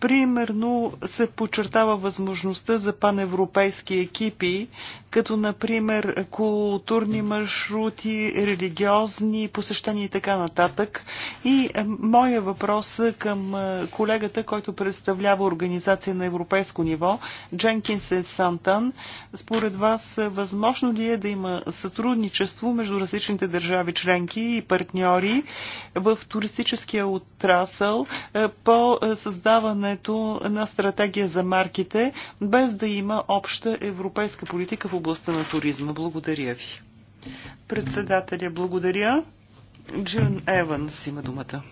Примерно се подчертава възможността за паневропейски екипи, като например културни маршрути, религиозни посещения и така нататък. И е, моя въпрос към е, колегата, който представлява организация на европейско ниво, Дженкинс и е Сантан, според вас възможно ли е да има сътрудничество между различните държави членки и партньори в туристическия отрасъл по създаване изготвянето на стратегия за марките, без да има обща европейска политика в областта на туризма. Благодаря ви. Председателя, благодаря. Джин Еванс има думата.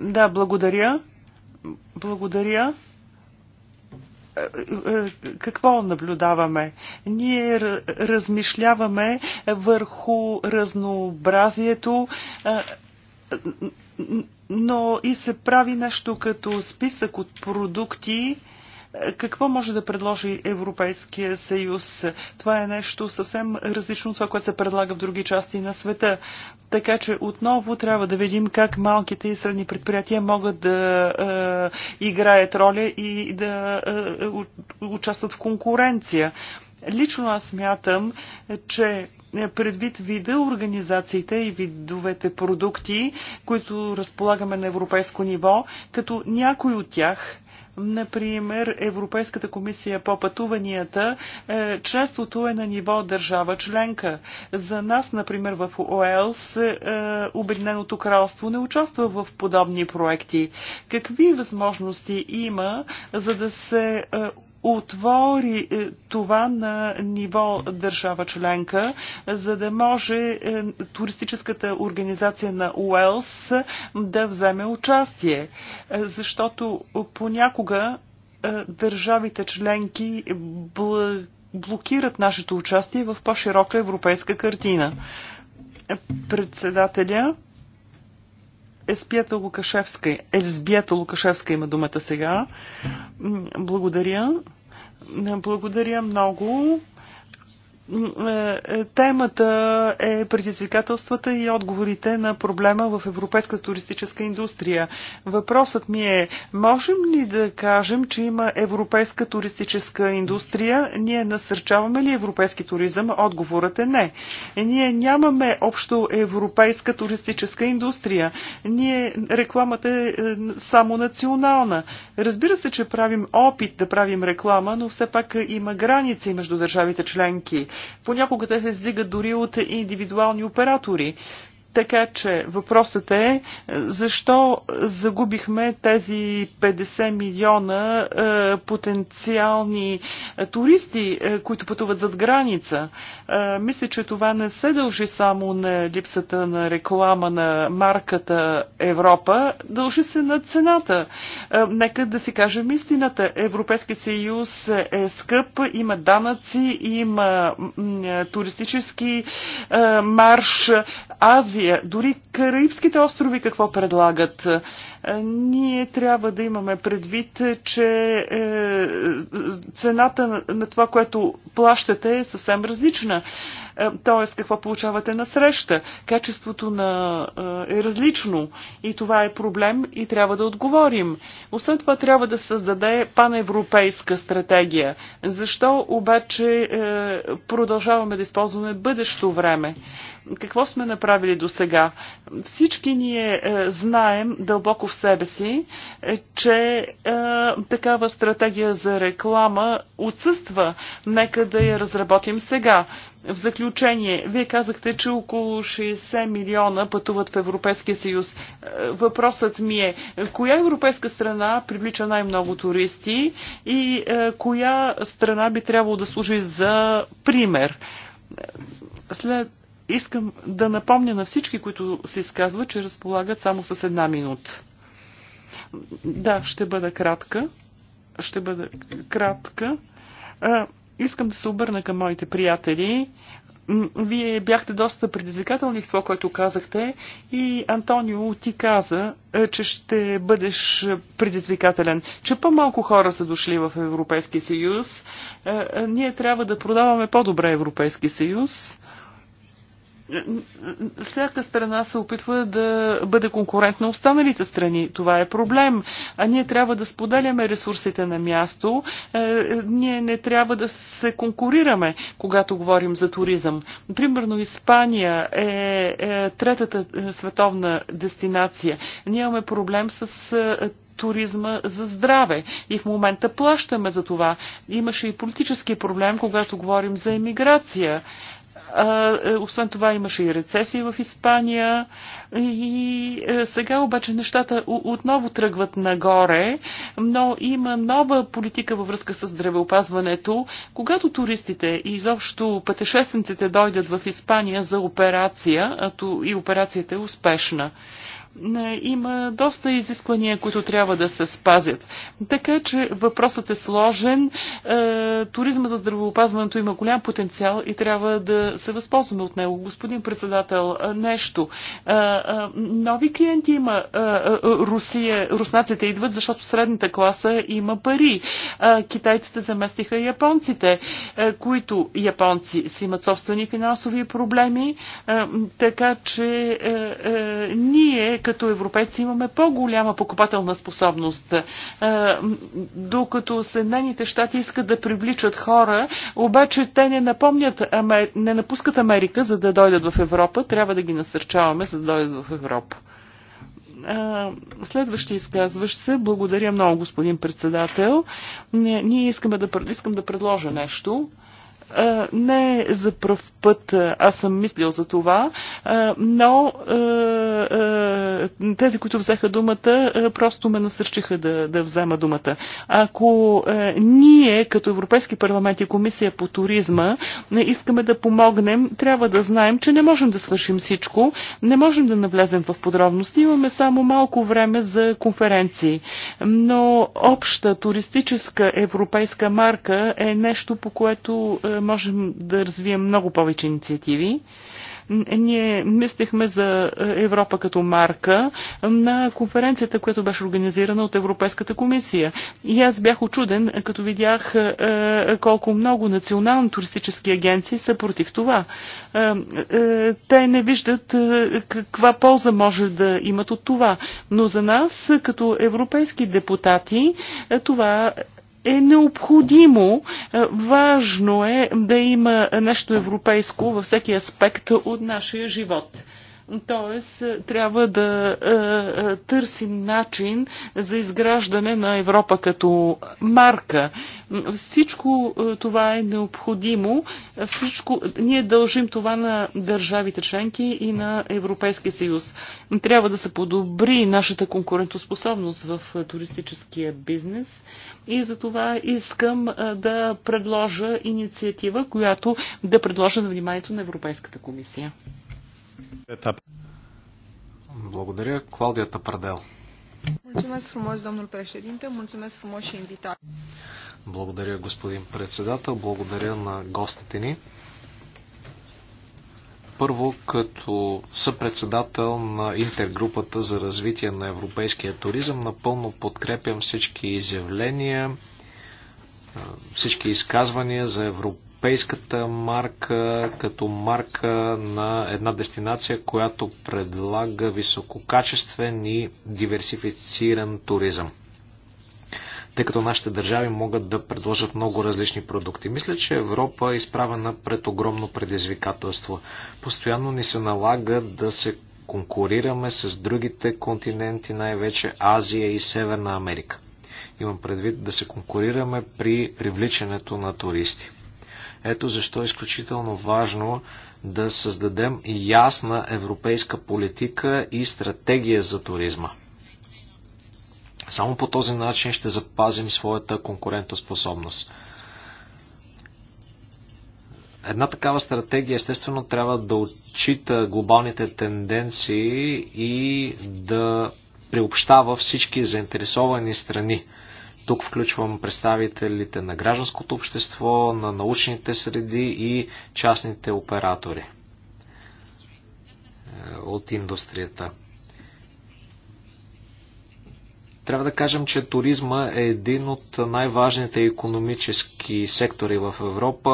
Да, благодаря. Благодаря е, е, какво наблюдаваме? Ние размишляваме върху разнообразието е, но и се прави нещо като списък от продукти, какво може да предложи Европейския съюз? Това е нещо съвсем различно от това, което се предлага в други части на света. Така че отново трябва да видим как малките и средни предприятия могат да е, играят роля и да е, участват в конкуренция. Лично аз мятам, че предвид вида, организациите и видовете продукти, които разполагаме на европейско ниво, като някой от тях Например, Европейската комисия по пътуванията, е, членството е на ниво държава членка. За нас, например, в Уелс, е, Обединеното кралство не участва в подобни проекти. Какви възможности има, за да се е, отвори е, това на ниво държава членка, за да може е, туристическата организация на Уелс да вземе участие. Е, защото понякога държавите членки блокират нашето участие в по-широка европейска картина. Председателя Еспията Лукашевска, Елзбията Лукашевска има думата сега. Благодаря. Благодаря много. Темата е предизвикателствата и отговорите на проблема в европейската туристическа индустрия. Въпросът ми е, можем ли да кажем, че има европейска туристическа индустрия? Ние насърчаваме ли европейски туризъм? Отговорът е не. Ние нямаме общо европейска туристическа индустрия. Ние рекламата е, е само национална. Разбира се, че правим опит да правим реклама, но все пак има граници между държавите членки. Понякога те се издигат дори от индивидуални оператори. Така че въпросът е защо загубихме тези 50 милиона е, потенциални е, туристи, е, които пътуват зад граница. мисля, че това не се дължи само на липсата на реклама на марката Европа, дължи се на цената. нека да си кажем истината. Европейския съюз е скъп, има данъци, има туристически марш. Азия Сирия, дори Караибските острови какво предлагат? Е, ние трябва да имаме предвид, че е, цената на това, което плащате е съвсем различна. Е, тоест, какво получавате на среща? Качеството на, е различно и това е проблем и трябва да отговорим. Освен това, трябва да създаде паневропейска стратегия. Защо обаче продължаваме да използваме бъдещо време? какво сме направили до сега? Всички ние е, знаем дълбоко в себе си, е, че е, такава стратегия за реклама отсъства. Нека да я разработим сега. В заключение, вие казахте, че около 60 милиона пътуват в Европейския съюз. Е, въпросът ми е, коя европейска страна привлича най-много туристи и е, коя страна би трябвало да служи за пример? След Искам да напомня на всички, които се изказват, че разполагат само с една минута. Да, ще бъда кратка. Ще бъда кратка. А, искам да се обърна към моите приятели. Вие бяхте доста предизвикателни в това, което казахте и Антонио ти каза, е, че ще бъдеш предизвикателен, че по-малко хора са дошли в Европейския съюз. Е, е, ние трябва да продаваме по-добре Европейски съюз всяка страна се опитва да бъде конкурент на останалите страни. Това е проблем. А ние трябва да споделяме ресурсите на място. Е, ние не трябва да се конкурираме, когато говорим за туризъм. Примерно Испания е, е третата е, световна дестинация. Ние имаме проблем с туризма за здраве. И в момента плащаме за това. Имаше и политически проблем, когато говорим за емиграция. Е, освен това имаше и рецесии в Испания. И е, сега обаче нещата отново тръгват нагоре, но има нова политика във връзка с здравеопазването. Когато туристите и изобщо пътешественците дойдат в Испания за операция, и операцията е успешна. Има доста изисквания, които трябва да се спазят. Така че въпросът е сложен. Е, туризма за здравеопазването има голям потенциал и трябва да се възползваме от него. Господин председател, е, нещо. Е, нови клиенти има. Русия, руснаците идват, защото средната класа има пари. Китайците заместиха японците, които японци си имат собствени финансови проблеми. Така че ние като европейци имаме по-голяма покупателна способност. Е, докато Съединените щати искат да привличат хора, обаче те не напомнят, не напускат Америка, за да дойдат в Европа. Трябва да ги насърчаваме, за да дойдат в Европа. Е, следващи изказващ се. Благодаря много, господин председател. Ние искаме да, искам да предложа нещо е, не за пръв път е, аз съм мислил за това, е, но е, тези, които взеха думата, просто ме насърчиха да, да взема думата. Ако ние, като Европейски парламент и Комисия по туризма, искаме да помогнем, трябва да знаем, че не можем да свършим всичко, не можем да навлезем в подробности, имаме само малко време за конференции. Но обща туристическа европейска марка е нещо, по което можем да развием много повече повече инициативи. Ние мислехме за Европа като марка на конференцията, която беше организирана от Европейската комисия. И аз бях очуден, като видях е, колко много национални туристически агенции са против това. Е, е, те не виждат каква полза може да имат от това. Но за нас, като европейски депутати, това е необходимо. Е, важно е да има нещо европейско във всеки аспект от нашия живот. Тоест, е, трябва да е, е, търсим начин за изграждане на Европа като марка. Всичко е, това е необходимо. Всичко, ние дължим това на държавите членки и на Европейския съюз. Трябва да се подобри нашата конкурентоспособност в е, туристическия бизнес и за това искам е, да предложа инициатива, която да предложа на вниманието на Европейската комисия етап. Благодаря. Клаудията Прадел. Mulțumesc frumos, domnul președinte, mulțumesc frumos și invitat. Благодаря, господин председател, благодаря на гостите ни. Първо, като съпредседател на интергрупата за развитие на европейския туризъм, напълно подкрепям всички изявления, всички изказвания за европейския европейската марка като марка на една дестинация, която предлага висококачествен и диверсифициран туризъм тъй като нашите държави могат да предложат много различни продукти. Мисля, че Европа е изправена пред огромно предизвикателство. Постоянно ни се налага да се конкурираме с другите континенти, най-вече Азия и Северна Америка. Имам предвид да се конкурираме при привличането на туристи. Ето защо е изключително важно да създадем ясна европейска политика и стратегия за туризма. Само по този начин ще запазим своята конкурентоспособност. Една такава стратегия естествено трябва да отчита глобалните тенденции и да приобщава всички заинтересовани страни тук включвам представителите на гражданското общество, на научните среди и частните оператори е, от индустрията. Трябва да кажем, че туризма е един от най-важните економически сектори в Европа.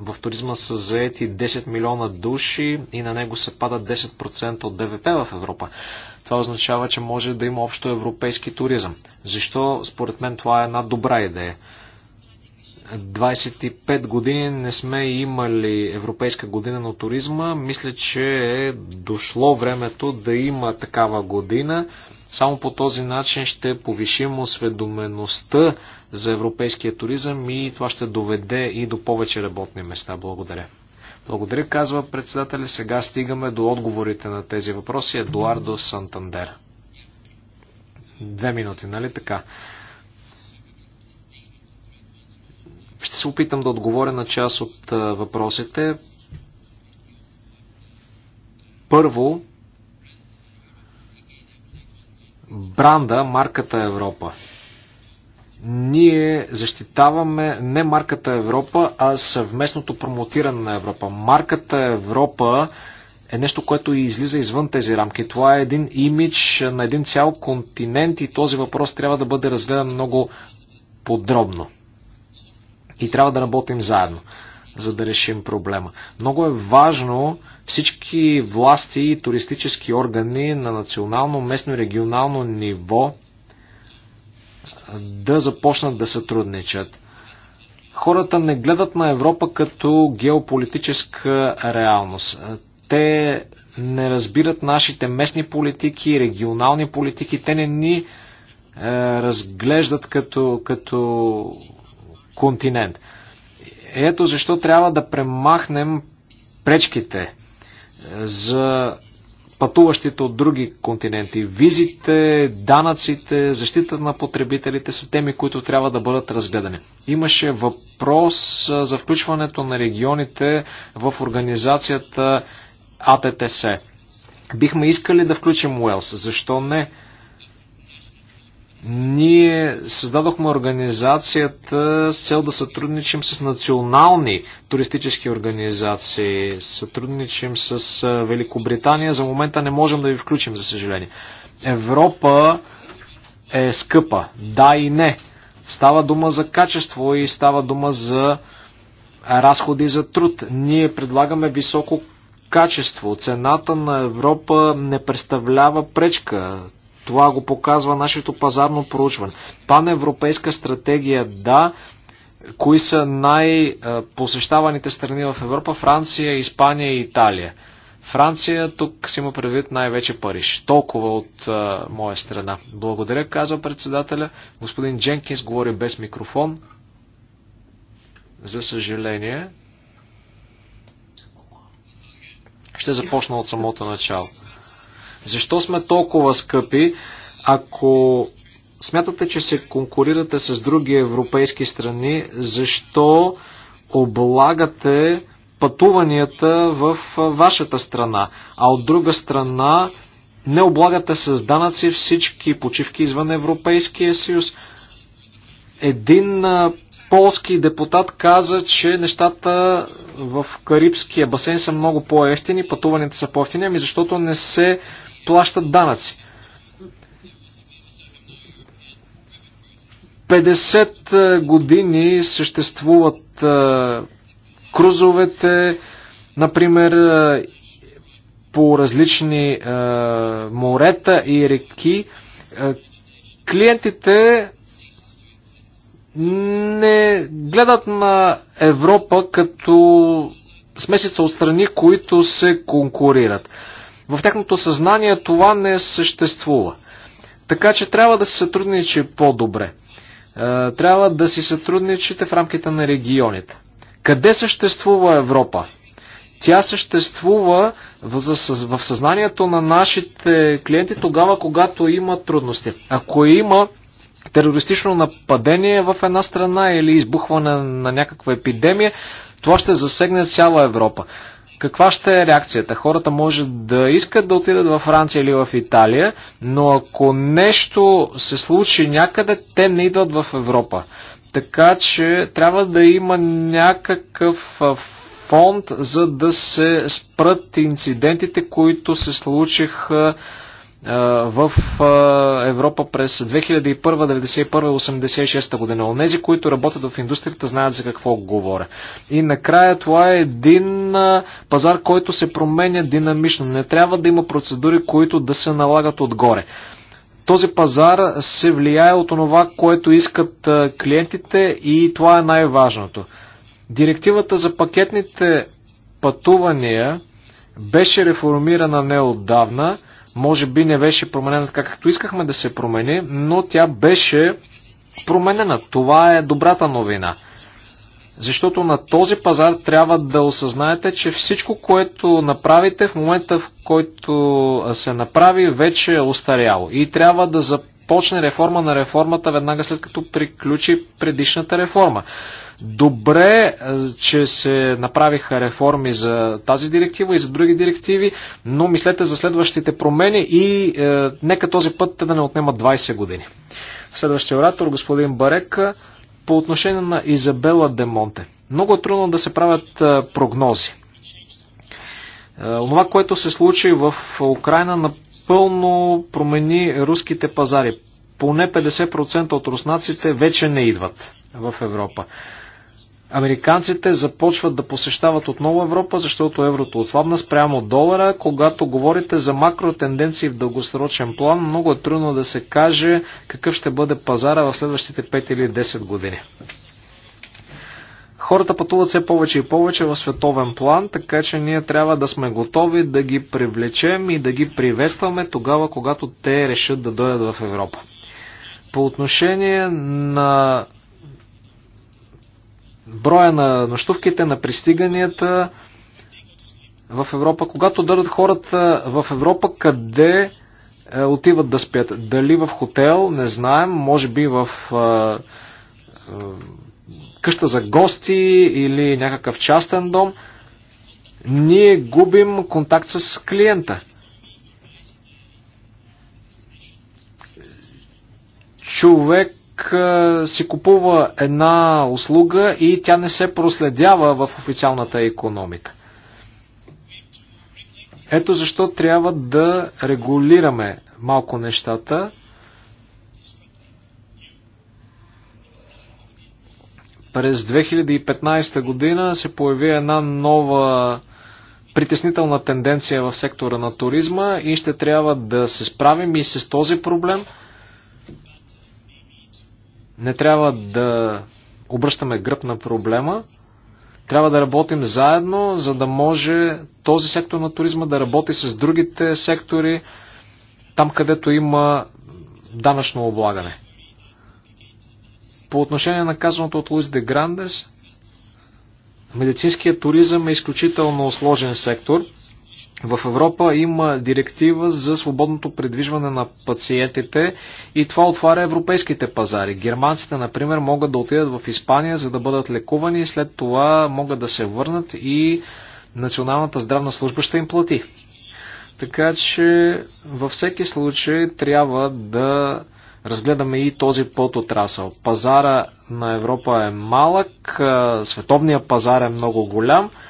В туризма са заети 10 милиона души и на него се пада 10% от ДВП в Европа. Това означава, че може да има общо европейски туризъм. Защо според мен това е една добра идея? 25 години не сме имали Европейска година на туризма. Мисля, че е дошло времето да има такава година. Само по този начин ще повишим осведомеността за европейския туризъм и това ще доведе и до повече работни места. Благодаря. Благодаря, казва председателя. Сега стигаме до отговорите на тези въпроси. Едуардо Сантандер. Две минути, нали така? Ще се опитам да отговоря на част от въпросите. Първо, бранда, марката Европа ние защитаваме не марката Европа, а съвместното промотиране на Европа. Марката Европа е нещо, което и излиза извън тези рамки. Това е един имидж на един цял континент и този въпрос трябва да бъде разгледан много подробно. И трябва да работим заедно, за да решим проблема. Много е важно всички власти и туристически органи на национално, местно и регионално ниво да започнат да сътрудничат. Хората не гледат на Европа като геополитическа реалност. Те не разбират нашите местни политики, регионални политики. Те не ни е, разглеждат като, като континент. Ето защо трябва да премахнем пречките е, за пътуващите от други континенти. Визите, данъците, защита на потребителите са теми, които трябва да бъдат разгледани. Имаше въпрос за включването на регионите в организацията АТТС. Бихме искали да включим Уелс. Защо не? Ние създадохме организацията с цел да сътрудничим с национални туристически организации. Сътрудничим с Великобритания. За момента не можем да ви включим, за съжаление. Европа е скъпа. Да и не. Става дума за качество и става дума за разходи за труд. Ние предлагаме високо качество. Цената на Европа не представлява пречка. Това го показва нашето пазарно проучване. Паневропейска стратегия да, кои са най-посещаваните страни в Европа? Франция, Испания и Италия. Франция, тук си има предвид най-вече Париж. Толкова от а, моя страна. Благодаря, казва председателя. Господин Дженкинс говори без микрофон. За съжаление. Ще започна от самото начало. Защо сме толкова скъпи, ако смятате, че се конкурирате с други европейски страни, защо облагате пътуванията в вашата страна, а от друга страна не облагате с данъци всички почивки извън Европейския съюз. Един полски депутат каза, че нещата в Карибския басейн са много по-ефтини, пътуванията са по-ефтини, ами защото не се плащат данъци. 50 е, години съществуват е, крузовете, например, е, по различни морета и реки. Клиентите не гледат на Европа като смесица от страни, които се конкурират. В тяхното съзнание това не съществува. Така че трябва да се сътрудничи по-добре. Е, трябва да си сътрудничите в рамките на регионите. Къде съществува Европа? Тя съществува в съзнанието на нашите клиенти тогава, когато има трудности. Ако има терористично нападение в една страна или избухване на някаква епидемия, това ще засегне цяла Европа каква ще е реакцията? Хората може да искат да отидат във Франция или в Италия, но ако нещо се случи някъде, те не идват в Европа. Така че трябва да има някакъв фонд, за да се спрат инцидентите, които се случиха в Европа през 2001, 1991, година. Онези, които работят в индустрията, знаят за какво говоря. И накрая това е един пазар, който се променя динамично. Не трябва да има процедури, които да се налагат отгоре. Този пазар се влияе от това, което искат клиентите и това е най-важното. Директивата за пакетните пътувания беше реформирана неотдавна може би не беше променена така, както искахме да се промени, но тя беше променена. Това е добрата новина. Защото на този пазар трябва да осъзнаете, че всичко, което направите в момента, в който се направи, вече е устаряло. И трябва да започне реформа на реформата веднага след като приключи предишната реформа. Добре, е, че се направиха реформи за тази директива и за други директиви, но мислете за следващите промени и е, нека този път те да не отнема 20 години. Следващия оратор, господин Барек, е, по отношение на Изабела Демонте. Много е трудно да се правят е, прогнози. Това, е, което се случи в Украина, напълно промени руските пазари. Поне 50% от руснаците вече не идват в Европа. Американците започват да посещават отново Европа, защото еврото е отслабна спрямо долара. Когато говорите за макротенденции в дългосрочен план, много е трудно да се каже какъв ще бъде пазара в следващите 5 или 10 години. Хората пътуват все повече и повече в световен план, така че ние трябва да сме готови да ги привлечем и да ги приветстваме тогава, когато те решат да дойдат в Европа. По отношение на броя на нощувките, на пристиганията в Европа. Когато дадат хората в Европа, къде е, отиват да спят? Дали в хотел, не знаем, може би в е, е, къща за гости или някакъв частен дом, ние губим контакт с клиента. Човек си купува една услуга и тя не се проследява в официалната економика. Ето защо трябва да регулираме малко нещата. През 2015 година се появи една нова притеснителна тенденция в сектора на туризма и ще трябва да се справим и с този проблем – не трябва да обръщаме гръб на проблема. Трябва да работим заедно, за да може този сектор на туризма да работи с другите сектори, там където има данъчно облагане. По отношение на казаното от Луис де Грандес, медицинският туризъм е изключително сложен сектор – в Европа има директива за свободното предвижване на пациентите и това отваря европейските пазари. Германците, например, могат да отидат в Испания, за да бъдат лекувани и след това могат да се върнат и Националната здравна служба ще им плати. Така че във всеки случай трябва да разгледаме и този подотрасъл. Пазара на Европа е малък, световният пазар е много голям –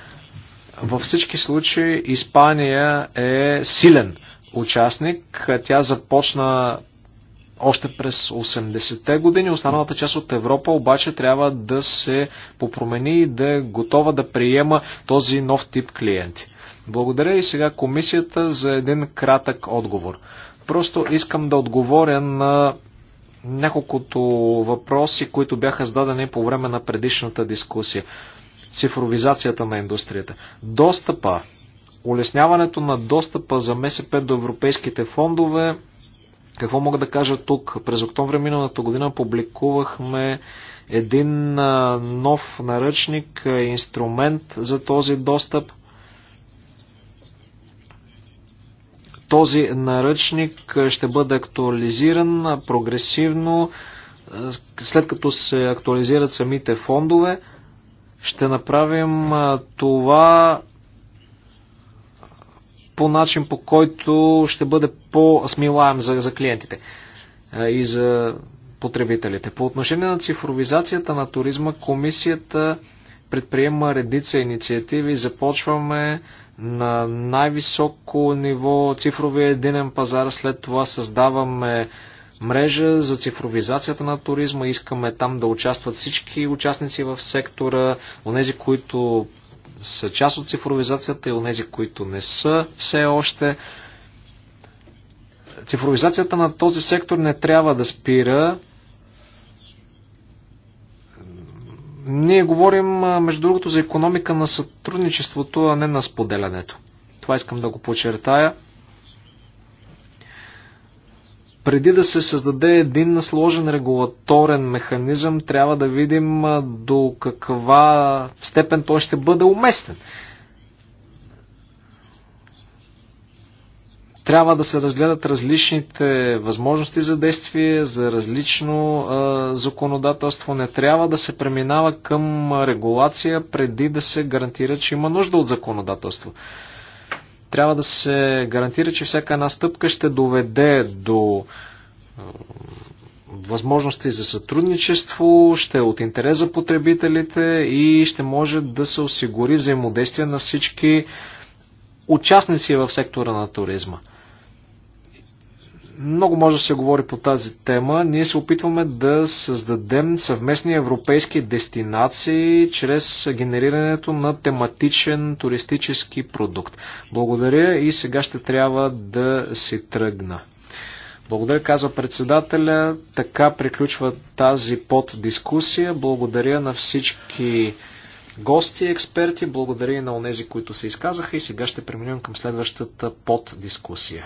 във всички случаи Испания е силен участник. Тя започна още през 80-те години. Останалата част от Европа обаче трябва да се попромени и да е готова да приема този нов тип клиенти. Благодаря и сега комисията за един кратък отговор. Просто искам да отговоря на няколкото въпроси, които бяха зададени по време на предишната дискусия цифровизацията на индустрията. Достъпа, улесняването на достъпа за МСП до европейските фондове, какво мога да кажа тук? През октомври миналата година публикувахме един нов наръчник, инструмент за този достъп. Този наръчник ще бъде актуализиран прогресивно, след като се актуализират самите фондове. Ще направим това по начин, по който ще бъде по-смилаем за, за клиентите и за потребителите. По отношение на цифровизацията на туризма, комисията предприема редица инициативи. Започваме на най-високо ниво цифровия единен пазар, след това създаваме мрежа за цифровизацията на туризма. Искаме там да участват всички участници в сектора, онези, които са част от цифровизацията и онези, които не са все още. Цифровизацията на този сектор не трябва да спира. Ние говорим, между другото, за економика на сътрудничеството, а не на споделянето. Това искам да го подчертая преди да се създаде един сложен регулаторен механизъм, трябва да видим до каква степен той ще бъде уместен. Трябва да се разгледат различните възможности за действие, за различно а, законодателство. Не трябва да се преминава към регулация преди да се гарантира, че има нужда от законодателство. Трябва да се гарантира, че всяка една стъпка ще доведе до е, възможности за сътрудничество, ще е от интерес за потребителите и ще може да се осигури взаимодействие на всички участници в сектора на туризма. Много може да се говори по тази тема. Ние се опитваме да създадем съвместни европейски дестинации чрез генерирането на тематичен туристически продукт. Благодаря и сега ще трябва да си тръгна. Благодаря, казва председателя. Така приключва тази поддискусия. Благодаря на всички гости и експерти. Благодаря и на онези, които се изказаха. И сега ще преминем към следващата поддискусия.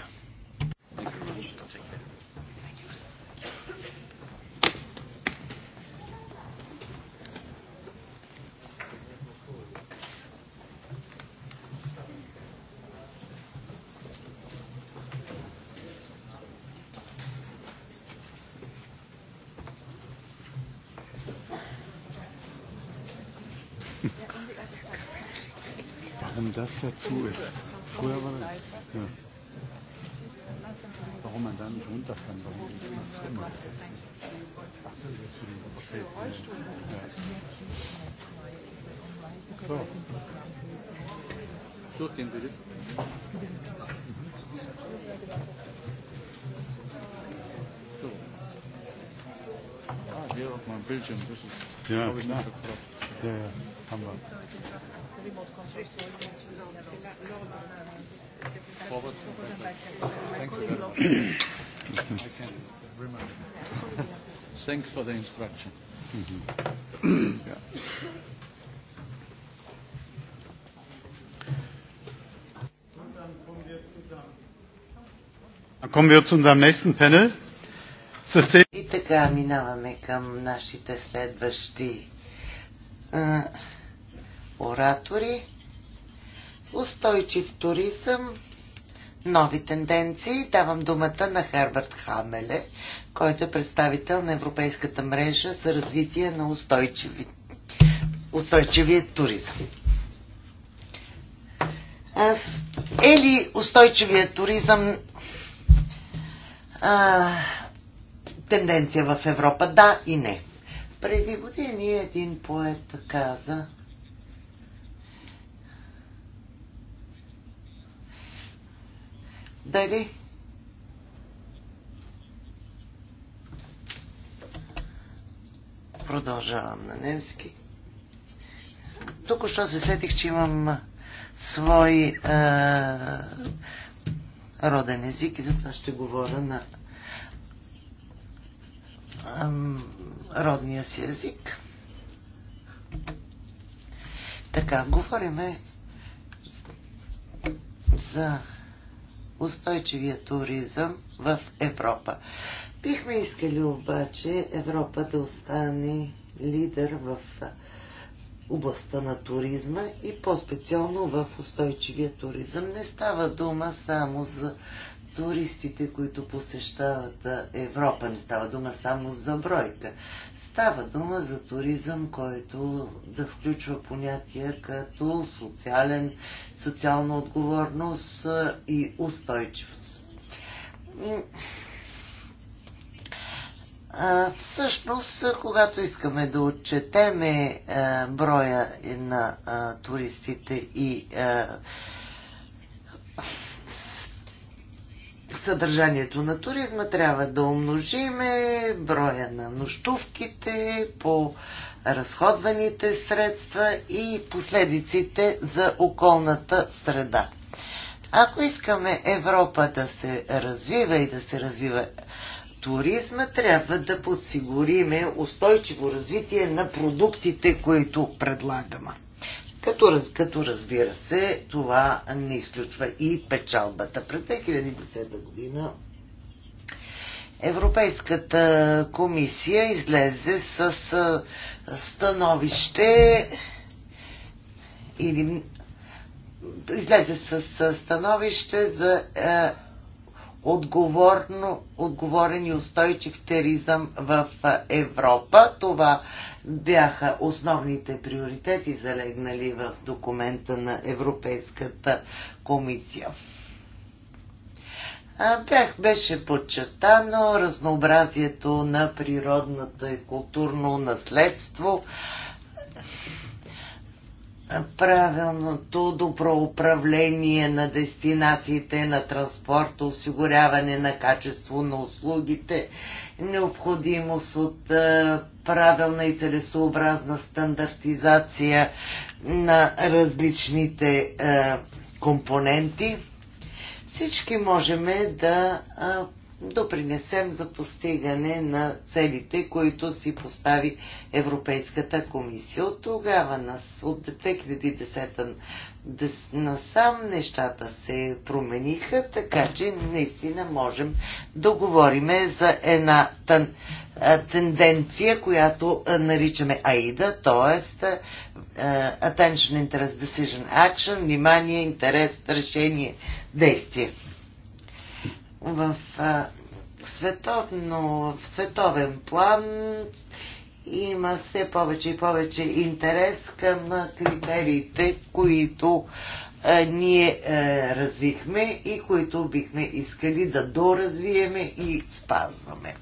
Fenster zu ist. Früher war das, ja. Warum man da nicht runter kann, warum man nicht immer. So. Durchgehen bitte. So. Ah, hier auf meinem Bildschirm, das ist, ja, ich, Ja, ja, haben wir. Thanks for the instruction. Dann kommen wir zu unserem nächsten Panel. И така минаваме към нашите следващи а, оратори устойчив туризъм, нови тенденции. Давам думата на Херберт Хамеле, който е представител на Европейската мрежа за развитие на устойчиви, устойчивия туризъм. Е ли устойчивия туризъм а, тенденция в Европа? Да и не. Преди години един поет каза – дали продължавам на немски. Тук още се сетих, че имам свой е, роден език и затова ще говоря на е, родния си език. Така, говориме за устойчивия туризъм в Европа. Бихме искали обаче Европа да остане лидер в областта на туризма и по-специално в устойчивия туризъм. Не става дума само за туристите, които посещават Европа. Не става дума само за бройка. Става дума за туризъм, който да включва понятия като социален, социална отговорност и устойчивост. всъщност, когато искаме да отчетеме броя на туристите и съдържанието на туризма трябва да умножиме броя на нощувките по разходваните средства и последиците за околната среда. Ако искаме Европа да се развива и да се развива туризма, трябва да подсигуриме устойчиво развитие на продуктите, които предлагаме като, като разбира се, това не изключва и печалбата. През 2010 година Европейската комисия излезе с становище или излезе с становище за отговорно, отговорен и устойчив теризъм в Европа. Това бяха основните приоритети, залегнали в документа на Европейската комисия. Бях беше подчертано разнообразието на природното и културно наследство, правилното добро управление на дестинациите, на транспорта, осигуряване на качество на услугите, необходимост от е, правилна и целесообразна стандартизация на различните е, компоненти. Всички можем да е, допринесем за постигане на целите, които си постави Европейската комисия. От тогава, от 2010 насам, нещата се промениха, така че наистина можем да говорим за една тенденция, която наричаме АИДА, т.е. Attention, Interest, Decision, Action, внимание, интерес, решение, действие в, а, световно, в световен план има все повече и повече интерес към критериите, които а, ние а, развихме и които бихме искали да доразвиеме и спазваме.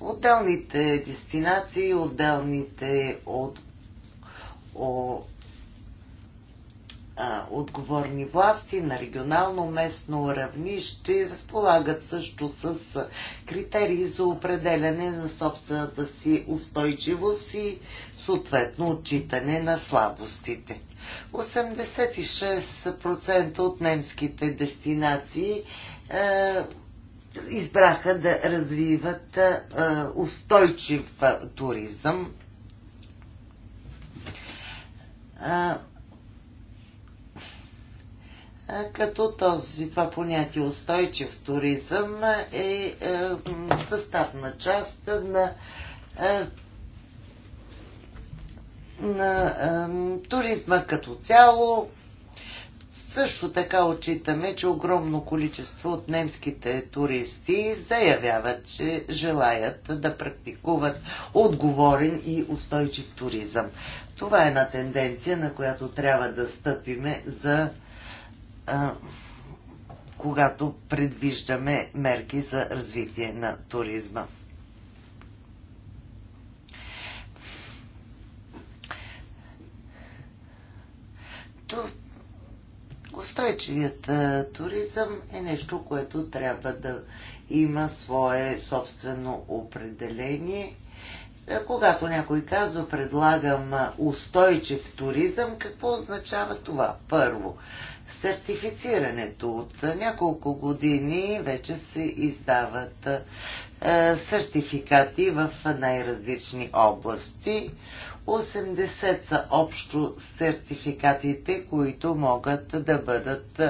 отделните дестинации, отделните от, о, а, отговорни власти на регионално местно равнище разполагат също с критерии за определяне на собствената си устойчивост и съответно отчитане на слабостите. 86% от немските дестинации е, избраха да развиват устойчив туризъм. Като този, това понятие устойчив туризъм е, е съставна част на на туризма като цяло, също така отчитаме, че огромно количество от немските туристи заявяват, че желаят да практикуват отговорен и устойчив туризъм. Това е една тенденция, на която трябва да стъпиме за а, когато предвиждаме мерки за развитие на туризма. То устойчивият туризъм е нещо, което трябва да има свое собствено определение. Когато някой казва предлагам устойчив туризъм, какво означава това? Първо, сертифицирането. От няколко години вече се издават сертификати в най-различни области. 80 са общо сертификатите, които могат да бъдат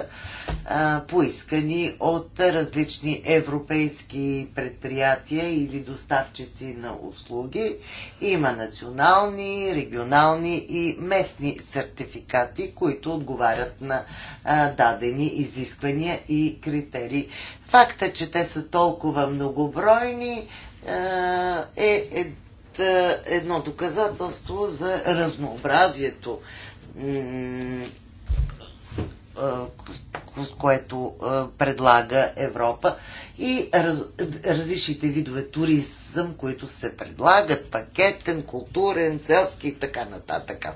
а, поискани от различни европейски предприятия или доставчици на услуги. Има национални, регионални и местни сертификати, които отговарят на а, дадени изисквания и критерии. Факта, че те са толкова многобройни, е, е е, едно доказателство за разнообразието, е, което е, предлага Европа и раз, различните видове туризъм, които се предлагат, пакетен, културен, селски и така нататък.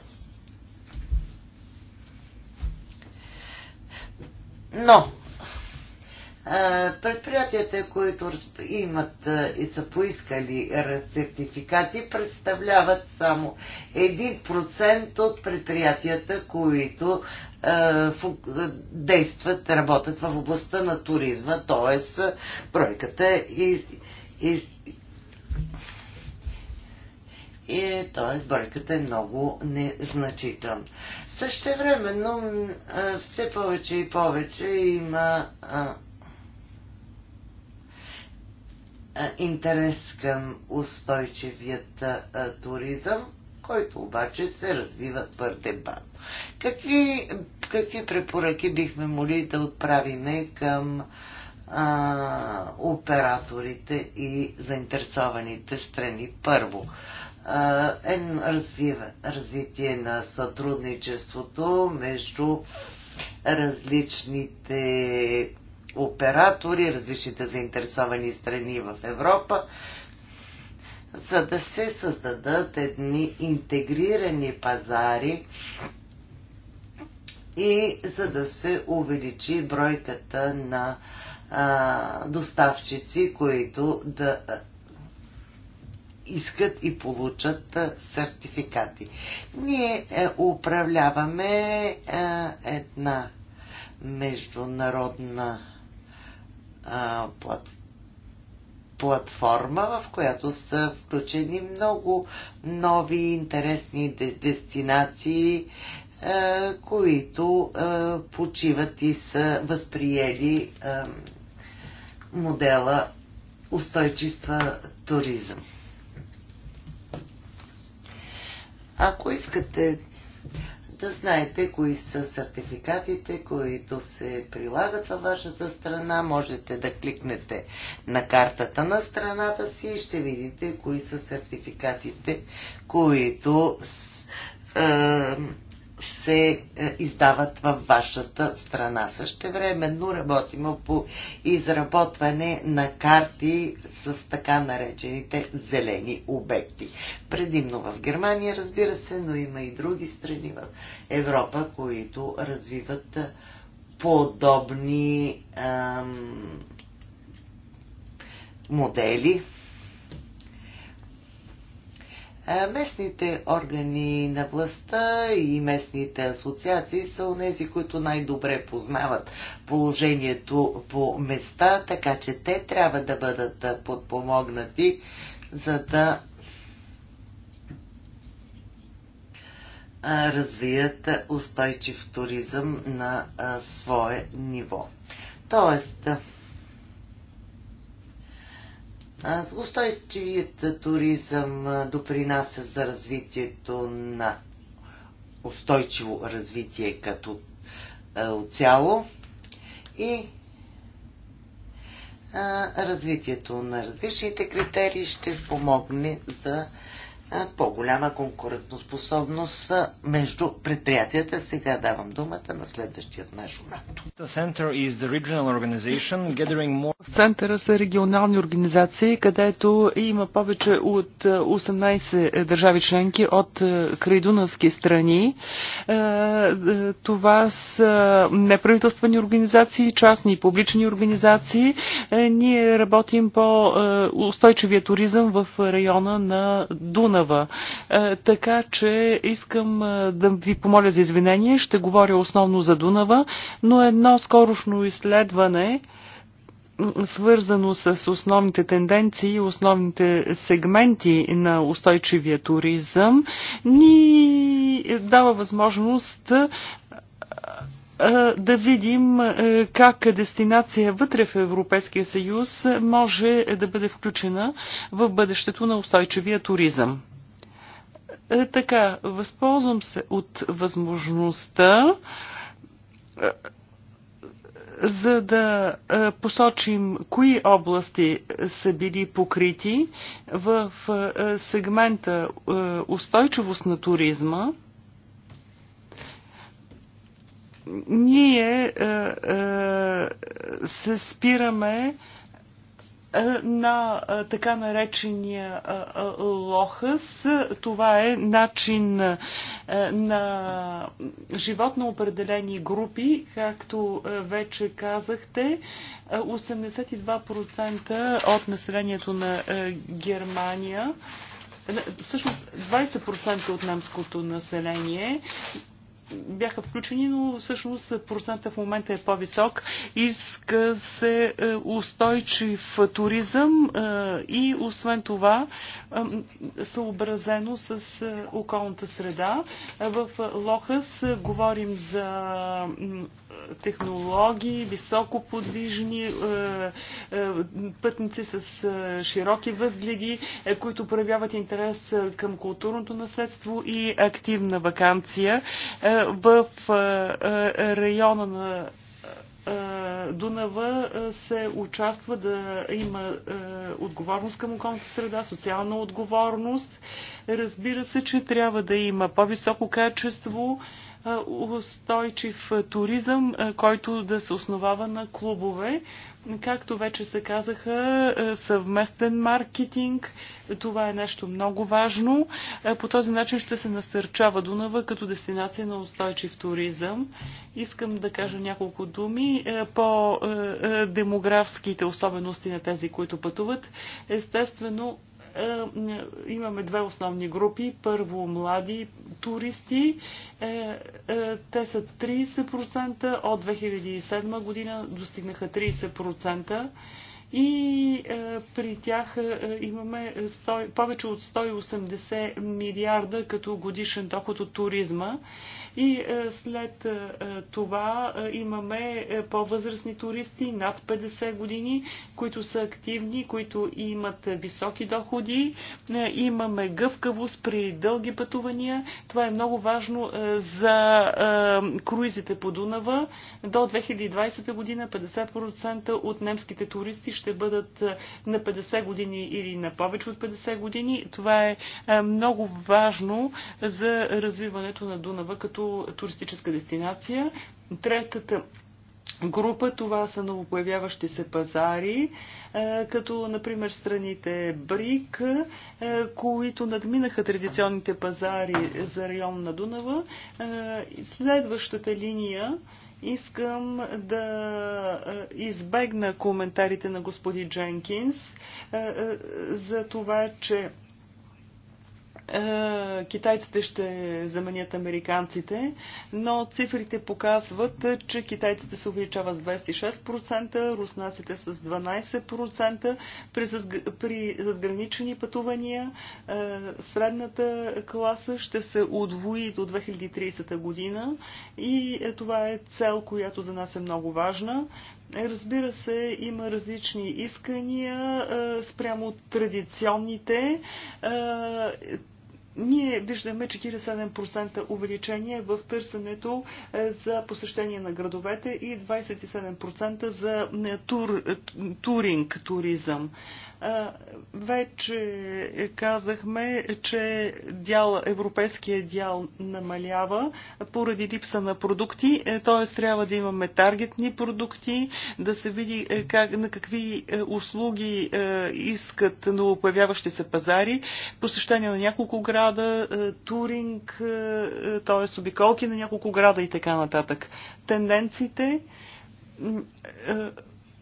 Но Предприятията, които имат и са поискали сертификати, представляват само 1% от предприятията, които действат, работят в областта на туризма, т.е. бройката и, и, и т.е. бройката е много незначителна. времено все повече и повече има е, интерес към устойчивият е, туризъм, който обаче се развива твърде бавно. Какви, какви препоръки бихме моли да отправиме към а, е, операторите и заинтересованите страни? Първо, е развива, развитие на сътрудничеството между различните оператори, различните заинтересовани страни в Европа, за да се създадат едни интегрирани пазари и за да се увеличи бройката на а, доставчици, които да искат и получат сертификати. Ние е, управляваме е, една международна а, плат, платформа, в която са включени много нови интересни дестинации, а, които а, почиват и са възприели а, модела устойчив а, туризъм. Ако искате да знаете кои са сертификатите, които се прилагат във вашата страна. Можете да кликнете на картата на страната си и ще видите кои са сертификатите, които е, се е, издават във вашата страна. Същевременно работим по изработване на карти с така наречените зелени обекти. Предимно в Германия, разбира се, но има и други страни в Европа, които развиват подобни ам, модели. Местните органи на властта и местните асоциации са онези, които най-добре познават положението по места, така че те трябва да бъдат подпомогнати, за да развият устойчив туризъм на свое ниво. Тоест, Устойчивият туризъм допринася за развитието на устойчиво развитие като цяло и развитието на различните критерии ще спомогне за по-голяма конкурентоспособност между предприятията. Сега давам думата на следващият наш оратор. В центъра са регионални организации, където има повече от 18 държави членки от крайдунавски страни. Това са неправителствени организации, частни и публични организации. Ние работим по устойчивия туризъм в района на Дуна такава. Е, така че искам е, да ви помоля за извинение. Ще говоря основно за Дунава, но едно скорошно изследване свързано с основните тенденции, основните сегменти на устойчивия туризъм, ни дава възможност е, да видим как дестинация вътре в Европейския съюз може да бъде включена в бъдещето на устойчивия туризъм. Е, така, възползвам се от възможността е, за да е, посочим кои области са били покрити в сегмента устойчивост на туризма. Ние се спираме е, на е, така наречения е, лохъс. Това е начин на живот на определени групи, както вече казахте. 82% от населението на Германия всъщност 20% от немското население бяха включени, но всъщност процента в момента е по-висок. Иска се е, устойчив туризъм е, и освен това е, съобразено с околната среда. В Лохас говорим за технологии, високо подвижни пътници с широки възгледи, които проявяват интерес към културното наследство и активна вакансия в района на Дунава се участва да има отговорност към околната среда, социална отговорност. Разбира се, че трябва да има по-високо качество устойчив туризъм, който да се основава на клубове. Както вече се казаха, съвместен маркетинг, това е нещо много важно. По този начин ще се насърчава Дунава като дестинация на устойчив туризъм. Искам да кажа няколко думи по демографските особености на тези, които пътуват. Естествено, е, имаме две основни групи. Първо млади туристи. Е, е, те са 30%. От 2007 година достигнаха 30% и е, при тях е, имаме 100, повече от 180 милиарда като годишен доход от туризма и е, след е, е, това имаме по-възрастни туристи над 50 години, които са активни, които имат високи доходи. Имаме гъвкавост при дълги пътувания. Това е много важно за круизите по Дунава. До 2020 година 50% от немските туристи ще бъдат на 50 години или на повече от 50 години. Това е много важно за развиването на Дунава като като туристическа дестинация. Третата група това са новопоявяващи се пазари, е, като например страните БРИК, е, които надминаха традиционните пазари за район на Дунава. Е, следващата линия Искам да избегна коментарите на господи Дженкинс за това, че е, китайците ще заменят американците, но цифрите показват, че китайците се увеличават с 26%, руснаците с 12%, при, при задграничени пътувания е, средната класа ще се удвои до 2030 година и е, това е цел, която за нас е много важна. Разбира се, има различни искания спрямо традиционните ние виждаме 47% увеличение в търсенето е, за посещение на градовете и 27% за е, тур, е, туринг, туризъм. Вече казахме, че дял, европейския дял намалява поради липса на продукти, е, т.е. трябва да имаме таргетни продукти, да се види е, как, на какви е, услуги искат новопоявяващи се пазари, посещение на няколко града, туринг, т.е. обиколки на няколко града и така нататък. Тенденциите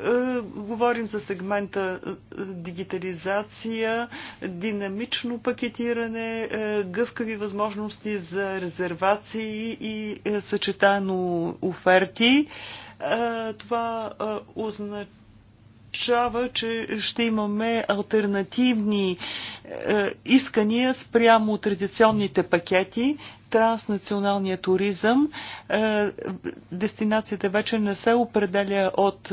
е, говорим за сегмента е, дигитализация, динамично пакетиране, е, гъвкави възможности за резервации и съчетано оферти. Това означава че ще имаме альтернативни е, искания спрямо традиционните пакети, транснационалния туризъм. Е, дестинацията вече не се определя от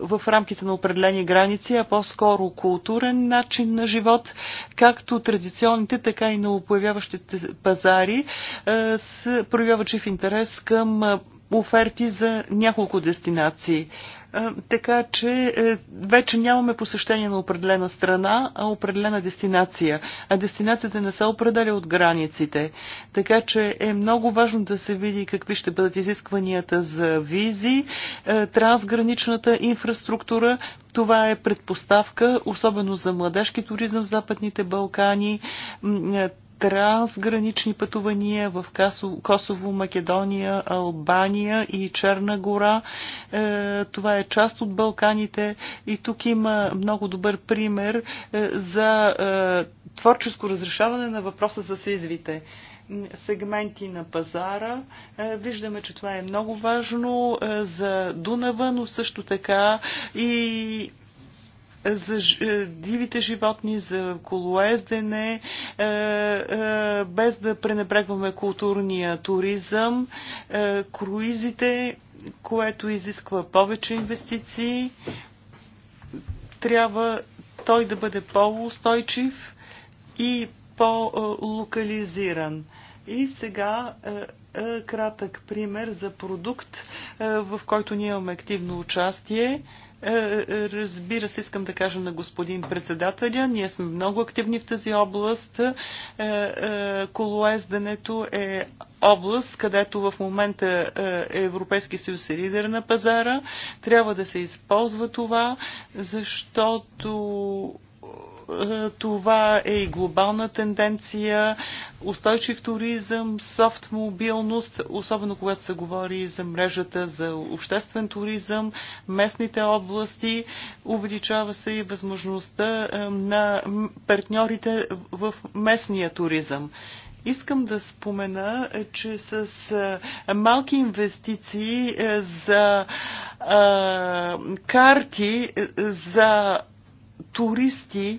в рамките на определени граници, а по-скоро културен начин на живот, както традиционните, така и на появяващите пазари, е, проявяват жив интерес към е, оферти за няколко дестинации. Е, така че е, вече нямаме посещение на определена страна, а определена дестинация. А дестинацията не се определя от границите. Така че е много важно да се види какви ще бъдат изискванията за визи, е, трансграничната инфраструктура. Това е предпоставка, особено за младежки туризъм в Западните Балкани трансгранични пътувания в Косово, Македония, Албания и Черна гора. Е, това е част от Балканите и тук има много добър пример е, за е, творческо разрешаване на въпроса за извите. сегменти на пазара. Виждаме, че това е много важно за Дунава, но също така и за е, дивите животни, за колоездене, е, е, без да пренебрегваме културния туризъм, круизите, което изисква повече инвестиции. Трябва той да бъде по-устойчив и по-локализиран. И сега кратък пример за продукт, в който ние имаме активно участие – е, е, разбира се, искам да кажа на господин председателя, ние сме много активни в тази област. Е, Колоездането е област, където в момента Европейски съюз е лидер на пазара. Трябва да се използва това, защото това е и глобална тенденция, устойчив туризъм, софт мобилност, особено когато се говори за мрежата за обществен туризъм, местните области, увеличава се и възможността е, на партньорите в местния туризъм. Искам да спомена, е, че с е, малки инвестиции за карти за туристи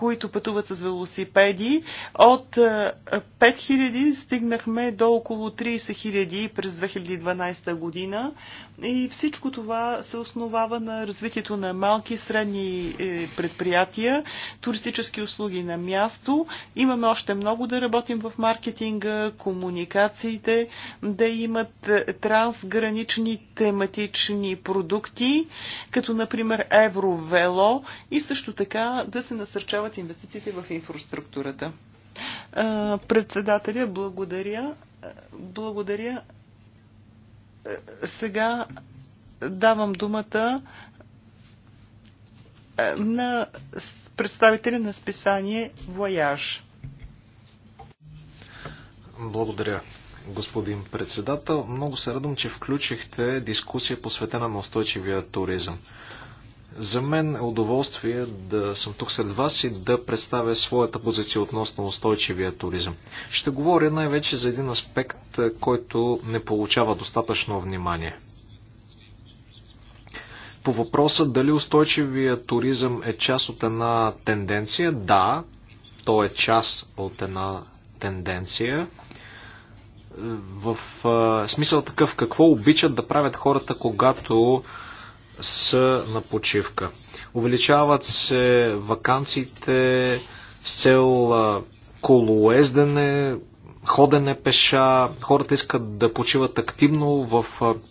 които пътуват с велосипеди. От 5000 е, стигнахме до около 30 000 през 2012 година. И всичко това се основава на развитието на малки и средни е, предприятия, туристически услуги на място. Имаме още много да работим в маркетинга, комуникациите, да имат е, трансгранични тематични продукти, като например Евровело и също така да се насърчават намаляват инвестициите в инфраструктурата. Председателя, благодаря. Благодаря. Сега давам думата на представителя на списание Вояж. Благодаря, господин председател. Много се радвам, че включихте дискусия посветена на устойчивия туризъм. За мен е удоволствие да съм тук сред вас и да представя своята позиция относно устойчивия туризъм. Ще говоря най-вече за един аспект, който не получава достатъчно внимание. По въпроса дали устойчивия туризъм е част от една тенденция, да, то е част от една тенденция. В смисъл такъв, какво обичат да правят хората, когато са на почивка. Увеличават се вакансиите с цел колоездене, ходене пеша. Хората искат да почиват активно в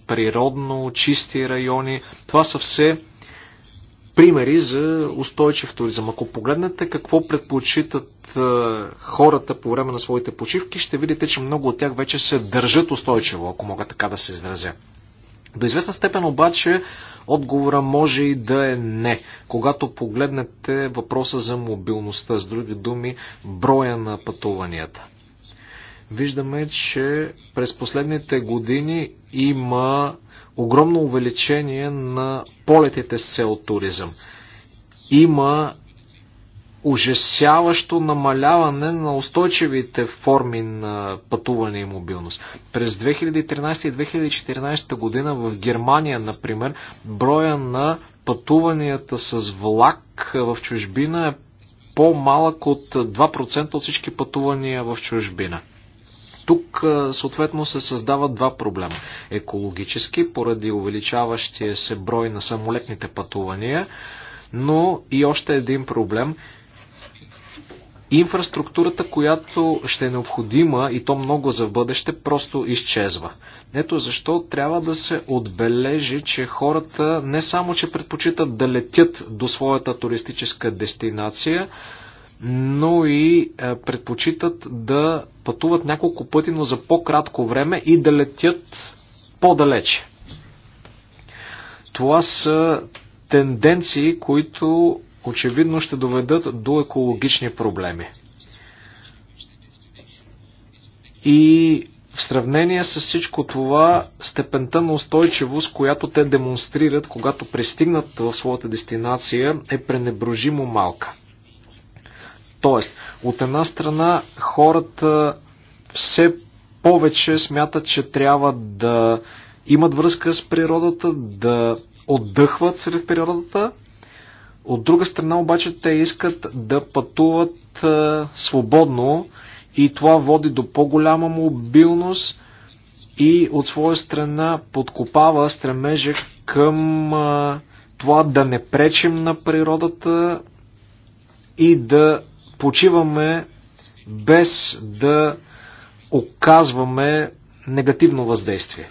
природно чисти райони. Това са все примери за устойчив туризъм. Ако погледнете какво предпочитат хората по време на своите почивки, ще видите, че много от тях вече се държат устойчиво, ако мога така да се изразя. До известна степен обаче отговора може и да е не. Когато погледнете въпроса за мобилността, с други думи, броя на пътуванията. Виждаме, че през последните години има огромно увеличение на полетите с цел туризъм. Има ужасяващо намаляване на устойчивите форми на пътуване и мобилност. През 2013 и 2014 година в Германия, например, броя на пътуванията с влак в чужбина е по-малък от 2% от всички пътувания в чужбина. Тук съответно се създават два проблема. Екологически, поради увеличаващия се брой на самолетните пътувания, но и още един проблем – инфраструктурата, която ще е необходима и то много за бъдеще, просто изчезва. Ето защо трябва да се отбележи, че хората не само, че предпочитат да летят до своята туристическа дестинация, но и е, предпочитат да пътуват няколко пъти, но за по-кратко време и да летят по-далече. Това са тенденции, които очевидно ще доведат до екологични проблеми. И в сравнение с всичко това, степента на устойчивост, която те демонстрират, когато пристигнат в своята дестинация, е пренеброжимо малка. Тоест, от една страна, хората все повече смятат, че трябва да имат връзка с природата, да отдъхват сред природата, от друга страна обаче те искат да пътуват а, е, свободно и това води до по-голяма мобилност и от своя страна подкопава стремежа към а, е, това да не пречим на природата и да почиваме без да оказваме негативно въздействие.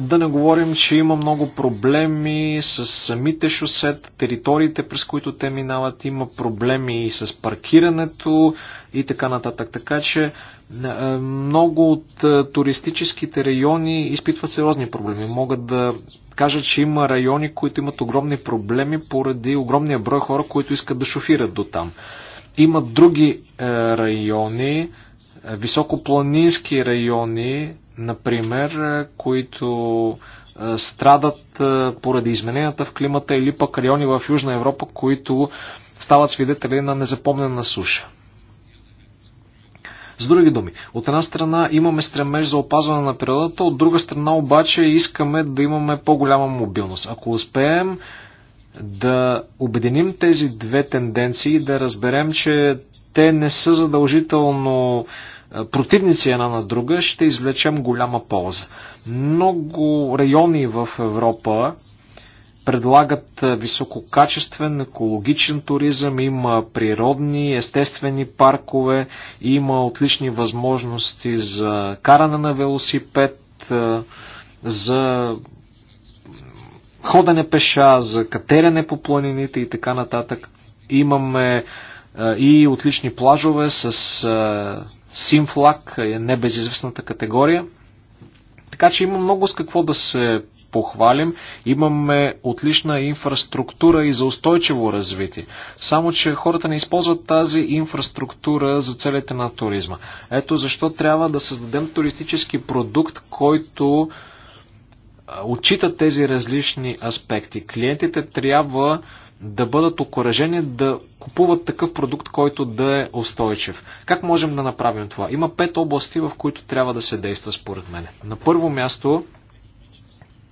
Да не говорим, че има много проблеми с самите шосет, териториите, през които те минават, има проблеми и с паркирането и така нататък. Така че е, е, много от е, туристическите райони изпитват сериозни проблеми. Могат да кажат, че има райони, които имат огромни проблеми поради огромния брой хора, които искат да шофират до там. Има други райони, високопланински райони, например, е, които е, страдат е, поради измененията в климата или пък райони в Южна Европа, които стават свидетели на незапомнена суша. С други думи, от една страна имаме стремеж за опазване на природата, от друга страна обаче искаме да имаме по-голяма мобилност. Ако успеем да обединим тези две тенденции, да разберем, че те не са задължително противници една на друга, ще извлечем голяма полза. Много райони в Европа предлагат висококачествен екологичен туризъм, има природни, естествени паркове, има отлични възможности за каране на велосипед, за ходене пеша, за катерене по планините и така нататък. Имаме и отлични плажове с Симфлак е небезизвестната категория. Така че има много с какво да се похвалим. Имаме отлична инфраструктура и за устойчиво развитие. Само, че хората не използват тази инфраструктура за целите на туризма. Ето защо трябва да създадем туристически продукт, който отчита тези различни аспекти. Клиентите трябва да бъдат окоръжени да купуват такъв продукт, който да е устойчив. Как можем да направим това? Има пет области, в които трябва да се действа според мен. На първо място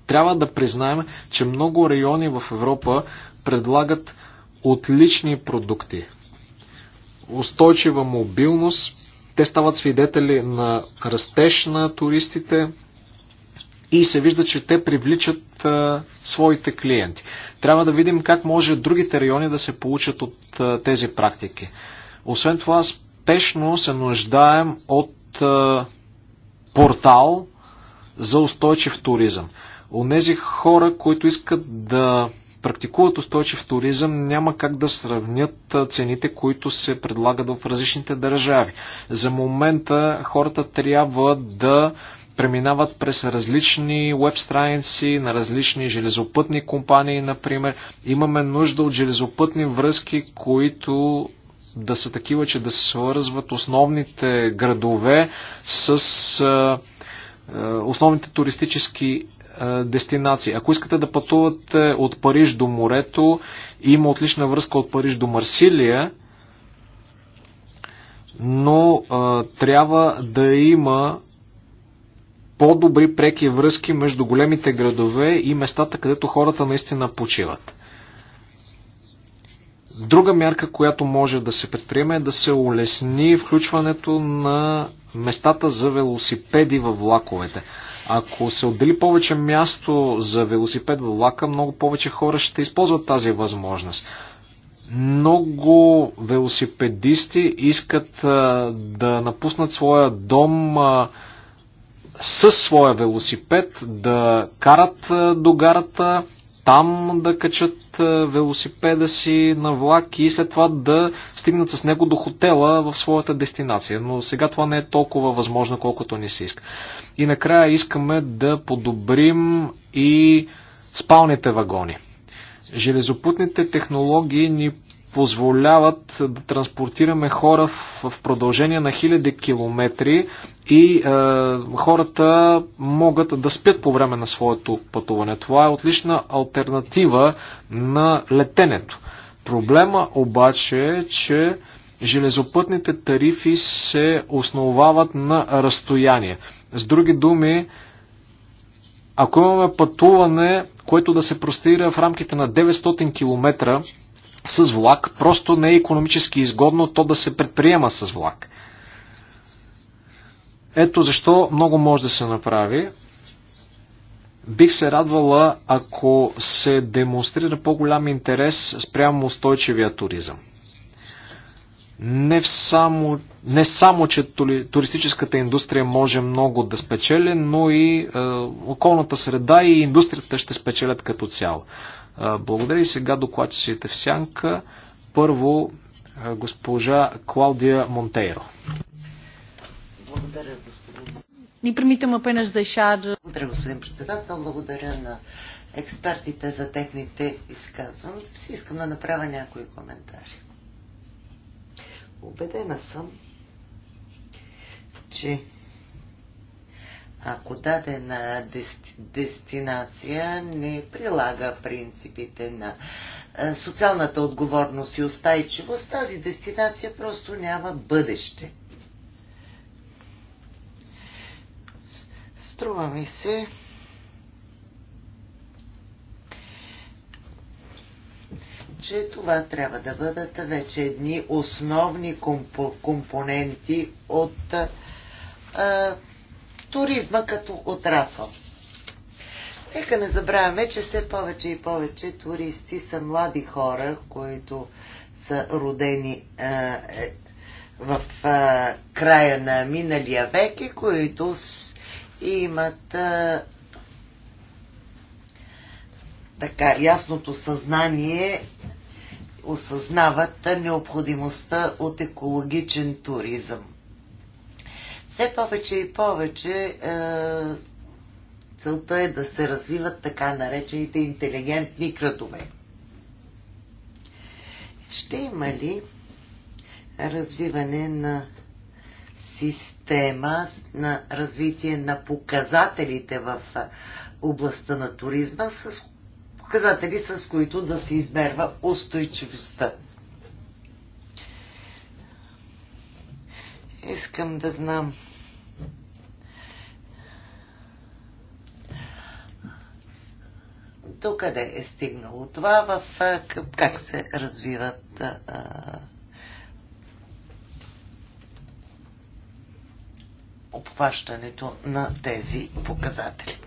трябва да признаем, че много райони в Европа предлагат отлични продукти. Устойчива мобилност, те стават свидетели на растеж на туристите и се вижда, че те привличат а, своите клиенти. Трябва да видим как може другите райони да се получат от тези практики. Освен това, спешно се нуждаем от портал за устойчив туризъм. нези хора, които искат да практикуват устойчив туризъм, няма как да сравнят цените, които се предлагат в различните държави. За момента хората трябва да преминават през различни веб страници на различни железопътни компании, например. Имаме нужда от железопътни връзки, които да са такива, че да се свързват основните градове с а, основните туристически а, дестинации. Ако искате да пътувате от Париж до морето, има отлична връзка от Париж до Марсилия, но а, трябва да има по-добри преки връзки между големите градове и местата, където хората наистина почиват. Друга мярка, която може да се предприеме е да се улесни включването на местата за велосипеди във влаковете. Ако се отдели повече място за велосипед във влака, много повече хора ще използват тази възможност. Много велосипедисти искат а, да напуснат своя дом а, със своя велосипед да карат е, до гарата, там да качат е, велосипеда си на влак и след това да стигнат с него до хотела в своята дестинация. Но сега това не е толкова възможно, колкото ни се иска. И накрая искаме да подобрим и спалните вагони. Железопутните технологии ни позволяват да транспортираме хора в, в продължение на хиляди километри и е, хората могат да спят по време на своето пътуване. Това е отлична альтернатива на летенето. Проблема обаче е, че железопътните тарифи се основават на разстояние. С други думи, ако имаме пътуване, което да се простира в рамките на 900 км, с влак. Просто не е економически изгодно то да се предприема с влак. Ето защо много може да се направи. Бих се радвала, ако се демонстрира по-голям интерес спрямо устойчивия туризъм. Не само, не само, че туристическата индустрия може много да спечели, но и е, околната среда и индустрията ще спечелят като цяло. Благодаря и сега докладчиците в сянка. Първо, госпожа Клаудия Монтейро. Благодаря, господин. Ни примитам апенаш deixar... Благодаря, господин председател. Благодаря на експертите за техните изказвания. Си искам да направя някои коментари. Обедена съм, че ако даде на дестинация не прилага принципите на социалната отговорност и устойчивост, тази дестинация просто няма бъдеще. Струва ми се, че това трябва да бъдат вече едни основни компоненти от а, туризма като отрасъл. Нека не забравяме, че все повече и повече туристи са млади хора, които са родени а, е, в а, края на миналия век и които с, имат а, така ясното съзнание, осъзнават необходимостта от екологичен туризъм. Все повече и повече е, целта е да се развиват така наречените интелигентни кръдове. Ще има ли развиване на система на развитие на показателите в областта на туризма, с показатели с които да се измерва устойчивостта. Искам да знам до къде е стигнало това, в, как се развиват обхващането на тези показатели.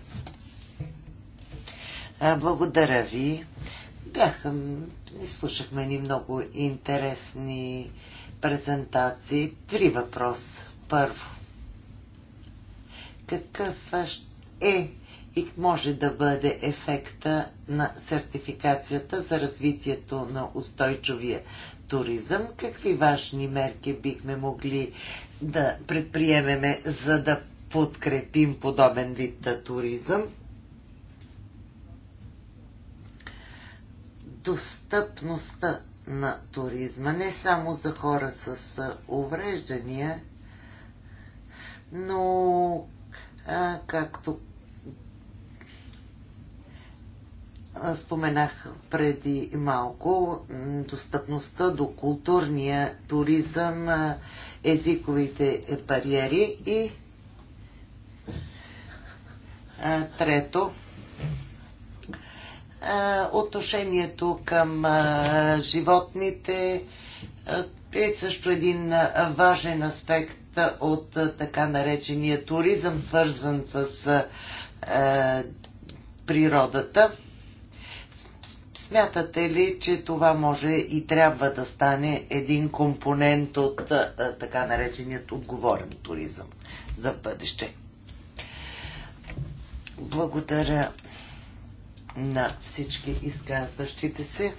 благодаря ви. Бяха, ни слушахме ни много интересни презентации. Три въпроса. Първо. Какъв е и може да бъде ефекта на сертификацията за развитието на устойчивия туризъм? Какви важни мерки бихме могли да предприемеме, за да подкрепим подобен вид туризъм? Достъпността на туризма не само за хора с увреждания, но а, както Споменах преди малко достъпността до културния туризъм, езиковите бариери и трето отношението към животните е също един важен аспект от така наречения туризъм, свързан с природата. Смятате ли, че това може и трябва да стане един компонент от така нареченият отговорен туризъм за бъдеще? Благодаря на всички изказващите се.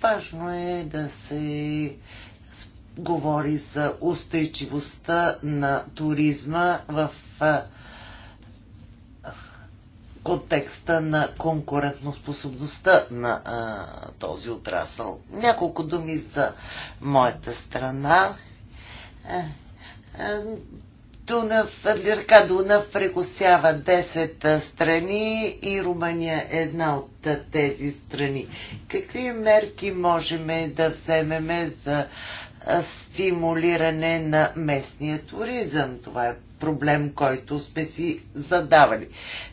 Важно е да се говори за устойчивостта на туризма в контекста на конкурентноспособността на а, този отрасъл. Няколко думи за моята страна. Е, е, Дунав, Лирка Дунав прекосява 10 страни и Румъния е една от тези страни. Какви мерки можем да вземеме за стимулиране на местния туризъм? Това е проблем, който сме си задавали.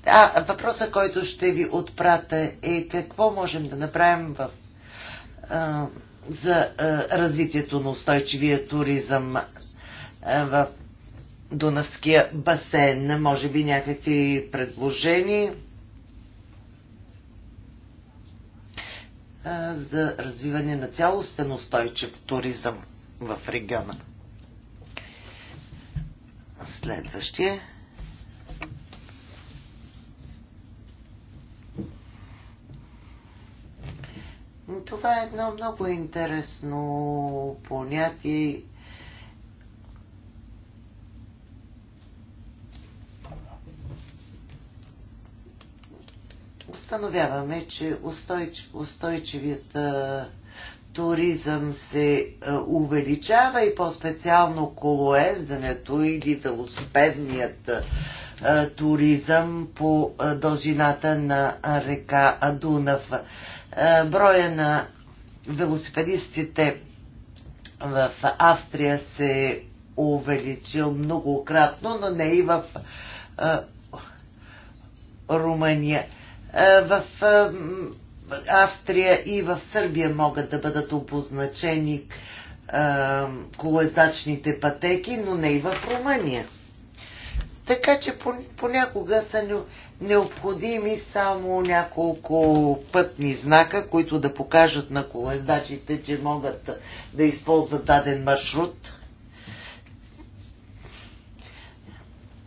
А въпросът, който ще ви отпрата е какво можем да направим в, а, за а, развитието на устойчивия туризъм а, в Дунавския басейн. Може би някакви предложения а, за развиване на цялостен устойчив туризъм в региона. Следващия. Това е едно много интересно понятие. Установяваме, че устойч, устойчивият а, туризъм се увеличава и по-специално колоезденето или велосипедният туризъм по дължината на река Дунав. Броя на велосипедистите в Австрия се е увеличил многократно, но не и в Румъния. В Австрия и в Сърбия могат да бъдат обозначени колоездачните пътеки, но не и в Румъния. Така че понякога са необходими само няколко пътни знака, които да покажат на колоездачите, че могат да използват даден маршрут.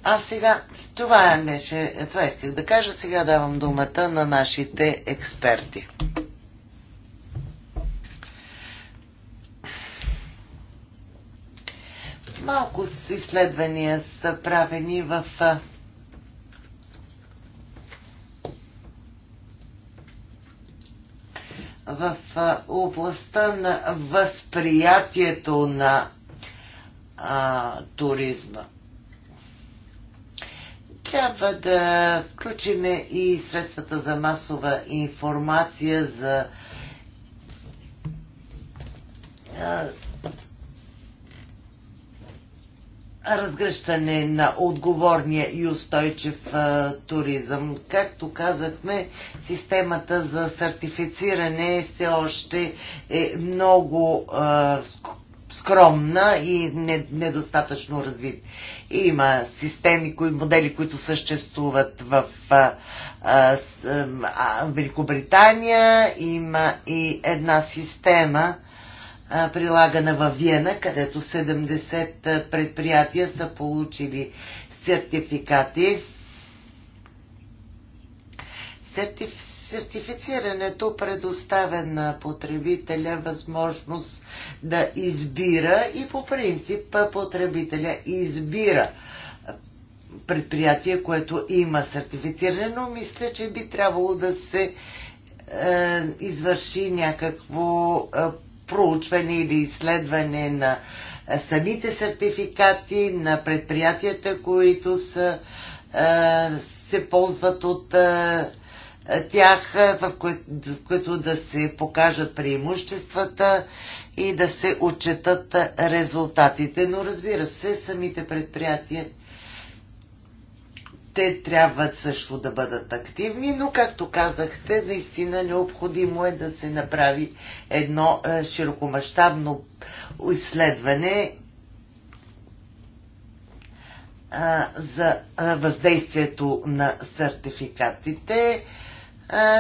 А сега, това е беше, това исках да кажа, сега давам думата на нашите експерти. Малко изследвания са правени в в областта на възприятието на а, туризма. Трябва да включиме и средствата за масова информация за разгръщане на отговорния и устойчив а, туризъм. Както казахме, системата за сертифициране все още е много а, скромна и недостатъчно развит. Има системи, кои, модели, които съществуват в а, а, а, Великобритания. Има и една система, а, прилагана в Виена, където 70 предприятия са получили сертификати. Сертиф Сертифицирането предоставя на потребителя възможност да избира и по принцип потребителя избира предприятие, което има сертифициране, но мисля, че би трябвало да се е, извърши някакво е, проучване или изследване на самите сертификати, на предприятията, които са, е, се ползват от е, тях, е, в които да се покажат преимуществата и да се отчетат е, резултатите. Но разбира се, самите предприятия те трябва също да бъдат активни, но както казахте, наистина необходимо е да се направи едно е, широкомащабно изследване за въздействието на сертификатите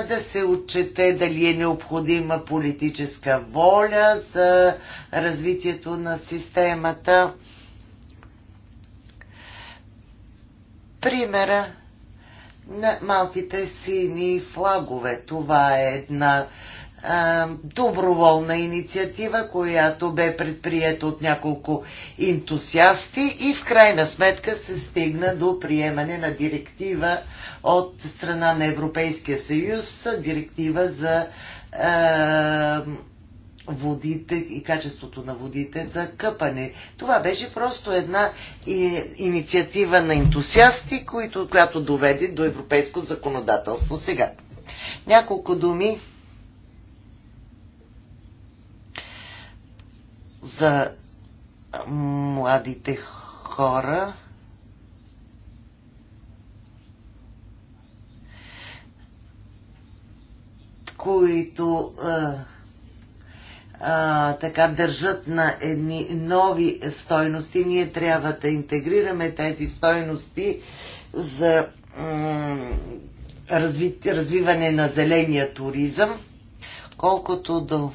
да се отчете дали е необходима политическа воля за развитието на системата. Примера на малките сини флагове. Това е една доброволна инициатива, която бе предприета от няколко ентусиасти и в крайна сметка се стигна до приемане на директива от страна на Европейския съюз, директива за а, водите и качеството на водите за къпане. Това беше просто една и, инициатива на ентусиасти, която доведе до европейско законодателство. Сега, няколко думи за младите хора. които а, а, така държат на едни нови стойности. Ние трябва да интегрираме тези стойности за разви, развиване на зеления туризъм, колкото до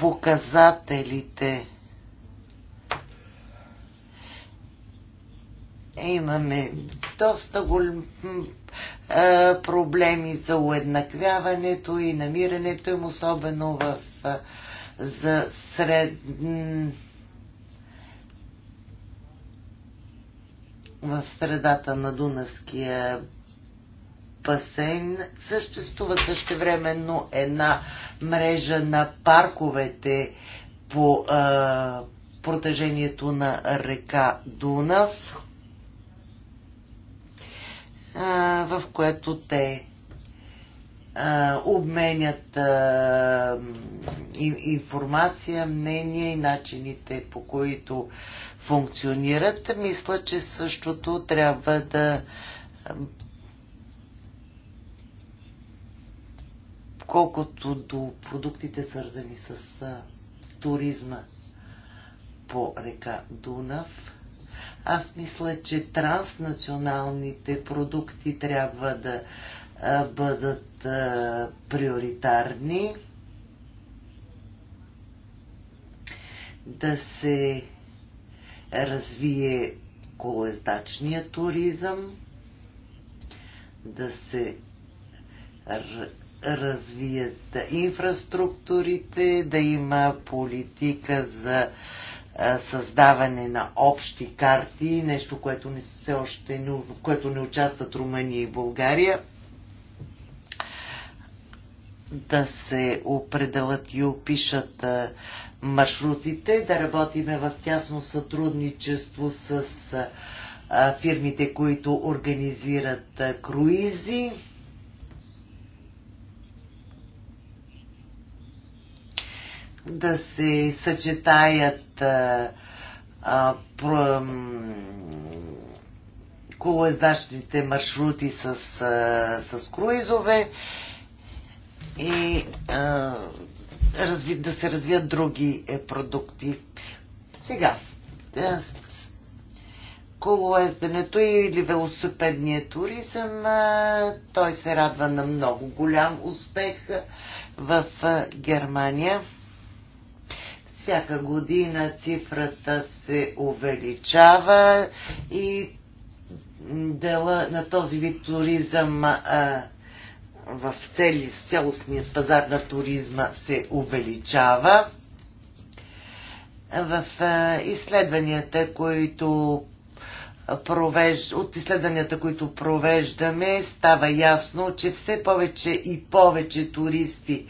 показателите. Имаме доста голям проблеми за уеднаквяването и намирането им, особено в, за сред, в средата на Дунавския басейн. Съществува същевременно една мрежа на парковете по а, протежението на река Дунав, а, в което те а, обменят а, и, информация, мнения и начините по които функционират. Мисля, че същото трябва да колкото до продуктите свързани с туризма по река Дунав. Аз мисля, че транснационалните продукти трябва да бъдат приоритарни, да се развие колездачния туризъм, да се развият инфраструктурите, да има политика за създаване на общи карти, нещо, което не, се още не, което не участват Румъния и България. Да се определят и опишат маршрутите, да работиме в тясно сътрудничество с фирмите, които организират круизи да се съчетаят а, колоездачните маршрути с, а, с круизове и а, разви, да се развият други е, продукти. Сега, а, е, колоезденето или велосипедния туризъм, а, той се радва на много голям успех в а, Германия. Всяка година цифрата се увеличава и дела на този вид туризъм а, в цели цялостният пазар на туризма се увеличава. В а, изследванията, които провеж... от изследванията, които провеждаме, става ясно, че все повече и повече туристи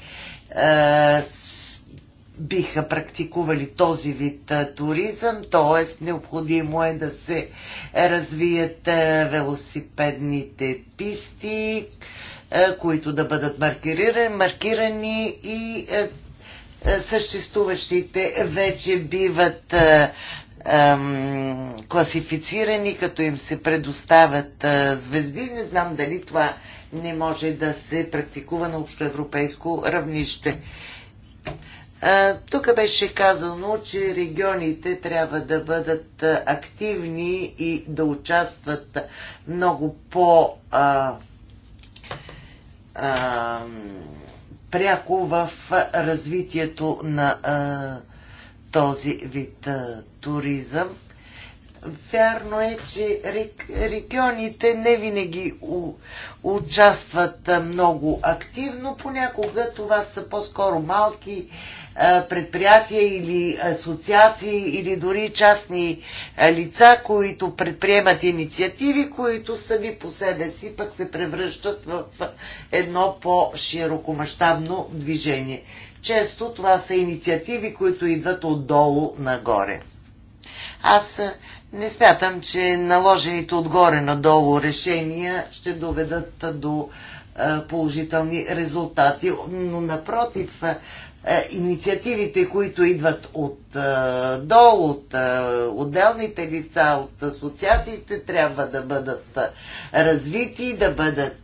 а, биха практикували този вид туризъм, т.е. необходимо е да се развият велосипедните писти, които да бъдат маркирани, маркирани и съществуващите вече биват класифицирани, като им се предоставят звезди. Не знам дали това не може да се практикува на общоевропейско равнище. Тук беше казано, че регионите трябва да бъдат активни и да участват много по- а, а, пряко в развитието на а, този вид а, туризъм. Вярно е, че регионите не винаги участват много активно. Понякога това са по-скоро малки предприятия или асоциации или дори частни лица, които предприемат инициативи, които сами по себе си пък се превръщат в едно по-широкомащабно движение. Често това са инициативи, които идват отдолу нагоре. Аз не смятам, че наложените отгоре надолу решения ще доведат до положителни резултати, но напротив, е, инициативите, които идват от е, долу, от е, отделните лица, от асоциациите, трябва да бъдат развити, да, бъдат,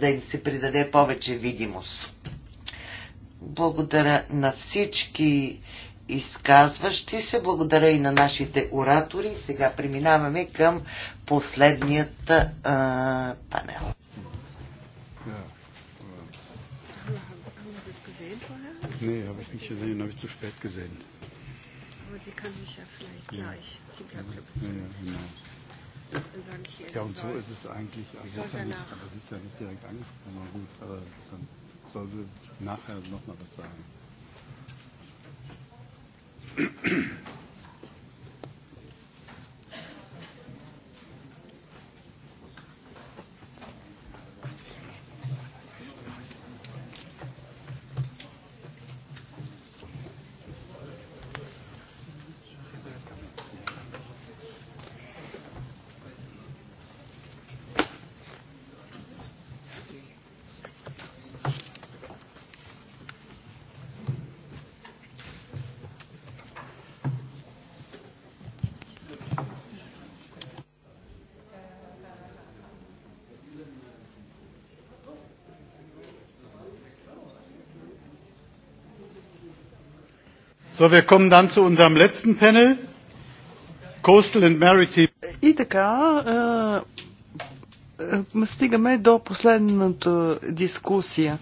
да им се придаде повече видимост. Благодаря на всички изказващи се, благодаря и на нашите оратори. Сега преминаваме към последният а, панел. Nee, habe ich nicht gesehen, habe ich zu spät gesehen. Aber sie kann sich ja vielleicht gleich. ja, ja, genau. Dann sage ich ja, und so ist es eigentlich. Also ist ja nicht, aber sie ist ja nicht direkt angesprochen, aber gut, aber dann soll sie nachher nochmal was sagen. So, wir kommen dann zu unserem letzten Panel. Coastal and Maritime. И така, е, е, стигаме до последната дискусия.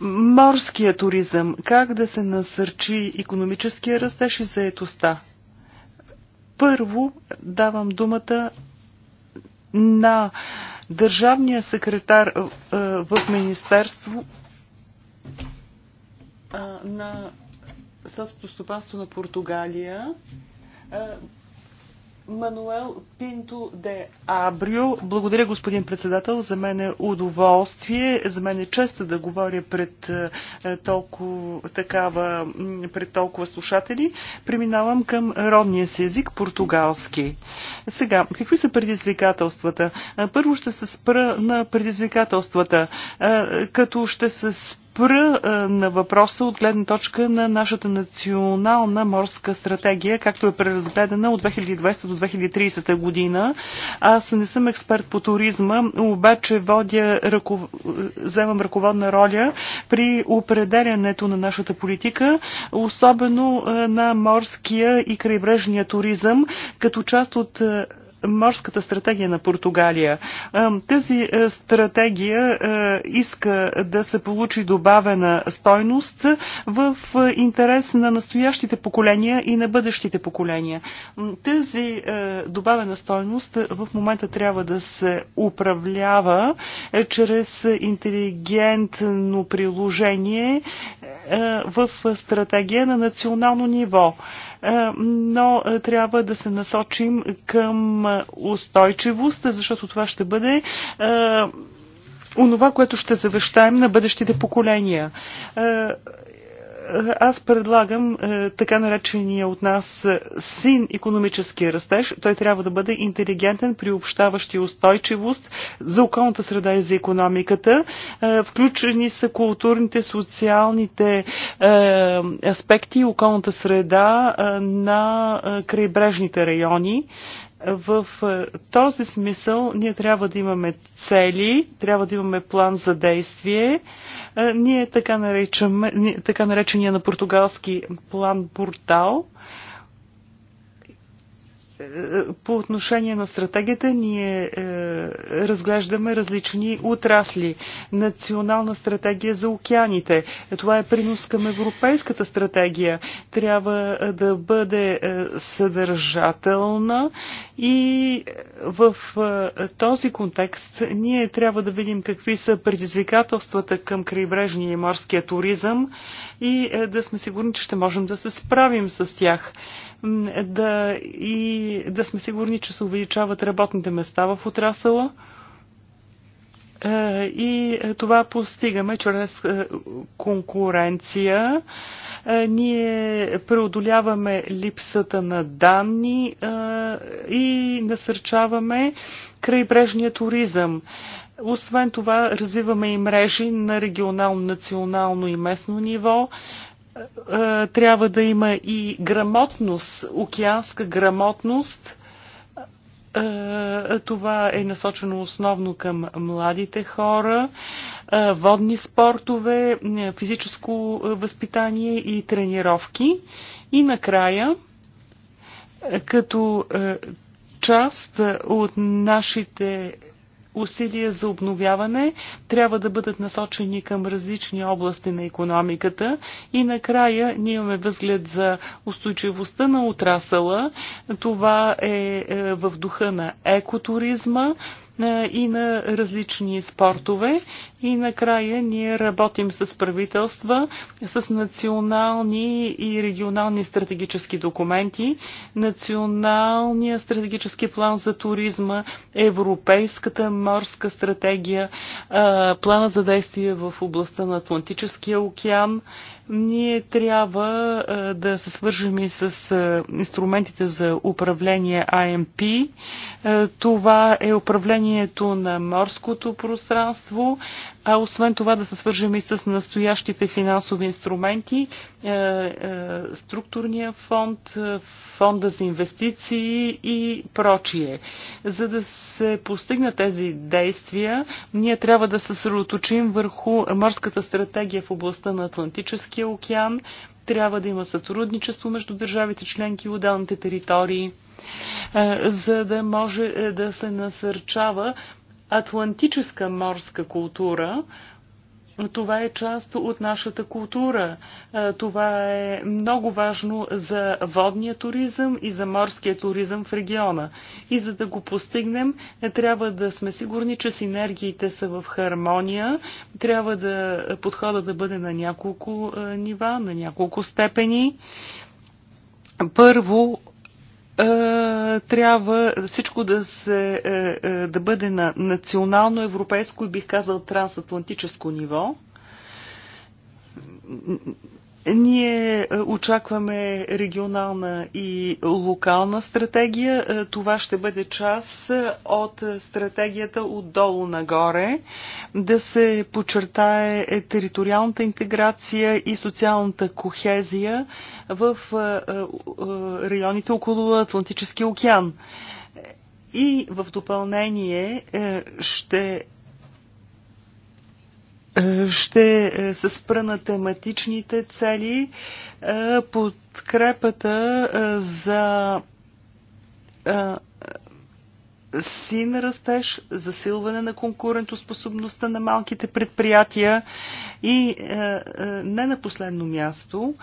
Морския туризъм. Как да се насърчи економическия растеж и заетостта? Първо давам думата на държавния секретар е, в Министерство на селското стопанство на Португалия. Мануел Пинто де Абрио. Благодаря, господин председател. За мен е удоволствие, за мен е честа да говоря пред толкова, такава, пред толкова слушатели. Преминавам към родния си език, португалски. Сега, какви са предизвикателствата? Първо ще се спра на предизвикателствата, като ще се спра спра е, на въпроса от гледна точка на нашата национална морска стратегия, както е преразгледана от 2020 до 2030 година. Аз не съм експерт по туризма, обаче водя, ръко... вземам ръководна роля при определянето на нашата политика, особено е, на морския и крайбрежния туризъм, като част от е, морската стратегия на Португалия. Тази е, стратегия е, иска да се получи добавена стойност в е, интерес на настоящите поколения и на бъдещите поколения. Тази добавена стойност в момента трябва да се управлява чрез интелигентно приложение е, в стратегия на национално ниво е, но е, трябва да се насочим към устойчивост, защото това ще бъде онова, което ще завещаем на бъдещите поколения аз предлагам е, така наречения от нас е, син економически растеж. Той трябва да бъде интелигентен, приобщаващ и устойчивост за околната среда и за економиката. Е, включени са културните, социалните аспекти и околната среда на крайбрежните райони. В е, този смисъл ние трябва да имаме цели, трябва да имаме план за действие. Е, ние така, наричаме, така наречения на португалски план портал – по отношение на стратегията ние е, разглеждаме различни отрасли. Национална стратегия за океаните. Това е принос към европейската стратегия. Трябва е, да бъде е, съдържателна и в е, този контекст ние трябва да видим какви са предизвикателствата към крайбрежния и морския туризъм и е, да сме сигурни, че ще можем да се справим с тях да, и да сме сигурни, че се увеличават работните места в отрасъла. Е, и е, това постигаме чрез е, конкуренция. Ние преодоляваме липсата на данни и насърчаваме крайбрежния туризъм. Освен това, развиваме и мрежи на регионално, национално и местно ниво. Е, трябва да има и грамотност, океанска грамотност. Е, това е насочено основно към младите хора, е, водни спортове, физическо възпитание и тренировки. И накрая, като част от нашите усилия за обновяване трябва да бъдат насочени към различни области на економиката и накрая ние имаме възглед за устойчивостта на отрасъла. Това е, е в духа на екотуризма, е, и на различни спортове. И накрая ние работим с правителства, с национални и регионални стратегически документи, националния стратегически план за туризма, европейската морска стратегия, е, плана за действие в областта на Атлантическия океан, ние трябва е, да се свържем и с е, инструментите за управление АМП. Е, това е управлението на морското пространство а освен това да се свържем и с настоящите финансови инструменти, е, е, структурния фонд, е, фонда за инвестиции и прочие. За да се постигнат тези действия, ние трябва да се съсредоточим върху морската стратегия в областта на Атлантическия океан, трябва да има сътрудничество между държавите членки и отделните територии, за да може да се насърчава атлантическа морска култура. Това е част от нашата култура. Това е много важно за водния туризъм и за морския туризъм в региона. И за да го постигнем, е, трябва да сме сигурни, че синергиите са в хармония. Трябва да подхода да бъде на няколко нива, на няколко степени. Първо, е, трябва всичко да, се, е, е, да бъде на национално, европейско и бих казал трансатлантическо ниво ние е, очакваме регионална и локална стратегия. Е, това ще бъде част е, от стратегията отдолу нагоре, да се подчертае териториалната интеграция и социалната кохезия в районите около Атлантическия океан. И в допълнение ще е, ще е, се спра на тематичните цели, е, подкрепата за син растеж, засилване на конкурентоспособността на малките предприятия и не на последно място.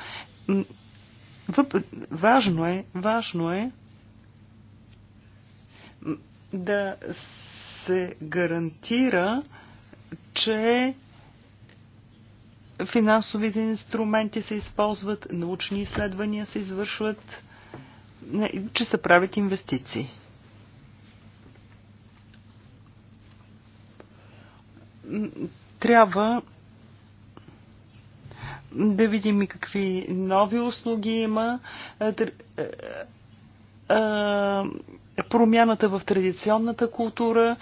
Важно е, важно е да се гарантира, че финансовите инструменти се използват, научни изследвания се извършват, че се правят инвестиции. Трябва да видим и какви нови услуги има. Е, е, е, промяната в традиционната култура,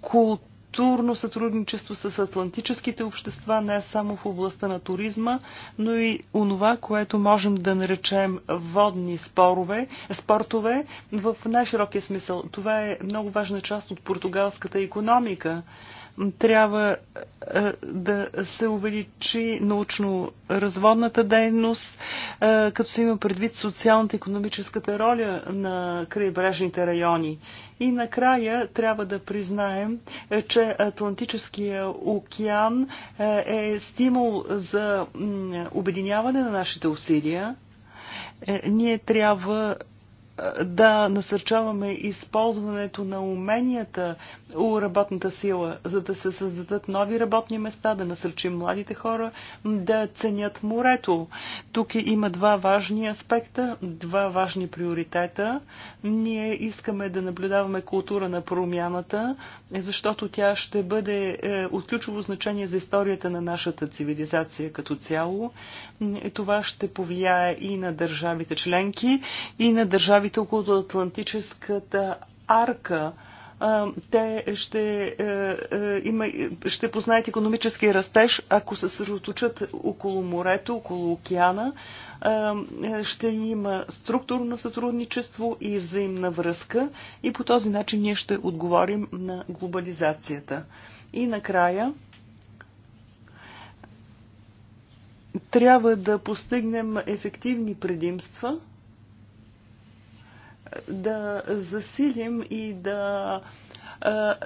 култура културно сътрудничество с атлантическите общества, не само в областта на туризма, но и онова, което можем да наречем водни спорове, спортове в най-широкия смисъл. Това е много важна част от португалската економика. Трябва е, да се увеличи научно-разводната дейност, е, като се има предвид социалната и економическата роля на крайбрежните райони. И накрая трябва да признаем, е, че Атлантическия океан е стимул за обединяване на нашите усилия. Ние трябва да насърчаваме използването на уменията у работната сила, за да се създадат нови работни места, да насърчим младите хора да ценят морето. Тук има два важни аспекта, два важни приоритета. Ние искаме да наблюдаваме култура на промяната, защото тя ще бъде е, от ключово значение за историята на нашата цивилизация като цяло. Е, това ще повлияе и на държавите членки, и на държавите преговорите е Атлантическата арка те ще, е, е, има, ще познаят економически растеж, ако се съсредоточат около морето, около океана. Ще има структурно сътрудничество и взаимна връзка и по този начин ние ще отговорим на глобализацията. И накрая трябва да постигнем ефективни предимства – да засилим и да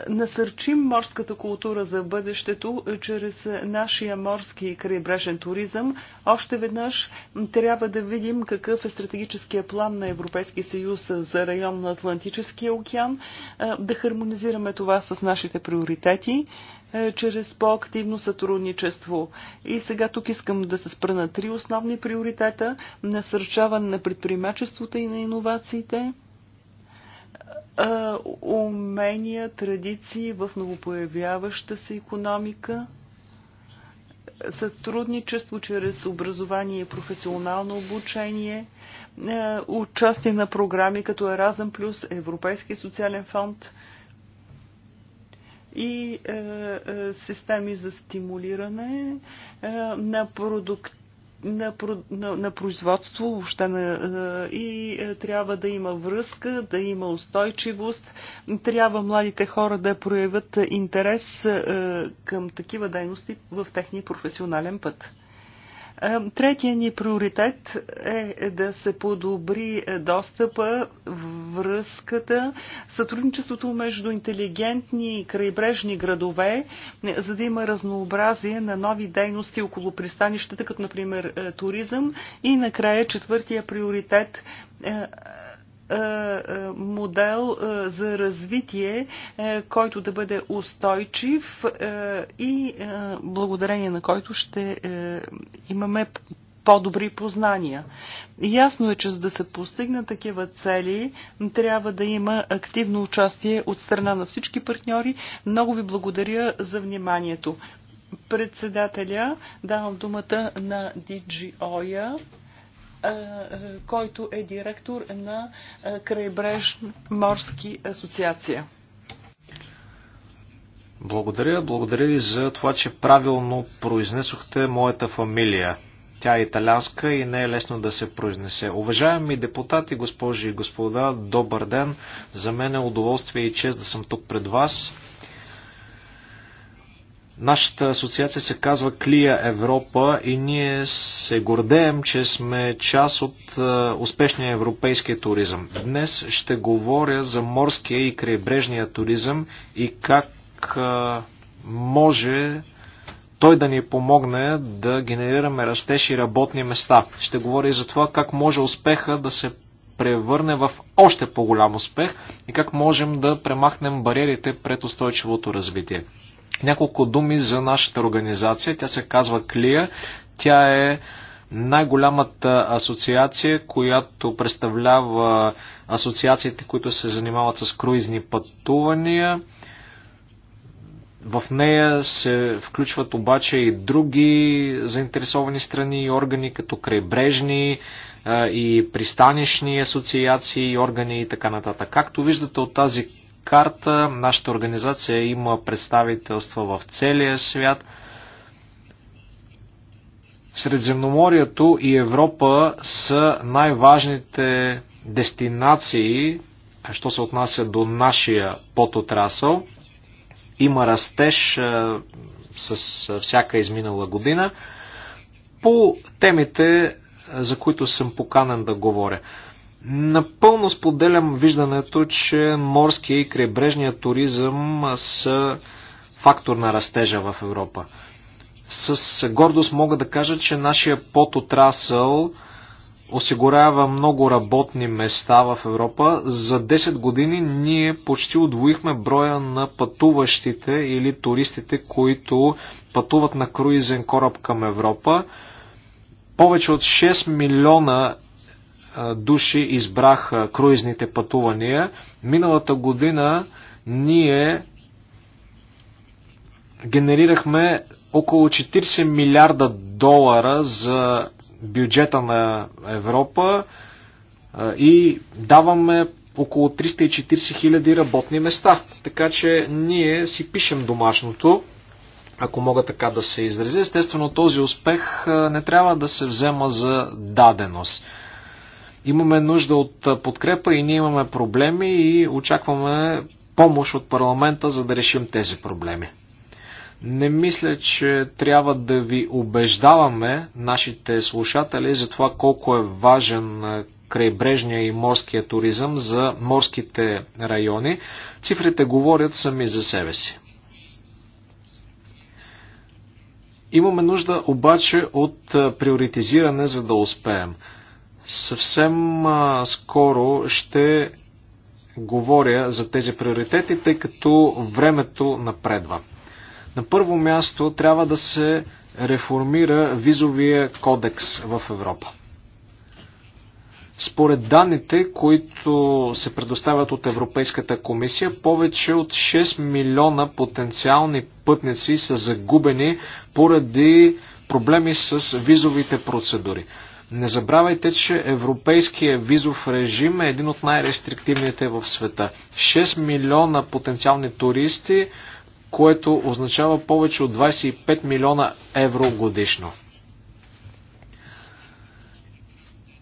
насърчим морската култура за бъдещето е, чрез нашия морски крайбрежен туризъм. Още веднъж трябва да видим какъв е стратегическия план на Европейския съюз за район на Атлантическия океан, да хармонизираме това с нашите приоритети е, чрез по-активно сътрудничество. И сега тук искам да се спра на три основни приоритета – насърчаване на предприемачеството и на иновациите – умения, традиции в новопоявяваща се економика, сътрудничество чрез образование и професионално обучение, участие на програми като Еразъм Плюс, Европейски социален фонд и системи за стимулиране на продуктивност на, на, на производство въобще на, и трябва да има връзка, да има устойчивост. Трябва младите хора да проявят интерес към такива дейности в техния професионален път. Е, третия ни приоритет е да се подобри е, достъпа, връзката, сътрудничеството между интелигентни и крайбрежни градове, е, за да има разнообразие на нови дейности около пристанищата, като например туризъм. И накрая четвъртия приоритет е, е, модел е, за развитие, който да бъде устойчив и благодарение на който ще имаме по-добри познания. Ясно е, че за да се постигнат такива цели, трябва да има активно участие от страна на всички партньори. Много ви благодаря за вниманието. Председателя давам думата на Диджи Оя който е директор на Крайбрежна морски асоциация. Благодаря, благодаря ви за това, че правилно произнесохте моята фамилия. Тя е италянска и не е лесно да се произнесе. Уважаеми депутати, госпожи и господа, добър ден. За мен е удоволствие и чест да съм тук пред вас. Нашата асоциация се казва Клия Европа и ние се гордеем, че сме част от е, успешния европейски туризъм. Днес ще говоря за морския и крайбрежния туризъм и как е, може той да ни помогне да генерираме растеж и работни места. Ще говоря и за това как може успеха да се превърне в още по-голям успех и как можем да премахнем бариерите пред устойчивото развитие. Няколко думи за нашата организация. Тя се казва Клия. Тя е най-голямата асоциация, която представлява асоциациите, които се занимават с круизни пътувания. В нея се включват обаче и други заинтересовани страни и органи, като крайбрежни и пристанищни асоциации, и органи и така нататък. Както виждате от тази карта. Нашата организация има представителства в целия свят. Средземноморието и Европа са най-важните дестинации, що се отнася до нашия подотрасъл. Има растеж с всяка изминала година по темите, за които съм поканен да говоря. Напълно споделям виждането, че морския и крайбрежния туризъм са фактор на растежа в Европа. С гордост мога да кажа, че нашия подотрасъл осигурява много работни места в Европа. За 10 години ние почти удвоихме броя на пътуващите или туристите, които пътуват на круизен кораб към Европа. Повече от 6 милиона души избраха круизните пътувания. Миналата година ние генерирахме около 40 милиарда долара за бюджета на Европа и даваме около 340 хиляди работни места. Така че ние си пишем домашното, ако мога така да се изразя. Естествено, този успех не трябва да се взема за даденост. Имаме нужда от подкрепа и ние имаме проблеми и очакваме помощ от парламента, за да решим тези проблеми. Не мисля, че трябва да ви убеждаваме, нашите слушатели, за това колко е важен крайбрежния и морския туризъм за морските райони. Цифрите говорят сами за себе си. Имаме нужда обаче от приоритизиране, за да успеем. Съвсем а, скоро ще говоря за тези приоритети, тъй като времето напредва. На първо място трябва да се реформира визовия кодекс в Европа. Според данните, които се предоставят от Европейската комисия, повече от 6 милиона потенциални пътници са загубени поради проблеми с визовите процедури. Не забравяйте, че европейския визов режим е един от най-рестриктивните в света. 6 милиона потенциални туристи, което означава повече от 25 милиона евро годишно.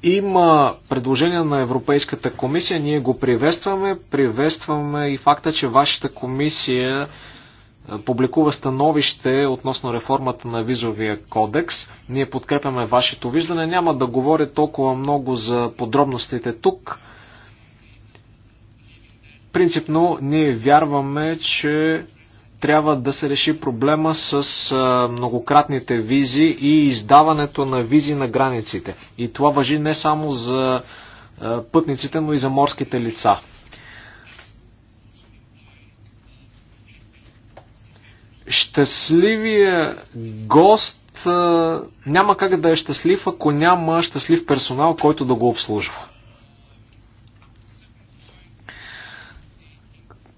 Има предложение на Европейската комисия, ние го приветстваме. Приветстваме и факта, че вашата комисия е, публикува становище относно реформата на визовия кодекс. Ние подкрепяме вашето виждане. Няма да говоря толкова много за подробностите тук. Принципно ние вярваме, че трябва да се реши проблема с е, многократните визи и издаването на визи на границите. И това въжи не само за е, пътниците, но и за морските лица. щастливия гост няма как да е щастлив, ако няма щастлив персонал, който да го обслужва.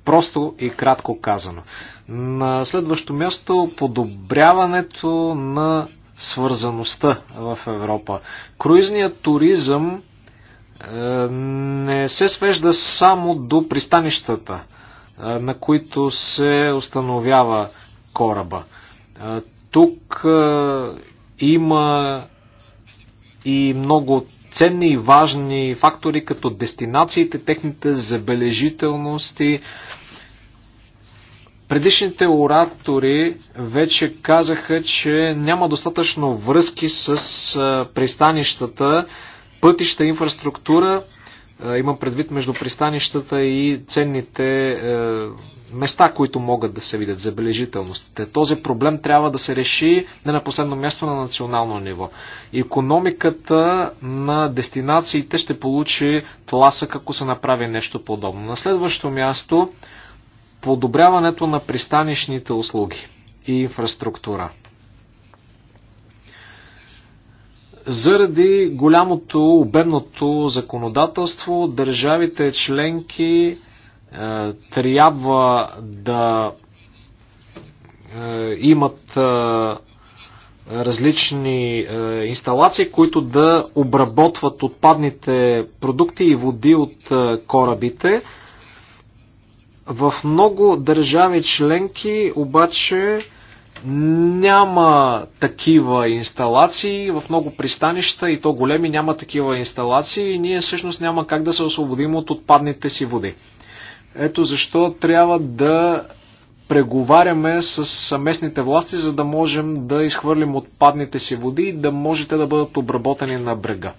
Просто и кратко казано. На следващо място подобряването на свързаността в Европа. Круизният туризъм е, не се свежда само до пристанищата, е, на които се установява кораба. Тук има и много ценни и важни фактори, като дестинациите, техните забележителности. Предишните оратори вече казаха, че няма достатъчно връзки с пристанищата, пътища, инфраструктура Имам предвид между пристанищата и ценните е, места, които могат да се видят, забележителностите. Този проблем трябва да се реши не на последно място на национално ниво. Економиката на дестинациите ще получи тласък, ако се направи нещо подобно. На следващо място, подобряването на пристанищните услуги и инфраструктура. Заради голямото обемното законодателство, държавите членки е, трябва да е, имат е, различни е, инсталации, които да обработват отпадните продукти и води от е, корабите. В много държави членки обаче няма такива инсталации в много пристанища и то големи няма такива инсталации и ние всъщност няма как да се освободим от отпадните си води. Ето защо трябва да преговаряме с местните власти, за да можем да изхвърлим отпадните си води и да можете да бъдат обработени на брега.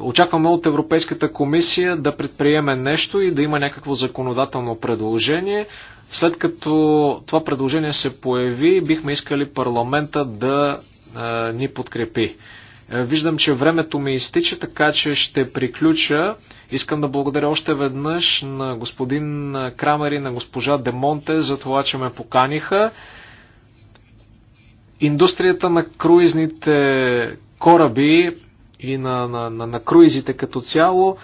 Очакваме от Европейската комисия да предприеме нещо и да има някакво законодателно предложение. След като това предложение се появи, бихме искали парламента да ни подкрепи. Е, виждам, че времето ми изтича, така че ще приключа. Искам да благодаря още веднъж на господин Крамер и на госпожа Демонте за това, че ме поканиха. Индустрията на круизните кораби и на, на, на, на круизите като цяло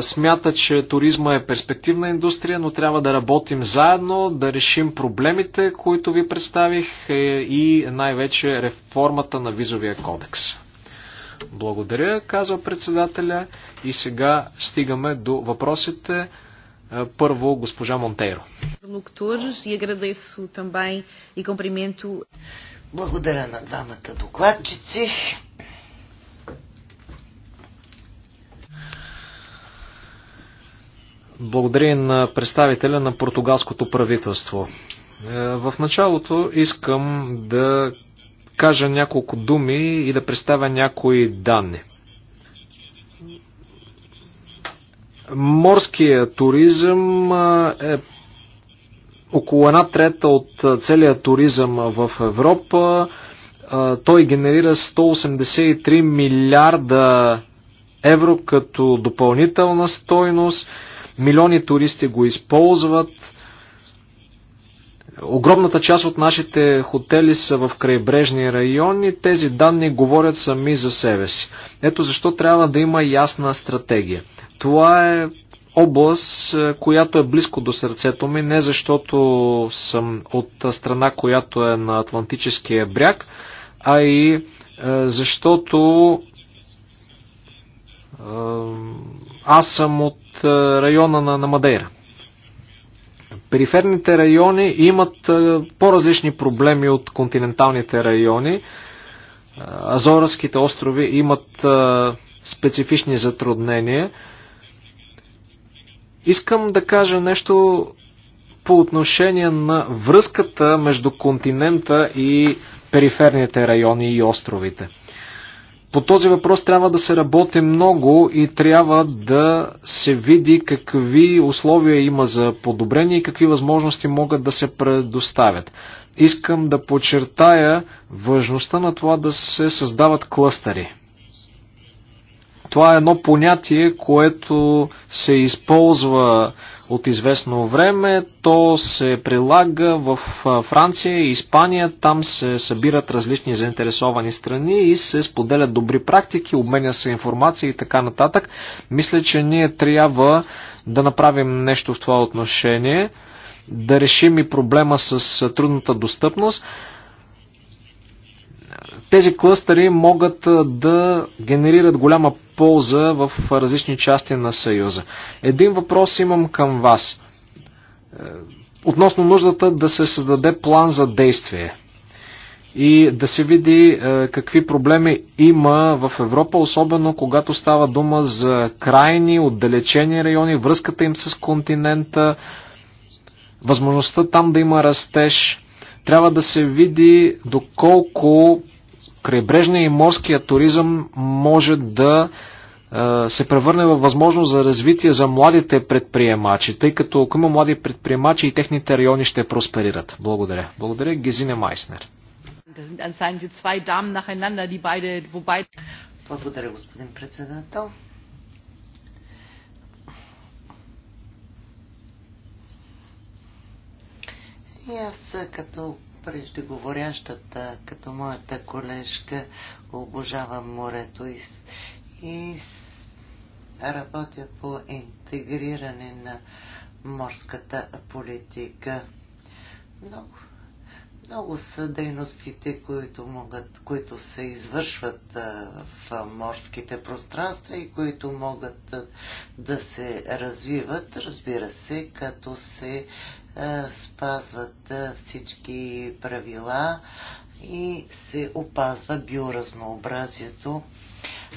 смята, че туризма е перспективна индустрия, но трябва да работим заедно, да решим проблемите, които ви представих е, и най-вече реформата на визовия кодекс. Благодаря, казва председателя. И сега стигаме до въпросите. Първо, госпожа Монтейро. Благодаря на двамата докладчици. Благодаря на представителя на португалското правителство. Е, в началото искам да кажа няколко думи и да представя някои данни. Морския туризъм е, е около една трета от целия туризъм в Европа. Е, той генерира 183 милиарда евро като допълнителна стойност. Милиони туристи го използват. Огромната част от нашите хотели са в крайбрежни райони. Тези данни говорят сами за себе си. Ето защо трябва да има ясна стратегия. Това е област, е, която е близко до сърцето ми, не защото съм от страна, която е на Атлантическия бряг, а и е, защото аз съм от района на, на Мадейра. Периферните райони имат по-различни проблеми от континенталните райони. Азорските острови имат специфични затруднения. Искам да кажа нещо по отношение на връзката между континента и периферните райони и островите. По този въпрос трябва да се работи много и трябва да се види какви условия има за подобрение и какви възможности могат да се предоставят. Искам да подчертая важността на това да се създават клъстери. Това е едно понятие, което се използва от известно време. То се прилага в Франция и Испания. Там се събират различни заинтересовани страни и се споделят добри практики, обменя се информация и така нататък. Мисля, че ние трябва да направим нещо в това отношение, да решим и проблема с трудната достъпност тези клъстери могат да генерират голяма полза в различни части на Съюза. Един въпрос имам към вас. Е, относно нуждата да се създаде план за действие и да се види е, какви проблеми има в Европа, особено когато става дума за крайни, отдалечени райони, връзката им с континента, възможността там да има растеж. Трябва да се види доколко крайбрежния и морския туризъм може да се превърне във възможност за развитие за младите предприемачи, тъй като ако има млади предприемачи и техните райони ще просперират. Благодаря. Благодаря, Гезине Майснер. Благодаря, господин председател. И аз като преждеговорящата, като моята колежка, обожавам морето и, и работя по интегриране на морската политика. Много много са дейностите, които, могат, които се извършват в морските пространства и които могат да се развиват, разбира се, като се спазват всички правила и се опазва биоразнообразието.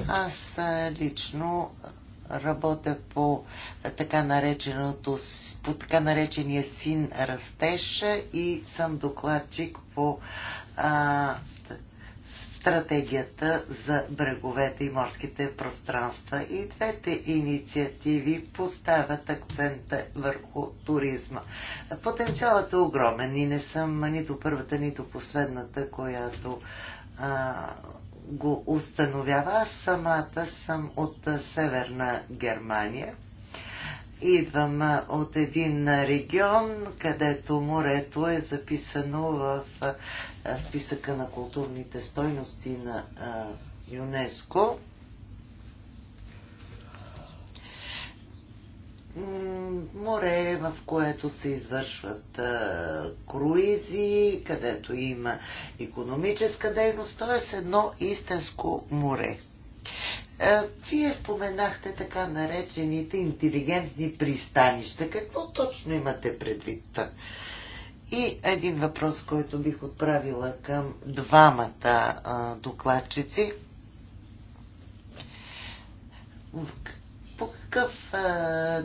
Аз лично работя по така, нареченото, по така наречения син растеж и съм докладчик по а, стратегията за бреговете и морските пространства. И двете инициативи поставят акцента върху туризма. Потенциалът е огромен и не съм нито първата, нито последната, която а, го установява. Аз самата съм от Северна Германия. Идвам от един регион, където морето е записано в списъка на културните стойности на ЮНЕСКО. море, в което се извършват а, круизи, където има економическа дейност, т.е. едно истинско море. А, вие споменахте така наречените интелигентни пристанища. Какво точно имате предвид? И един въпрос, който бих отправила към двамата а, докладчици какъв а,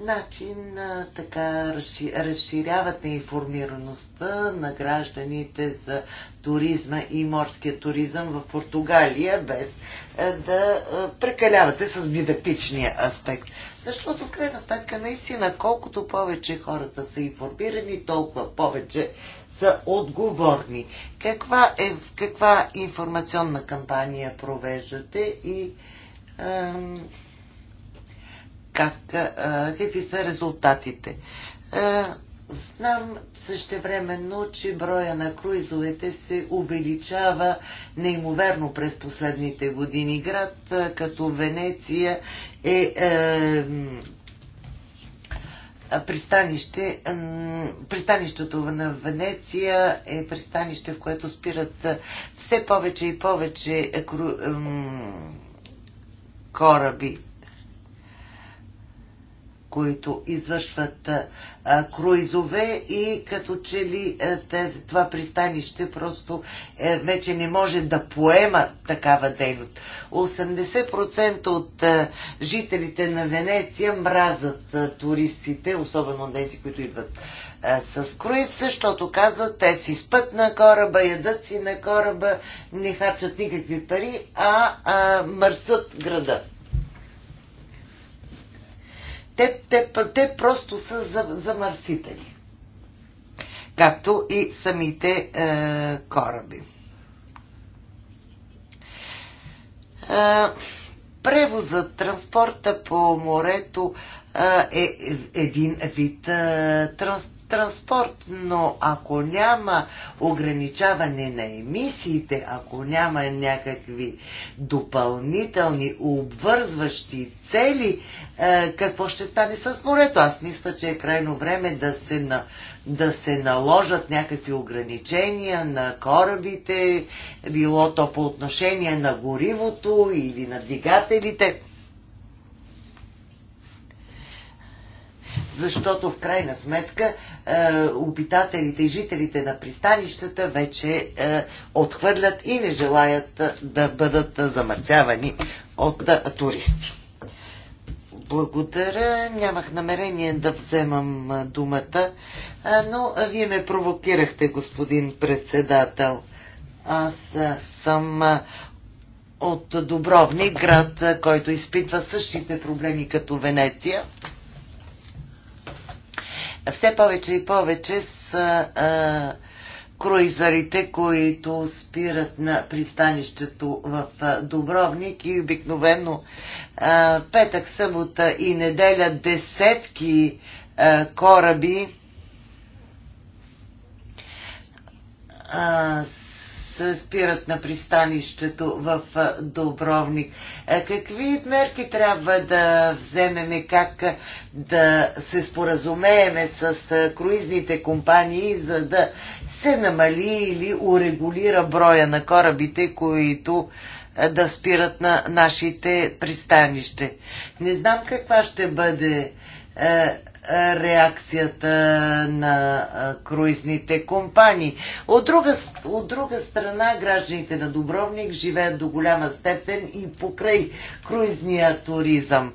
начин а, така разширявате информираността на гражданите за туризма и морския туризъм в Португалия, без а, да а, прекалявате с дидактичния аспект. Защото в крайна сметка, наистина, колкото повече хората са информирани, толкова повече са отговорни. Каква, е, каква информационна кампания провеждате и как, какви са резултатите. Знам същевременно, че броя на круизовете се увеличава неимоверно през последните години. Град като Венеция е, е пристанище. Пристанището на Венеция е пристанище, в което спират все повече и повече е, кораби които извършват круизове и като че ли тези, това пристанище просто е, вече не може да поема такава дейност. 80% от а, жителите на Венеция мразат а, туристите, особено тези, които идват а, с круиз, защото казват, те си спът на кораба, ядат си на кораба, не харчат никакви пари, а, а мърсат града те, те, те просто са замърсители. Както и самите е, кораби. Е, превозът, транспорта по морето е, е, е един вид е, транс, транспорт, но ако няма ограничаване на емисиите, ако няма някакви допълнителни обвързващи цели, е, какво ще стане с морето? Аз мисля, че е крайно време да се, на, да се наложат някакви ограничения на корабите, било то по отношение на горивото или на двигателите. защото в крайна сметка е, обитателите и жителите на пристанищата вече е, отхвърлят и не желаят да бъдат замърсявани от е, туристи. Благодаря. Нямах намерение да вземам думата, но вие ме провокирахте, господин председател. Аз съм от Добровник, град, който изпитва същите проблеми като Венеция все повече и повече са а, круизарите, които спират на пристанището в Дубровник и обикновено а, петък, събота и неделя десетки а, кораби а, се спират на пристанището в Добровник. Какви мерки трябва да вземеме, как да се споразумееме с круизните компании, за да се намали или урегулира броя на корабите, които да спират на нашите пристанище. Не знам каква ще бъде реакцията на круизните компании. От друга, от друга страна, гражданите на Дубровник живеят до голяма степен и покрай круизния туризъм.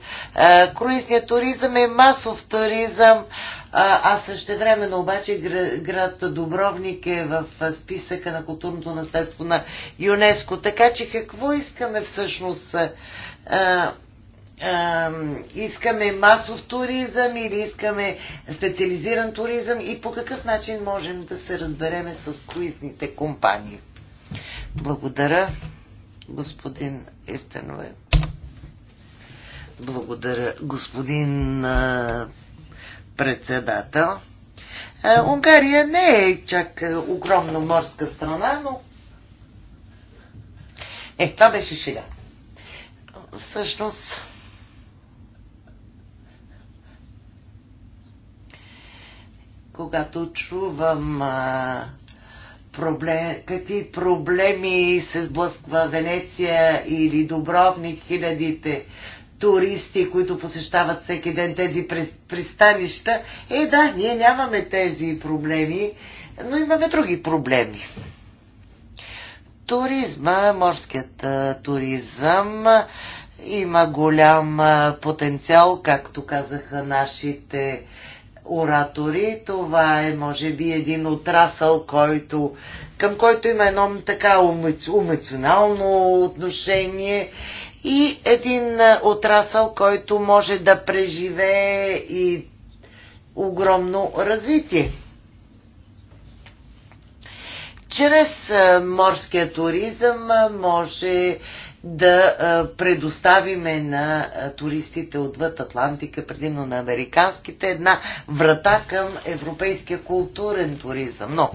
Круизният туризъм е масов туризъм, а същевременно обаче град Дубровник е в списъка на културното наследство на ЮНЕСКО. Така че какво искаме всъщност? искаме масов туризъм или искаме специализиран туризъм и по какъв начин можем да се разбереме с круизните компании. Благодаря, господин Естенове. Благодаря, господин а, председател. А, Унгария не е чак а, огромна морска страна, но. Е, това беше шега. Всъщност. когато чувам а, проблем, какви проблеми се сблъсква Венеция или Добровник, хилядите туристи, които посещават всеки ден тези пристанища. Е, да, ние нямаме тези проблеми, но имаме други проблеми. Туризма, морският туризъм има голям потенциал, както казаха нашите оратори. Това е, може би, един отрасъл, който, към който има едно така емоционално отношение и един отрасъл, който може да преживее и огромно развитие. Чрез морския туризъм може да предоставиме на туристите отвъд Атлантика, предимно на американските, една врата към европейския културен туризъм. Но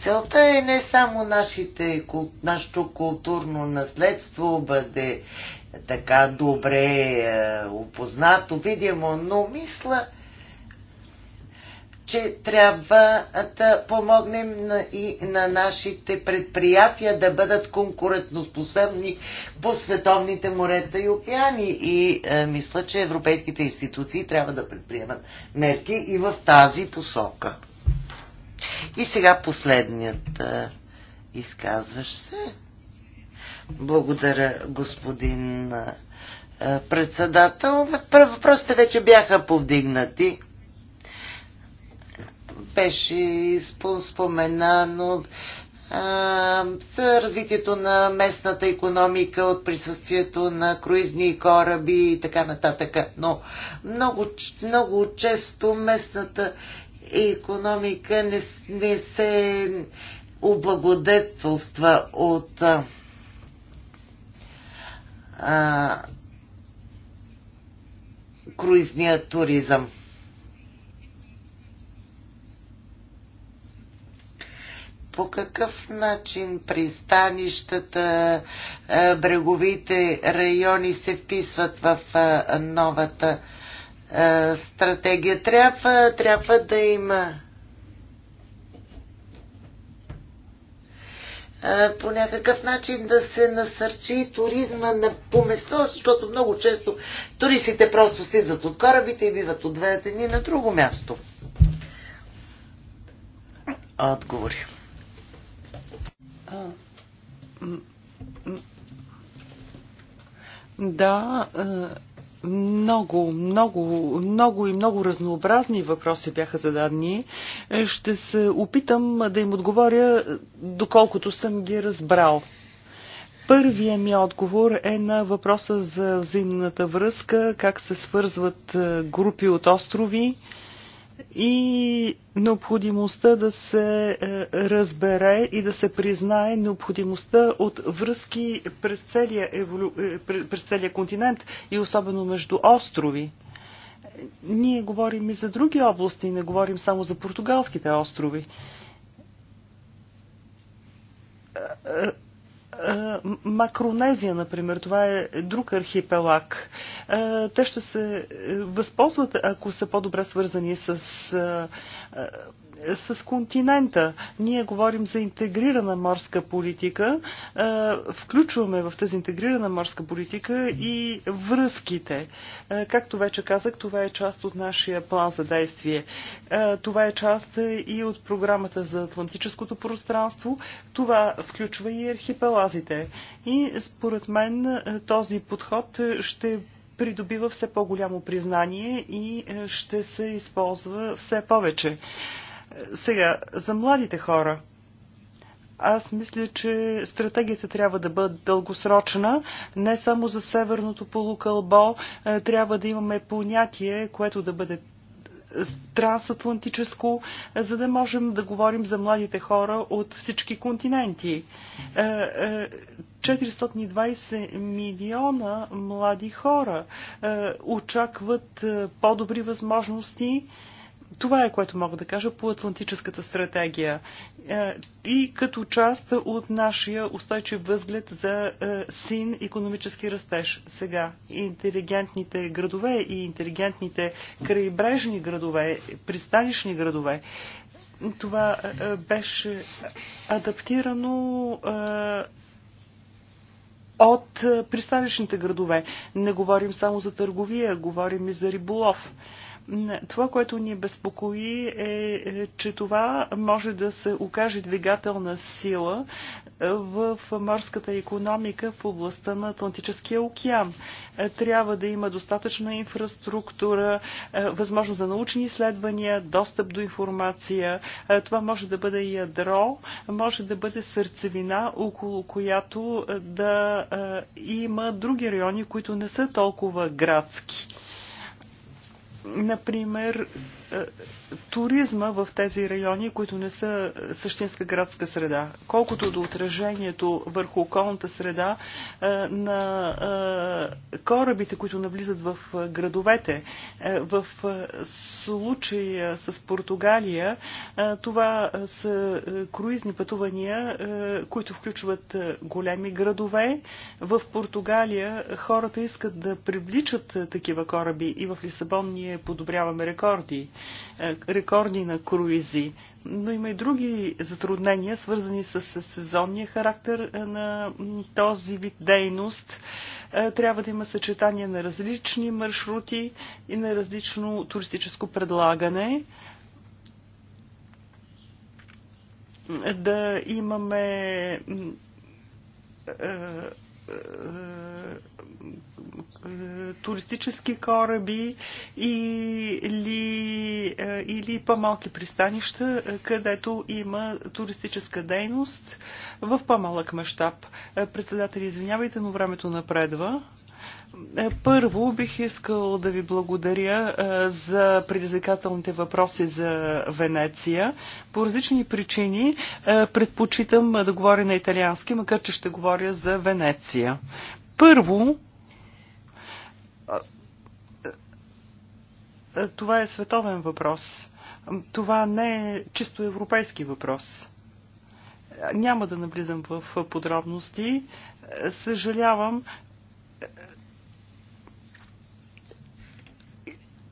целта е не само нашите, нашето културно наследство бъде така добре опознато, видимо, но мисля, че трябва да помогнем на, и на нашите предприятия да бъдат конкурентоспособни по световните морета и океани. И е, мисля, че европейските институции трябва да предприемат мерки и в тази посока. И сега последният е, изказващ се. Благодаря, господин е, председател. Въпросите вече бяха повдигнати беше споменано за развитието на местната економика, от присъствието на круизни кораби и така нататък. Но много, много често местната економика не, не се облагодетелства от а, круизния туризъм. по какъв начин пристанищата, е, бреговите райони се вписват в е, новата е, стратегия. Трябва, трябва да има по някакъв начин да се насърчи туризма на поместо, защото много често туристите просто слизат от корабите и биват отведени на друго място. Отговори. Да, е, много, много, много и много разнообразни въпроси бяха зададени. Е, ще се опитам да им отговоря е, доколкото съм ги разбрал. Първия ми отговор е на въпроса за взаимната връзка, как се свързват групи от острови и необходимостта да се е, разбере и да се признае необходимостта от връзки през целия, еволю... Е, през целия континент и особено между острови. Ние говорим и за други области, не говорим само за португалските острови е, е, Макронезия, например, това е друг архипелаг. Е, те ще се е, възползват, ако са по-добре свързани с с континента. Ние говорим за интегрирана морска политика. Е, включваме в тази интегрирана морска политика и връзките. Е, както вече казах, това е част от нашия план за действие. Е, това е част и от програмата за Атлантическото пространство. Това включва и архипелазите. И според мен този подход ще придобива все по-голямо признание и ще се използва все повече. Сега, за младите хора. Аз мисля, че стратегията трябва да бъде дългосрочна, не само за северното полукълбо. Е, трябва да имаме понятие, което да бъде трансатлантическо, за да можем да говорим за младите хора от всички континенти. 420 е, е, милиона млади хора очакват по-добри възможности, това е което мога да кажа по Атлантическата стратегия е, и като част от нашия устойчив възглед за е, син економически растеж. Сега интелигентните градове и интелигентните крайбрежни градове, пристанищни градове, това е, беше адаптирано от пристанищните градове. Не говорим само за търговия, говорим и за риболов. Това, което ни безпокои е, е, че това може да се окаже двигателна сила е, в морската економика в областта на Атлантическия океан. Е, трябва да има достатъчна инфраструктура, възможност за научни изследвания, достъп до информация. Това може да бъде ядро, може да бъде сърцевина, около която да има други райони, които не са толкова градски Например, е, туризма в тези райони, които не са същинска градска среда. Колкото до отражението върху околната среда е, на е, корабите, които навлизат в градовете, в случая с Португалия, това са круизни пътувания, които включват големи градове. В Португалия хората искат да привличат такива кораби и в Лисабон ние подобряваме рекорди. Е, рекорди на круизи. Но има и други затруднения, свързани с сезонния характер е, на този вид дейност. Е, трябва да има съчетание на различни маршрути и на различно туристическо предлагане. Да имаме е, е, е, туристически кораби или, или по-малки пристанища, където има туристическа дейност в по-малък мащаб. Председатели, извинявайте, но времето напредва. Е, първо бих искал да ви благодаря е, за предизвикателните въпроси за Венеция. По различни причини е, предпочитам да говоря на италиански, макар че ще говоря за Венеция. Първо, това е световен въпрос. Това не е чисто европейски въпрос. Няма да навлизам в подробности. Съжалявам,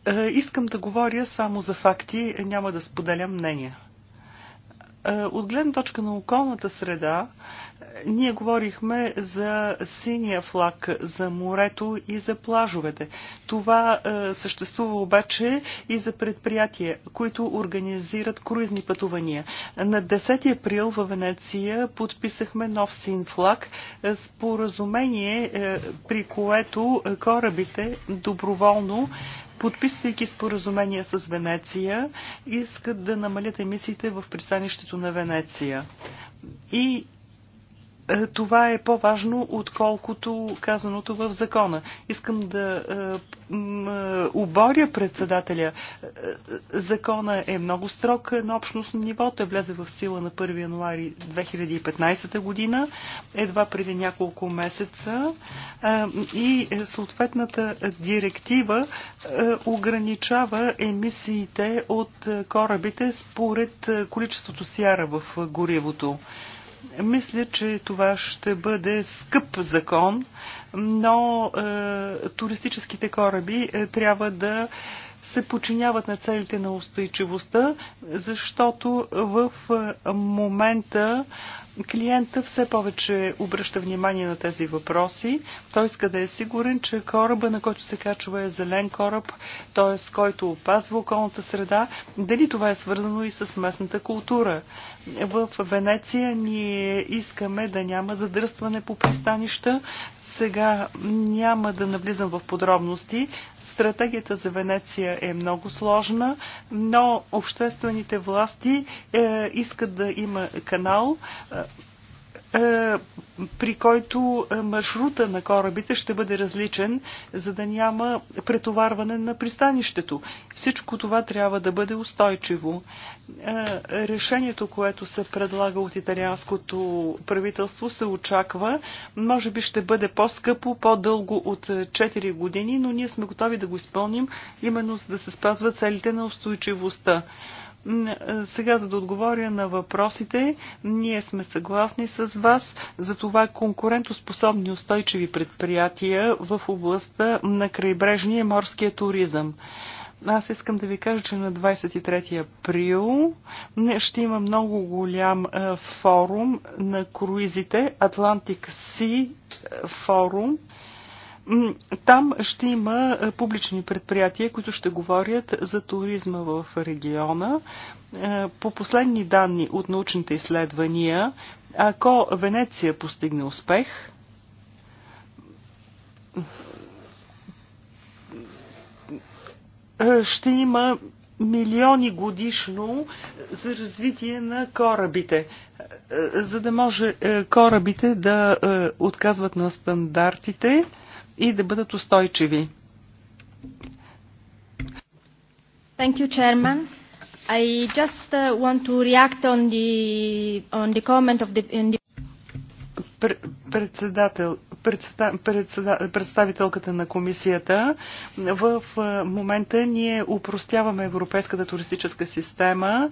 Е, искам да говоря само за факти, няма да споделям мнения. Е, от гледна точка на околната среда, ние говорихме за синия флаг, за морето и за плажовете. Това е, съществува обаче и за предприятия, които организират круизни пътувания. На 10 април във Венеция подписахме нов син флаг, споразумение, поразумение, при което корабите доброволно подписвайки споразумения с Венеция, искат да намалят емисиите в пристанището на Венеция. И е, това е по-важно, отколкото казаното в закона. Искам да оборя е, е, председателя. Закона е много строг на общностно ниво. Той влезе в сила на 1 януари 2015 година, едва преди няколко месеца. И съответната директива ограничава емисиите от корабите според количеството сяра в горивото. Мисля, че това ще бъде скъп закон, но е, туристическите кораби е, трябва да се подчиняват на целите на устойчивостта, защото в е, момента е, Клиента все повече обръща внимание на тези въпроси. Той иска да е сигурен, че кораба, на който се качва е зелен кораб, т.е. който опазва околната среда, дали това е свързано и с местната култура. В Венеция ние искаме да няма задръстване по пристанища. Сега няма да навлизам в подробности. Стратегията за Венеция е много сложна, но обществените власти е, искат да има канал, е, е, при който е, маршрута на корабите ще бъде различен, за да няма претоварване на пристанището. Всичко това трябва да бъде устойчиво. Е, решението, което се предлага от италианското правителство, се очаква. Може би ще бъде по-скъпо, по-дълго от 4 години, но ние сме готови да го изпълним, именно за да се спазват целите на устойчивостта. Сега, за да отговоря на въпросите, ние сме съгласни с вас за това конкурентоспособни устойчиви предприятия в областта на крайбрежния морския туризъм. Аз искам да ви кажа, че на 23 април ще има много голям форум на круизите Atlantic Sea форум. Там ще има е, публични предприятия, които ще говорят за туризма в региона. Е, по последни данни от научните изследвания, ако Венеция постигне успех, е, ще има милиони годишно за развитие на корабите, за да може корабите да отказват на стандартите и да бъдат устойчиви. Thank you, Chairman. I just uh, want to react on the on the comment of the, in the председател, председа, председа, представителката на комисията. В момента ние упростяваме европейската туристическа система.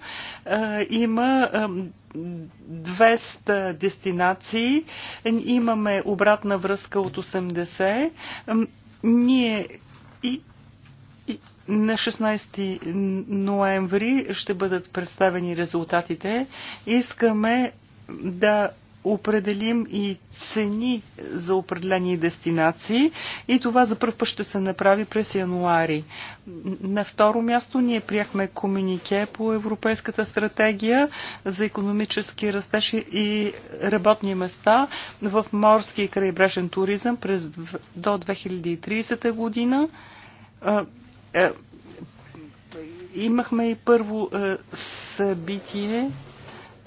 Има 200 дестинации. Имаме обратна връзка от 80. Ние и на 16 ноември ще бъдат представени резултатите. Искаме да определим и цени за определени дестинации и това за първ път ще се направи през януари. На второ място ние приехме комунике по Европейската стратегия за економически растеж и работни места в морски и крайбрежен туризъм през, до 2030 година е, имахме и първо е, събитие,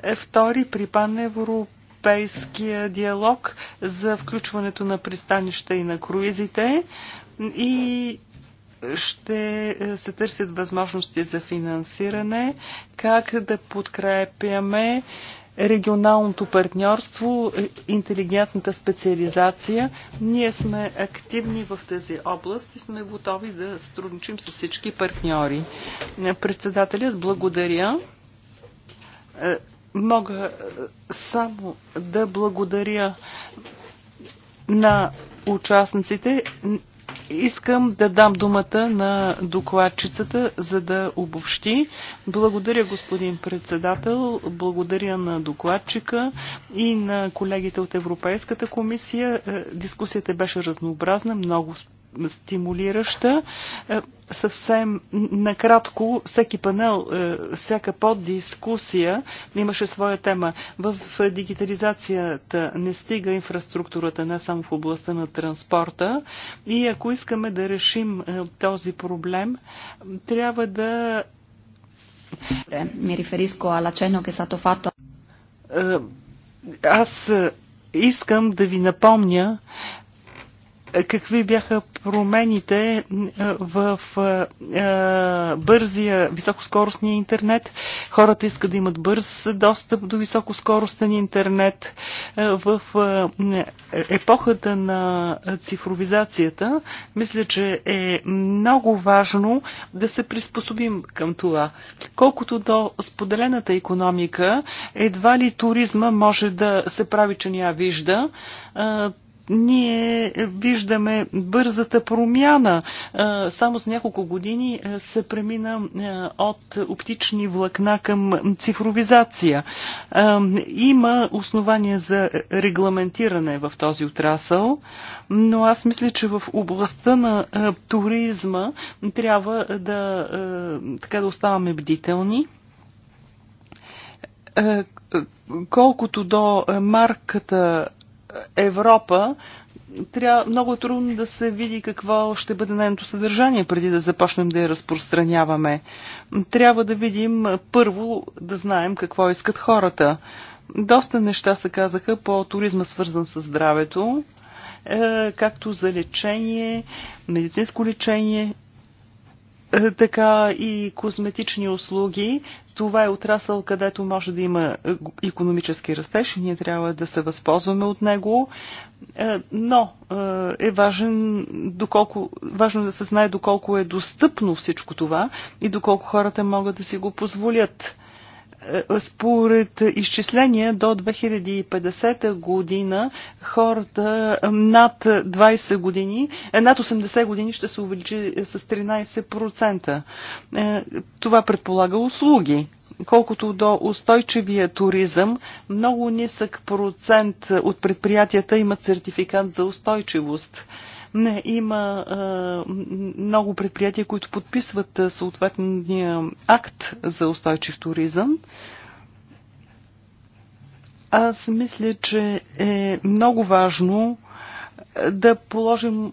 е, втори при Европа европейския диалог за включването на пристанища и на круизите и ще се търсят възможности за финансиране, как да подкрепяме регионалното партньорство, интелигентната специализация. Ние сме активни в тази област и сме готови да сътрудничим с всички партньори. Председателят благодаря Мога само да благодаря на участниците. Искам да дам думата на докладчицата, за да обобщи. Благодаря, господин председател, благодаря на докладчика и на колегите от Европейската комисия. Е, дискусията беше разнообразна, много стимулираща. Е, съвсем накратко, всеки панел, е, всяка поддискусия имаше своя тема. В дигитализацията не стига инфраструктурата, не само в областта на транспорта. И ако искаме да решим е, този проблем, трябва да. Аз искам да ви напомня, какви бяха промените е, в е, е, бързия високоскоростния интернет. Хората искат да имат бърз достъп до високоскоростен интернет. В епохата на цифровизацията, мисля, че е много важно да се приспособим към това. Колкото до споделената економика, едва ли туризма може да се прави, че ня вижда ние виждаме бързата промяна. Е, само с няколко години е, се премина е, от оптични влакна към цифровизация. Има основания за регламентиране в този отрасъл, но аз мисля, че в областта на туризма трябва да, така да оставаме бдителни колкото до марката Европа, трябва много е трудно да се види какво ще бъде нейното съдържание, преди да започнем да я разпространяваме. Трябва да видим първо да знаем какво искат хората. Доста неща се казаха по туризма, свързан с здравето, е, както за лечение, медицинско лечение, е, така и козметични услуги. Това е отрасъл, където може да има економически растеж и ние трябва да се възползваме от него, е, но е, е важен, доколко, важно е да се знае доколко е достъпно всичко това и доколко хората могат да си го позволят. Е, според изчисления до 2050 година хората над 20 години, е, над 80 години ще се увеличи с 13%. Е, това предполага услуги колкото до устойчивия туризъм, много нисък процент от предприятията имат сертификат за устойчивост. Не, има много предприятия, които подписват съответния акт за устойчив туризъм. Аз мисля, че е много важно да положим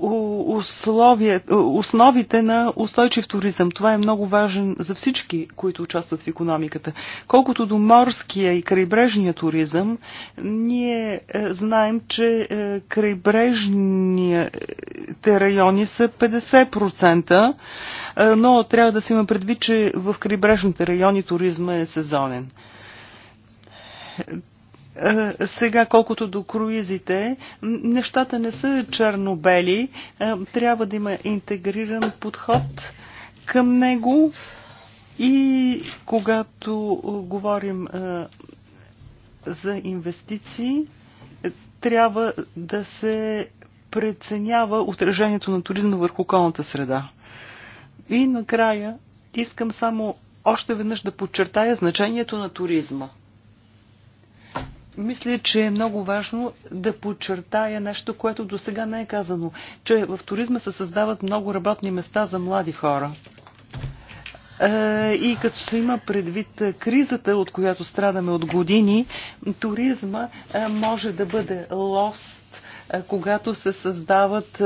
условия, основите на устойчив туризъм. Това е много важен за всички, които участват в економиката. Колкото до морския и крайбрежния туризъм, ние е, знаем, че е, крайбрежните райони са 50%, е, но трябва да се има предвид, че в крайбрежните райони туризма е сезонен е, сега, колкото до круизите, нещата не са черно-бели. Е, трябва да има интегриран подход към него. И когато е, говорим за инвестиции, трябва да се преценява отражението на туризма върху околната среда. И накрая искам само още веднъж да подчертая значението на туризма мисля, че е много важно да подчертая нещо, което до сега не е казано, че в туризма се създават много работни места за млади хора. Е, и като се има предвид кризата, от която страдаме от години, туризма е, може да бъде лост е, когато се създават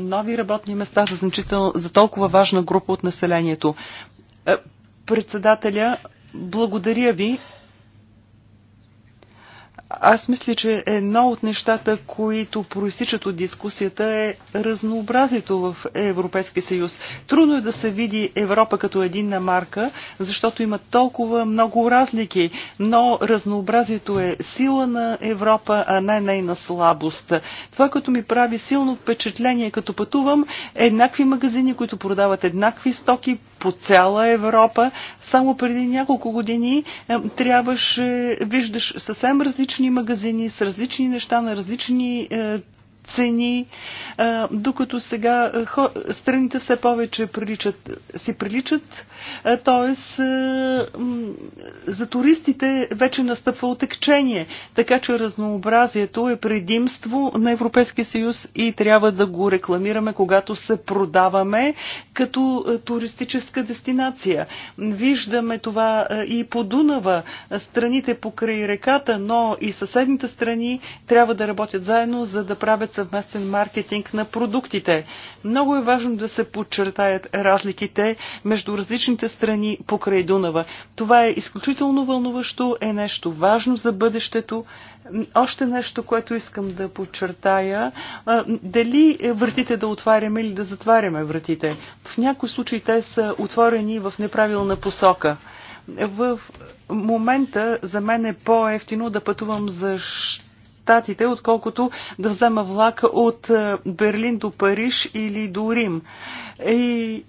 нови работни места за, значител, за толкова важна група от населението. Председателя, благодаря ви. Аз мисля, че едно от нещата, които проистичат от дискусията е разнообразието в Европейския съюз. Трудно е да се види Европа като единна марка, защото има толкова много разлики, но разнообразието е сила на Европа, а не нейна слабост. Това, което ми прави силно впечатление, като пътувам, е еднакви магазини, които продават еднакви стоки по цяла Европа. Само преди няколко години трябваше, виждаш съвсем различни различни магазини с различни неща на различни е, цени, докато сега страните все повече приличат, си приличат, т.е. за туристите вече настъпва отекчение, така че разнообразието е предимство на Европейския съюз и трябва да го рекламираме, когато се продаваме като туристическа дестинация. Виждаме това и по Дунава, страните покрай реката, но и съседните страни трябва да работят заедно, за да правят съвместен маркетинг на продуктите. Много е важно да се подчертаят разликите между различните страни покрай Дунава. Това е изключително вълнуващо, е нещо важно за бъдещето. Още нещо, което искам да подчертая. Дали вратите да отваряме или да затваряме вратите? В някои случаи те са отворени в неправилна посока. В момента за мен е по-ефтино да пътувам за щатите, отколкото да взема влак от е, Берлин до Париж или до Рим. И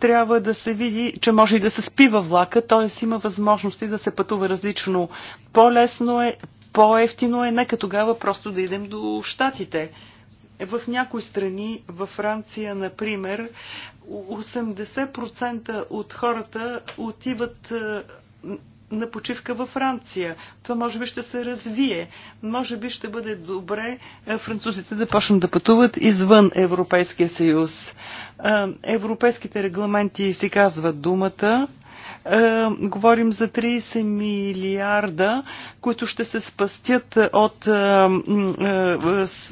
трябва да се види, че може и да се спива влака, т.е. има възможности да се пътува различно. По-лесно е, по-ефтино е, нека тогава просто да идем до щатите. В някои страни, във Франция, например, 80% от хората отиват е, на почивка във Франция. Това може би ще се развие. Може би ще бъде добре е, французите да почнат да пътуват извън Европейския съюз. Е, европейските регламенти си казват думата. Е, говорим за 30 милиарда, които ще се спастят от е, е,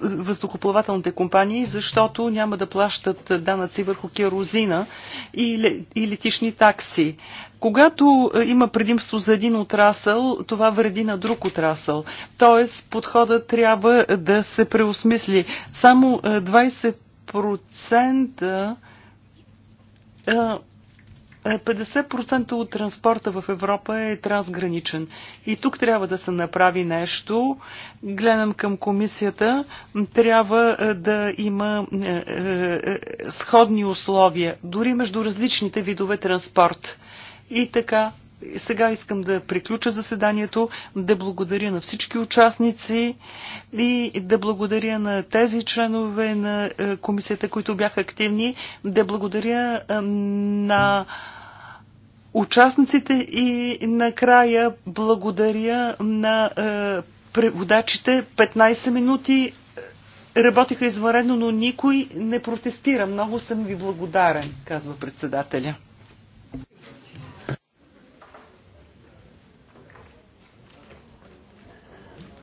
въздухоплавателните компании, защото няма да плащат данъци върху керозина и летишни такси. Когато има предимство за един отрасъл, това вреди на друг отрасъл. Тоест, подхода трябва да се преосмисли. Само 20% 50% от транспорта в Европа е трансграничен. И тук трябва да се направи нещо. Гледам към комисията. Трябва е, да има е, е, сходни условия, дори между различните видове транспорт. И така, сега искам да приключа заседанието, да благодаря на всички участници и да благодаря на тези членове на комисията, които бяха активни, да благодаря на участниците и накрая благодаря на е, преводачите. 15 минути е, работиха извънредно, но никой не протестира. Много съм ви благодарен, казва председателя.